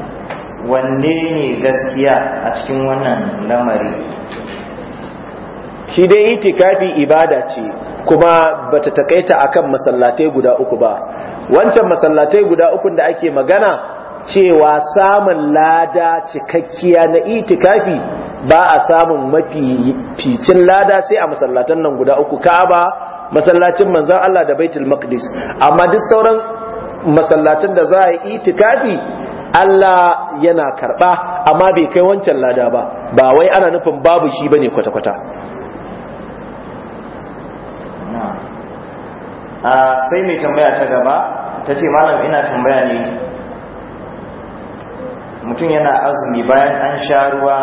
E: wanne ne gaskiya a cikin wannan lamari shi dai itikafi ibada ce kuma bata takaita
A: akan masallatai guda uku ba wancan masallatai guda uku da ake magana cewa samun lada cikakkiya na itikafi ba a samun mafi ficin lada sai a masallatan nan guda uku ka'aba masallacin manzon Allah da Baitul Maqdis amma duk sauran masallacin da za a yi itikafi Allah yana karba amma bai kai wancan lada ba ba wai ana nufin babu shi
E: bane kwata-kwata ah, sai mai tambaya ta gaba ta ce malam ina tambaya ne mutum yana azumi bayan an sha ruwa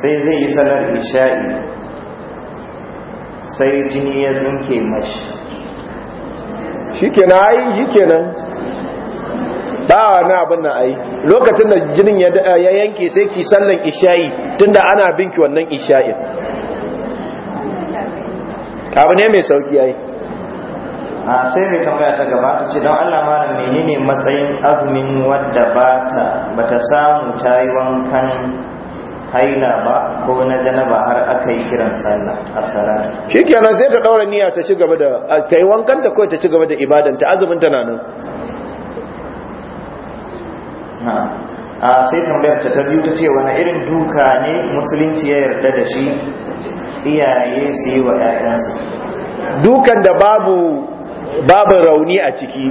E: sai zai yi salar isha'i sai jini ya tsinke mashi shi kenan ai yi kenan ba
A: na abin na ai lokacin da jinin ya yanke sai ki sallan isha'i tunda ana
E: binki wannan isha'in abu ne mai sauki ai a sai mai tambaya ta gaba ta ce don Allah malam menene matsayin azumin wadda bata bata samu ta yi wankan haila ba ko na janaba har aka yi kiran sallah Shi shikenan sai ta daura niyya ta ci gaba da
A: ta yi wankan ta kawai ta ci gaba da ibadan ta azumin ta nan
E: a sai tambayar ta ta biyu ta ce wani irin duka ne musulunci ya yarda da shi iyaye su yi wa 'ya'yansu dukan da
A: babu babu rauni a ciki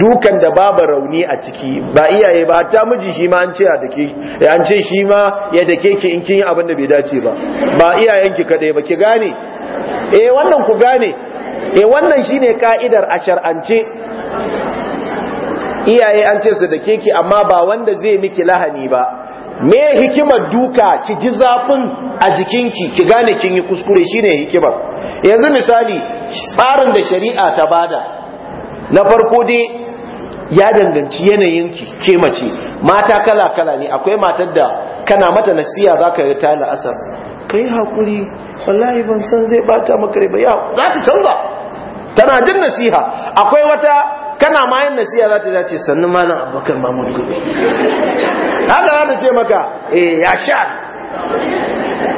A: dukan da babu rauni a ciki ba iyaye ba ta miji shi ma an ce a dake an ce shi ma ya dake ki in kin yi abin da bai dace ba ba iyayen ki kadai ba ki gane eh wannan ku gane eh wannan shine ka'idar a shar'ance iyaye an ce su dake ki amma ba wanda zai miki lahani ba me hikimar duka ki ji zafin a jikinki ki gane kin yi kuskure shine hikimar yanzu misali tsarin da shari'a ta bada na farko dai ya danganci yanayinki ke mace mata kala kala ne akwai matar da kana mata nasiya zaka yi ta Ka kai hakuri wallahi ban san zai bata maka rai ba ya za ta canza tana jin nasiha akwai wata kana ma yin nasiya za ta dace sannu malam abokan mamun gobe
C: haka
A: za ta ce maka eh ya sha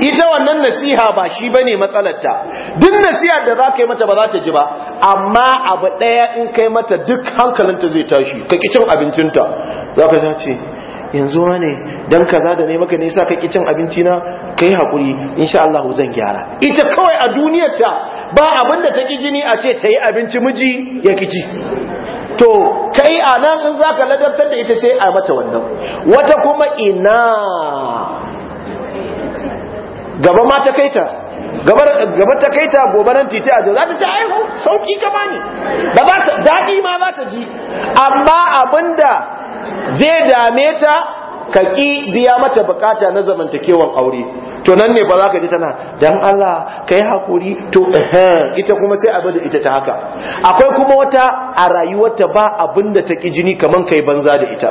A: ita wannan nasiha ba shi bane matsalarta duk nasiha da za ka yi mata ba za ta ji ba amma abu ɗaya in kai mata duk hankalinta zai tashi ka ƙi cin abincinta za ka ce yanzu ne dan kaza da ne maka nisa ka ƙi cin abinci na kai hakuri insha Allah zan gyara ita kawai a duniyarta ba abin da ta ki jini a ce ta yi abinci miji ya kici to kai a nan in za ka ladabtar da ita sai a mata wannan wata kuma ina gaba ma ta kaita gaba ta kaita gobe nan titi a za ta ci aihu sauki gaba ne ba za ta daɗi ma za ta ji amma abinda zai dame ta
D: ka ƙi biya mata
A: bukata na zamantakewan aure to nan ne ba za ka ji tana dan Allah ka yi haƙuri to ita kuma sai a bada ita ta haka akwai kuma wata a rayuwarta ba abin da ta ƙi jini kaman kai banza da ita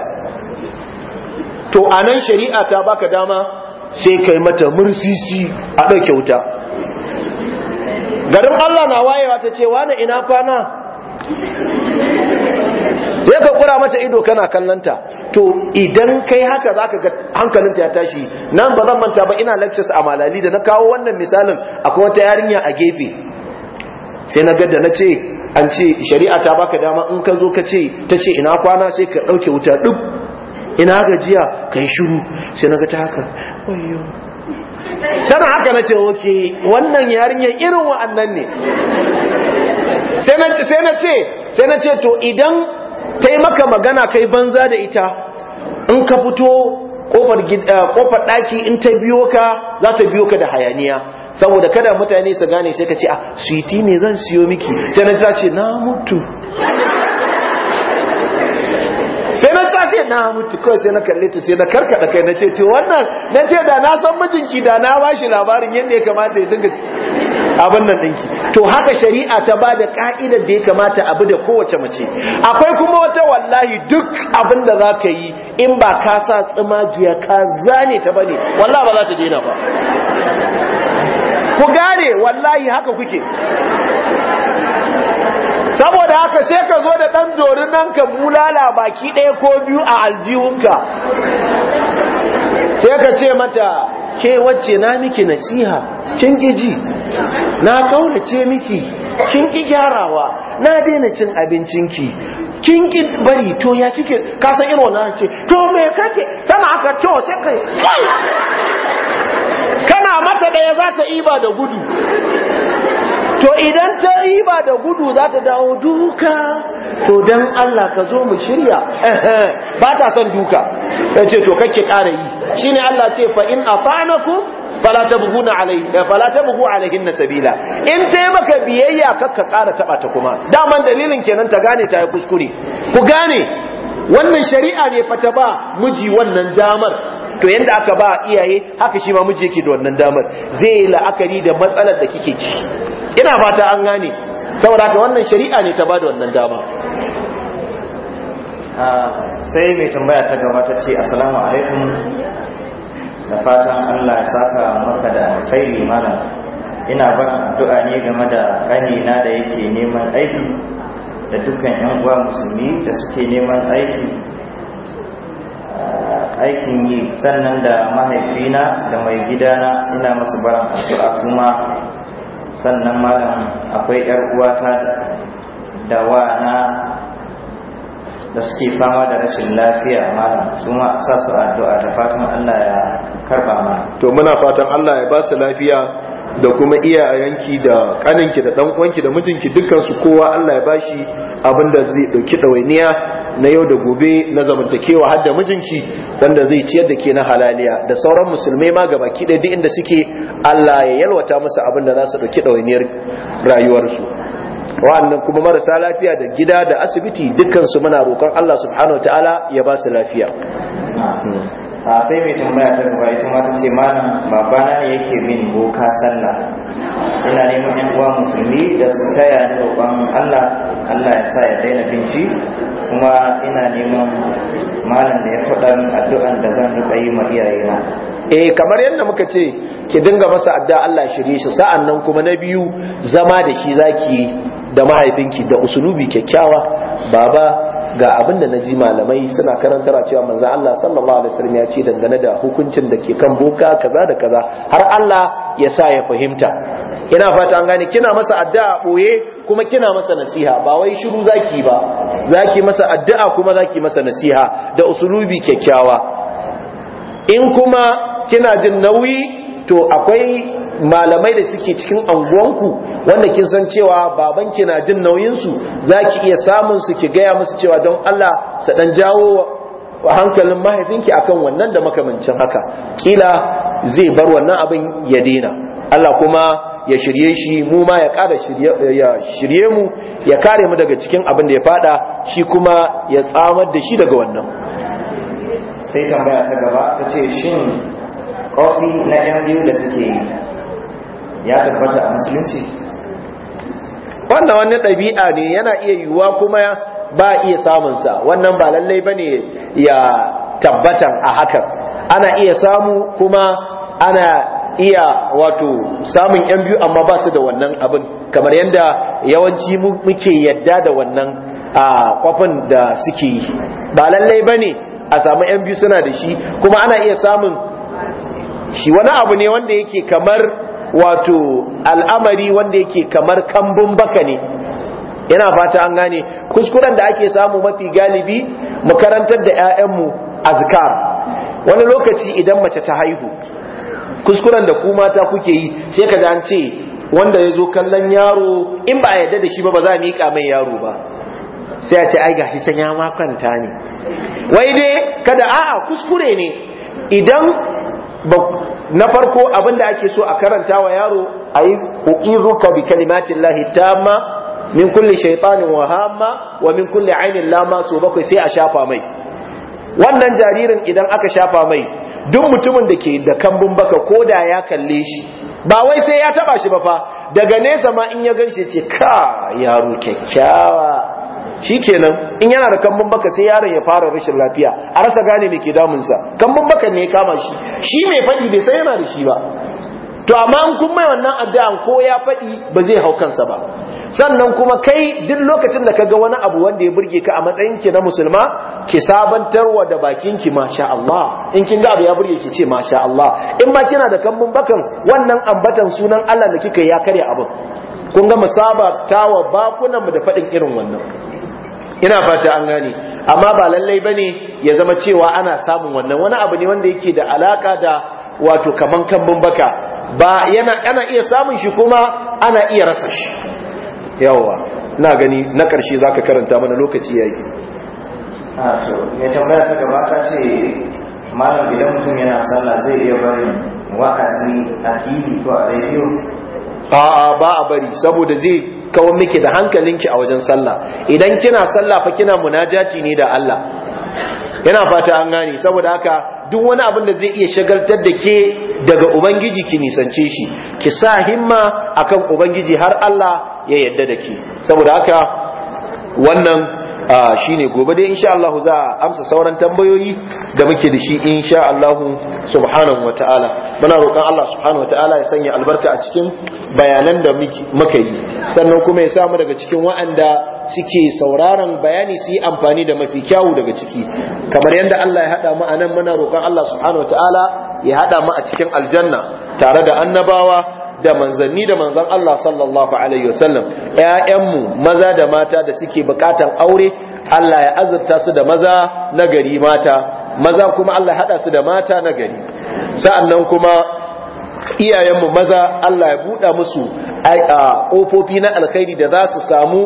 A: to a nan shari'a ta baka dama sai kai mata mursisi a ɗauke wuta garin Allah na wayewa ta ce wane ina kwana sai ka kura mata ido kana kallanta to idan kai haka za ka ga hankalinta ya tashi nan ba zan manta ba ina lectures a malali da na kawo wannan misalin akwai wata yarinya a gefe sai na ga da na ce an ce shari'a ta baka dama in ka zo ka ce ta ce ina kwana sai ka ɗauke wuta duk ina gajiya kai shiru sai na ga ta haka wayo tana haka na ce oke wannan yarinyar irin wa'annan ne sai na ce sai na ce to idan ta yi maka magana kai banza da ita in ka fito kofar eh, ɗaki in ta biyo ka za ta biyo ka da hayaniya saboda kada mutane su gane sai ka ce a ah, suiti ne zan siyo miki sai na ta ce na mutu sai na na mutu kawai sai na kalle ta sai na karkada kai na ce to wannan na ce da na san mijinki da na ba labarin yadda ya kamata ya dinga abin nan dinki. to haka shari'a ta ba da ka'idar da ya kamata abu da kowace mace akwai kuma wata wallahi duk abin da za ka yi in ba ka sa jiya ka zane ta bane wallahi
C: ba za ta daina ba ku
A: gane wallahi haka kuke saboda haka sai ka zo da ɗan dorin nan ka bulala baki ɗaya ko biyu a aljihunka sai ka ce mata ke wacce na miki nasiha kin ji na kaunace miki kin ki gyarawa na daina cin abincinki kin ki bari to ya kike ka san irin wannan ce to me kake tana aka to sai kai kana mata da ya za ta iba da gudu to idan ta riba da gudu za ta dawo duka
B: to dan Allah ka zo mu shirya ba
A: ta son duka ya ce to kake ƙara yi shi Allah ce fa'in a fanaku falatabugu eh, alaihin na sabila in ta yi maka biyayya kakka ƙara taɓa ta kuma daman dalilin kenan ta gane ta yi kuskure ku gane wannan shari'a ne fata ba miji wannan damar to yanda aka ba iyaye haka shi ma miji yake da wannan damar zai yi la'akari da matsalar da kike ci ina fata an gane saboda ka
E: wannan shari'a ne ta ba da wannan dama ah, sai mai tambaya ta gaba ta ce assalamu alaikum da fatan Allah ya saka maka da alkhairi malam ina ban addu'a ne game da kani na da yake neman aiki da dukkan yan uwa musulmi da suke neman aiki aikin yi sannan da mahaifina da mai gidana ina masu baran addu'a su ma sannan malam akwai yar uwata da wana da suke fama da rashin lafiya malam su ma sa su addu'a da fatan Allah ya karba ma to muna fatan Allah
A: ya ba su lafiya da kuma iyayenki da kaninki da dan uwanki da mijinki dukkan su kowa Allah ya bashi abin da zai ɗauki ɗawainiya na yau da gobe na zamantakewa har da mijinki wanda zai ciyar da ke na halaliya da sauran musulmai ma gaba ki duk inda suke Allah ya yalwata musu abin da za su ɗauki ɗawainiyar rayuwarsu wa'annan kuma marasa lafiya da gida da asibiti dukkansu muna roƙon Allah subhanahu wa ta'ala ya ba su
E: lafiya a sai mai tambaya ta gaba ita ma ta ce mana babana ne yake min boka sallah ina neman yan uwa musulmi da su taya ni roƙon Allah Allah ya sa ya daina binci kuma ina neman malam da ya faɗa min addu'an da zan riƙa yi ma iyayena eh kamar yadda muka ce
A: ki dinga masa addu'a Allah shirye shi sa'an nan kuma na biyu zama da shi zaki da mahaifinki da usulubi kyakkyawa baba ga abin da ji malamai suna karantara cewa manzo Allah sallallahu alaihi wasallam ya ce dangane da hukuncin da ke kan boka kaza da kaza har Allah ya sa ya fahimta ina fata an gane kina masa addu'a boye kuma kina masa nasiha ba wai shiru zaki ba zaki masa addu'a kuma zaki masa nasiha da usulubi kyakkyawa in kuma kina jin nauyi to akwai malamai da suke cikin anguwanku wanda kin san cewa babanki na jin nauyinsu za ki iya samun su ki gaya musu cewa don Allah sa dan jawo hankalin mahaifinki akan wannan da makamancin haka kila zai bar wannan abin ya daina Allah kuma ya shirye shi mu ma ya ƙara ya shirye mu ya kare mu daga cikin abin da ya fada shi kuma ya tsamar da shi daga wannan
E: sai tambaya ta gaba ta ce shin kofi na yan biyu da suke ya tabbata a musulunci wanda wani
A: ɗabi'a ne yana iya yiwuwa kuma ba iya samunsa wannan ba lallai ba ne ya tabbatan a hakan ana iya samu kuma ana iya wato samun yan biyu amma ba su da wannan abin kamar yadda yawanci muke yadda da wannan a kwafin da suke yi ba lallai ba ne a samu yan biyu suna da shi kuma ana iya samun shi wani abu ne wanda yake kamar wato al'amari wanda yake kamar kambun baka ne yana fata an gane kuskuren da ake samu mafi galibi mu karantar da 'ya'yanmu azkar wani lokaci idan mace ta haihu kuskuren da ku mata kuke yi sai ka an ce wanda ya zo kallon yaro in ba a yarda da shi ba ba za a miƙa mai yaro ba sai a ce ai gashi can ya makanta ne wai dai kada a'a kuskure ne idan na farko abin da ake so a karanta wa yaro ayi ka bi kalimatillahi tamma min kulli shaytanin wa wa min kulli ainin lama so bakwai sai a shafa mai wannan jaririn idan aka shafa mai duk mutumin da ke da kambun baka ko da ya kalle shi ba wai sai ya taba shi ba fa daga nesa ma in ya ganshi ce ka yaro kyakkyawa shi kenan in yana da kambun baka sai yaron ya fara rashin lafiya a rasa gane me ke damunsa kambun baka ne ya kama shi shi mai faɗi bai san yana da shi ba to amma in kun mai wannan addu'an ko ya faɗi ba zai hau kansa ba sannan kuma kai duk lokacin da kaga wani abu wanda ya burge ka a matsayin ki na musulma ki sabantarwa da bakin ki masha Allah in kin ga abu ya burge ki ce masha Allah in ma kina da kambun bakan wannan ambatan sunan Allah da kika ya kare abin kun ga musaba tawa bakunan mu da faɗin irin wannan ina fata an gane amma ba lallai bane ya zama cewa ana samun wannan wani abu ne wanda yake da alaka da wato kaman kambun baka ba yana ana iya samun shi kuma ana iya rasa shi yawa na gani na karshe zaka karanta mana lokaci ya yi
E: ah, to ya tambaya ta gaba ta ce malam idan mutum yana sallah zai iya barin wa'azi a TV ko a radio
A: a'a ba a bari saboda zai kawon miki da hankalinki a wajen sallah idan kina sallah fa kina munajati ne da Allah yana fata an gani saboda haka duk wani abin da zai iya shagaltar da ke daga ubangiji ki nisance shi ki sa himma akan ubangiji har Allah ya yadda da ke saboda haka wannan a ne, gobe dai insha Allah za a amsa sauran tambayoyi da muke da shi insha Allah subhanahu wa ta'ala. muna roƙon Allah subhanahu wa ta'ala ya sanya albarka a cikin bayanan da muka yi sannan kuma ya samu daga cikin wa'anda suke sauraron bayani su yi amfani da mafi kyawu daga ciki kamar yadda Allah ya haɗa mu a muna roƙon Allah subhanahu wa ta'ala ya haɗa mu a cikin aljanna tare da annabawa da manzanni da manzan Allah sallallahu alaihi wasallam ƴaƴanmu maza da mata da suke bukatan aure Allah ya azurta su da maza nagari gari mata maza kuma Allah hada su da mata na gari sa'annan kuma iyayenmu maza Allah ya buɗa musu kofofi na alkhairi da za su samu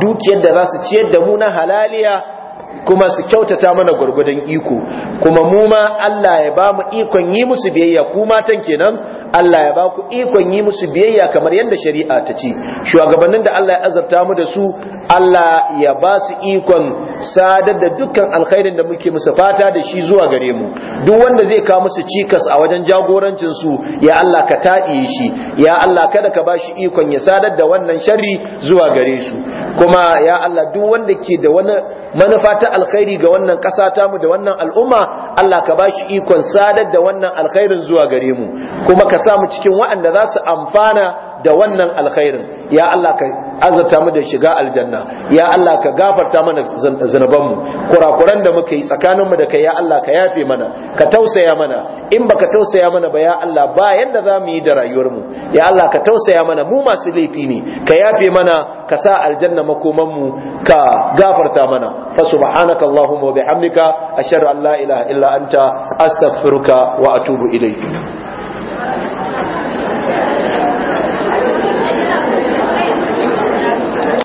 A: dukiyar da za su ciyar da mu na halaliya kuma su kyautata mana gwargwadon iko kuma mu ma Allah ya ba mu ikon yi musu biyayya ku matan kenan Allah ya ba ku ikon yi musu biyayya kamar yadda shari'a ta ce shugabannin da Allah ya azabta mu da su Allah ya ba su ikon sadar da dukkan alkhairin da muke musu fata da shi zuwa gare mu duk wanda zai kawo musu cikas a wajen jagorancin su ya Allah ka taɗiye shi ya Allah kada ka ba shi ikon ya sadar da wannan sharri zuwa gare su kuma ya Allah duk wanda ke da wani manufa ta alkhairi ga wannan ƙasa tamu da wannan al'umma Allah ka bashi ikon sadar da wannan alkhairin zuwa gare mu kuma ka sa mu cikin waɗanda za su amfana da wannan alkhairin ya Allah ka azurta mu da shiga aljanna ya Allah ka gafarta mana zunubanmu kurakuran da muka yi tsakaninmu da kai ya Allah ka yafe mana ka tausaya mana in baka tausaya mana ba ya Allah ba yanda za mu yi da rayuwarmu ya Allah ka tausaya mana mu masu laifi ne ka yafe mana ka sa aljanna makomanmu ka gafarta mana fa subhanaka allahumma wa bihamdika ashhadu an la ilaha illa anta astaghfiruka wa atubu ilayk